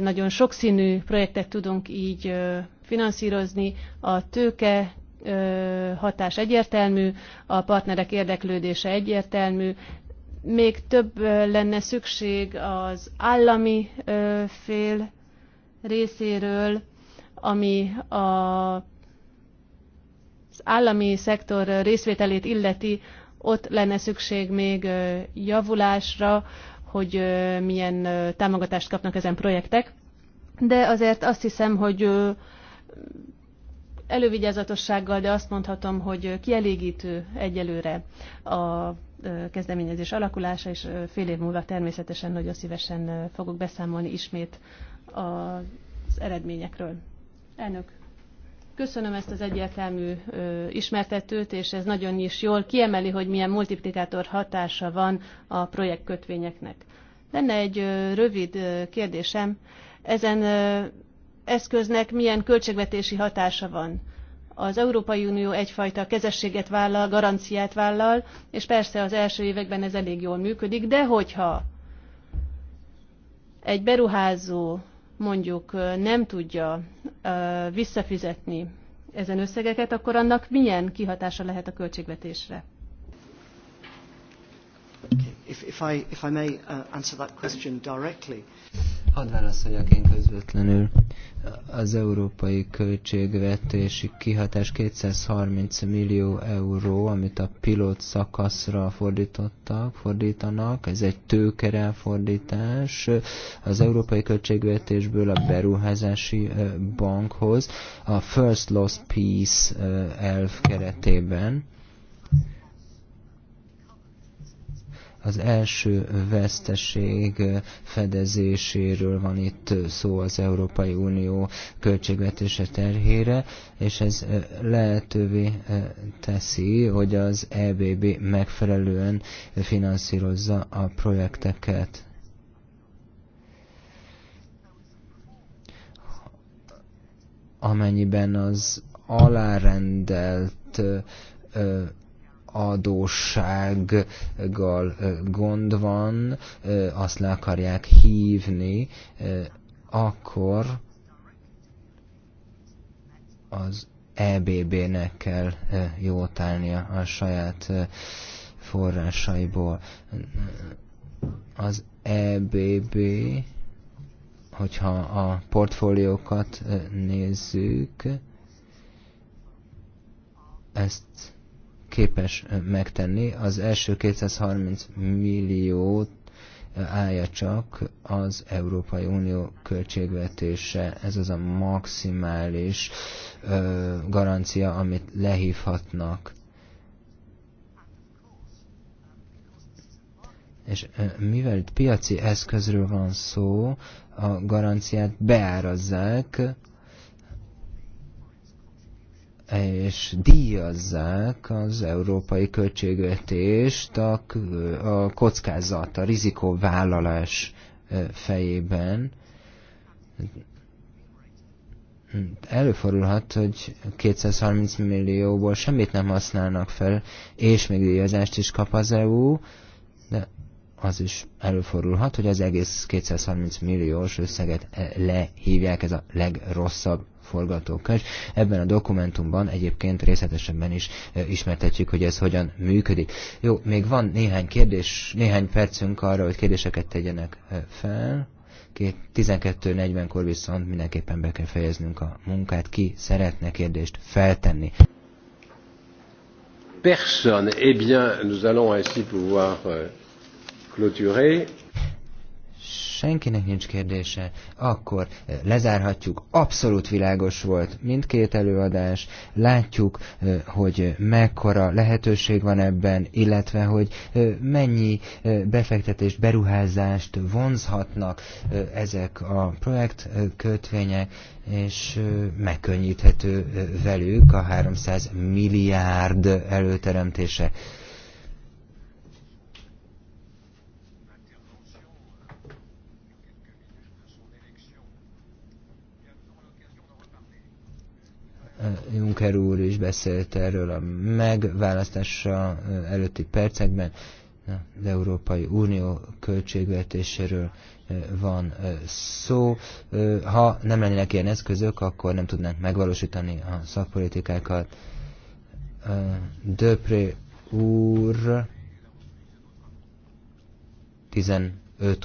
nagyon sokszínű projektet tudunk így finanszírozni. A tőke hatás egyértelmű, a partnerek érdeklődése egyértelmű, még több lenne szükség az állami fél részéről, ami a állami szektor részvételét illeti, ott lenne szükség még javulásra, hogy milyen támogatást kapnak ezen projektek. De azért azt hiszem, hogy elővigyázatossággal, de azt mondhatom, hogy kielégítő egyelőre a kezdeményezés alakulása, és fél év múlva természetesen nagyon szívesen fogok beszámolni ismét az eredményekről. Elnök, Köszönöm ezt az egyértelmű ö, ismertetőt, és ez nagyon is jól kiemeli, hogy milyen multiplikátor hatása van a projektkötvényeknek. Lenne egy ö, rövid ö, kérdésem. Ezen ö, eszköznek milyen költségvetési hatása van? Az Európai Unió egyfajta kezességet vállal, garanciát vállal, és persze az első években ez elég jól működik, de hogyha egy beruházó mondjuk nem tudja visszafizetni ezen összegeket, akkor annak milyen kihatása lehet a költségvetésre? Uh, Hadd válaszoljak én közvetlenül. Az európai költségvetési kihatás 230 millió euró, amit a pilot szakaszra fordítottak, fordítanak. Ez egy fordítás az európai költségvetésből a beruházási bankhoz a First Loss Peace elv keretében az első veszteség fedezéséről van itt szó az Európai Unió költségvetése terhére, és ez lehetővé teszi, hogy az EBB megfelelően finanszírozza a projekteket. amennyiben az alárendelt ö, adóssággal gond van, azt le akarják hívni, akkor az EBB-nek kell jótálnia a saját forrásaiból. Az EBB, hogyha a portfóliókat nézzük, ezt képes megtenni. Az első 230 milliót állja csak az Európai Unió költségvetése. Ez az a maximális ö, garancia, amit lehívhatnak. És mivel itt piaci eszközről van szó, a garanciát beárazzák, és díjazzák az európai költségvetést a, a kockázat, a rizikóvállalás fejében. Előfordulhat, hogy 230 millióból semmit nem használnak fel, és még díjazást is kap az EU, de az is előfordulhat, hogy az egész 230 milliós összeget e, lehívják, ez a legrosszabb forgatókönyv. Ebben a dokumentumban egyébként részletesebben is ismertetjük, hogy ez hogyan működik. Jó, még van néhány kérdés, néhány percünk arra, hogy kérdéseket tegyenek fel. 12.40-kor viszont mindenképpen be kell fejeznünk a munkát. Ki szeretne kérdést feltenni? Personne. Eh bien, nous allons ainsi pouvoir euh, clôturer senkinek nincs kérdése, akkor eh, lezárhatjuk, abszolút világos volt mindkét előadás, látjuk, eh, hogy mekkora lehetőség van ebben, illetve, hogy eh, mennyi befektetést, beruházást vonzhatnak ezek a projektkötvények, és megkönnyíthető velük a 300 milliárd előteremtése. Juncker úr is beszélt erről a megválasztása eh, előtti percekben, az Európai Unió költségvetéséről eh, van eh, szó. Ha nem lennének ilyen eszközök, akkor nem tudnánk megvalósítani a szakpolitikákat. Döpré úr 15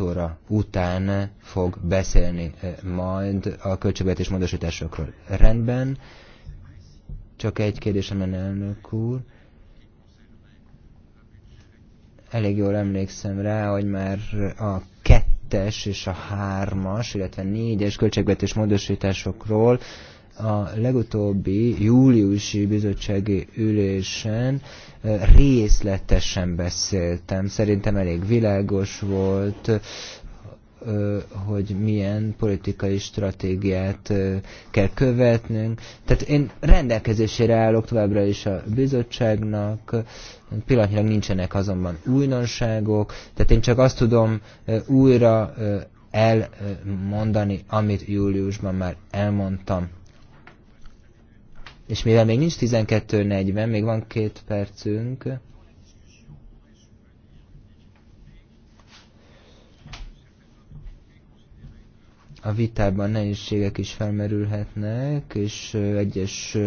óra után fog beszélni majd a költségvetés módosításokról. Rendben. Csak egy kérdésem lenne, elnök úr. Elég jól emlékszem rá, hogy már a kettes és a hármas, illetve négyes költségvetés módosításokról a legutóbbi júliusi bizottsági ülésen részletesen beszéltem. Szerintem elég világos volt, hogy milyen politikai stratégiát kell követnünk. Tehát én rendelkezésére állok továbbra is a bizottságnak, pillanatnyilag nincsenek azonban újdonságok, tehát én csak azt tudom újra elmondani, amit júliusban már elmondtam. És mivel még nincs 12.40, még van két percünk, a vitában nehézségek is felmerülhetnek, és egyes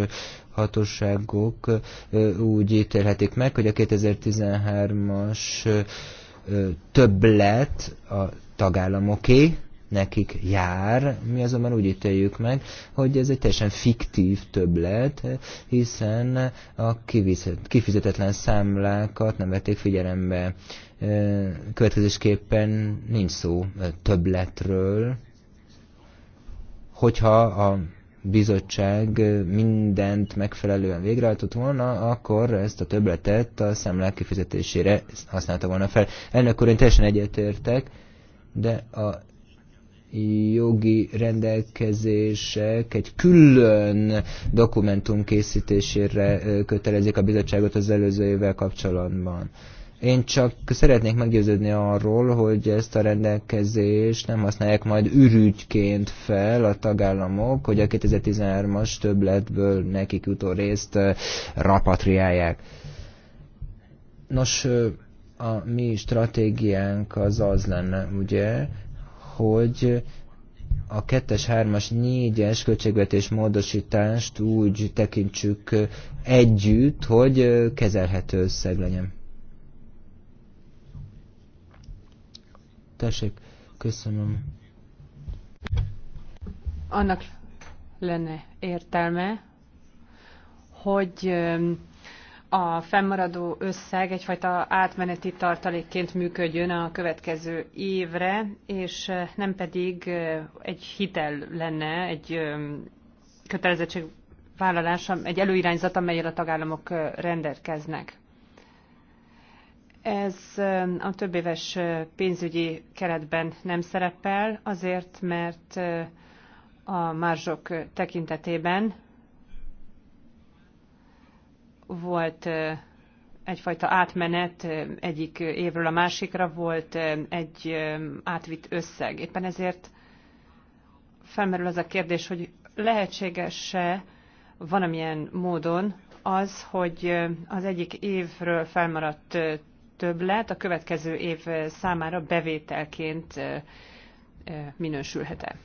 hatóságok úgy ítélhetik meg, hogy a 2013-as többlet a tagállamoké, nekik jár, mi azonban úgy ítéljük meg, hogy ez egy teljesen fiktív többlet, hiszen a kifizetetlen számlákat nem vették figyelembe. Következésképpen nincs szó többletről, Hogyha a bizottság mindent megfelelően végrehajtott volna, akkor ezt a többletet a számlák kifizetésére használta volna fel. Ennek én teljesen egyetértek, de a jogi rendelkezések egy külön dokumentum készítésére kötelezik a bizottságot az előző évvel kapcsolatban. Én csak szeretnék meggyőződni arról, hogy ezt a rendelkezést nem használják majd ürügyként fel a tagállamok, hogy a 2013-as többletből nekik jutó részt eh, rapatriálják. Nos, eh, a mi stratégiánk az az lenne, ugye, hogy a 2-es, 3-as, 4-es költségvetés módosítást úgy tekintsük eh, együtt, hogy kezelhető összeg legyen. tessék, köszönöm. Annak lenne értelme, hogy a fennmaradó összeg egyfajta átmeneti tartalékként működjön a következő évre, és nem pedig egy hitel lenne, egy kötelezettség vállalása, egy előirányzat, amelyel a tagállamok rendelkeznek. Ez a több éves pénzügyi keretben nem szerepel, azért, mert a márzsok tekintetében volt egyfajta átmenet egyik évről a másikra, volt egy átvitt összeg. Éppen ezért felmerül az a kérdés, hogy lehetséges-e valamilyen módon az, hogy az egyik évről felmaradt többlet a következő év számára bevételként minősülhet-e?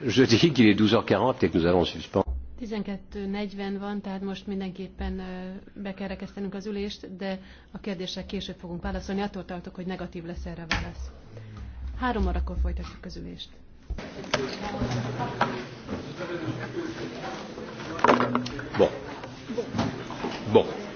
Je dis qu'il est 12h40 et que nous allons suspendre. 12.40 van, tehát most mindenképpen be kell rekesztenünk az ülést, de a kérdések később fogunk válaszolni. Attól tartok, hogy negatív lesz erre a válasz. Három órakor folytatjuk az ülést. Bon. Bon.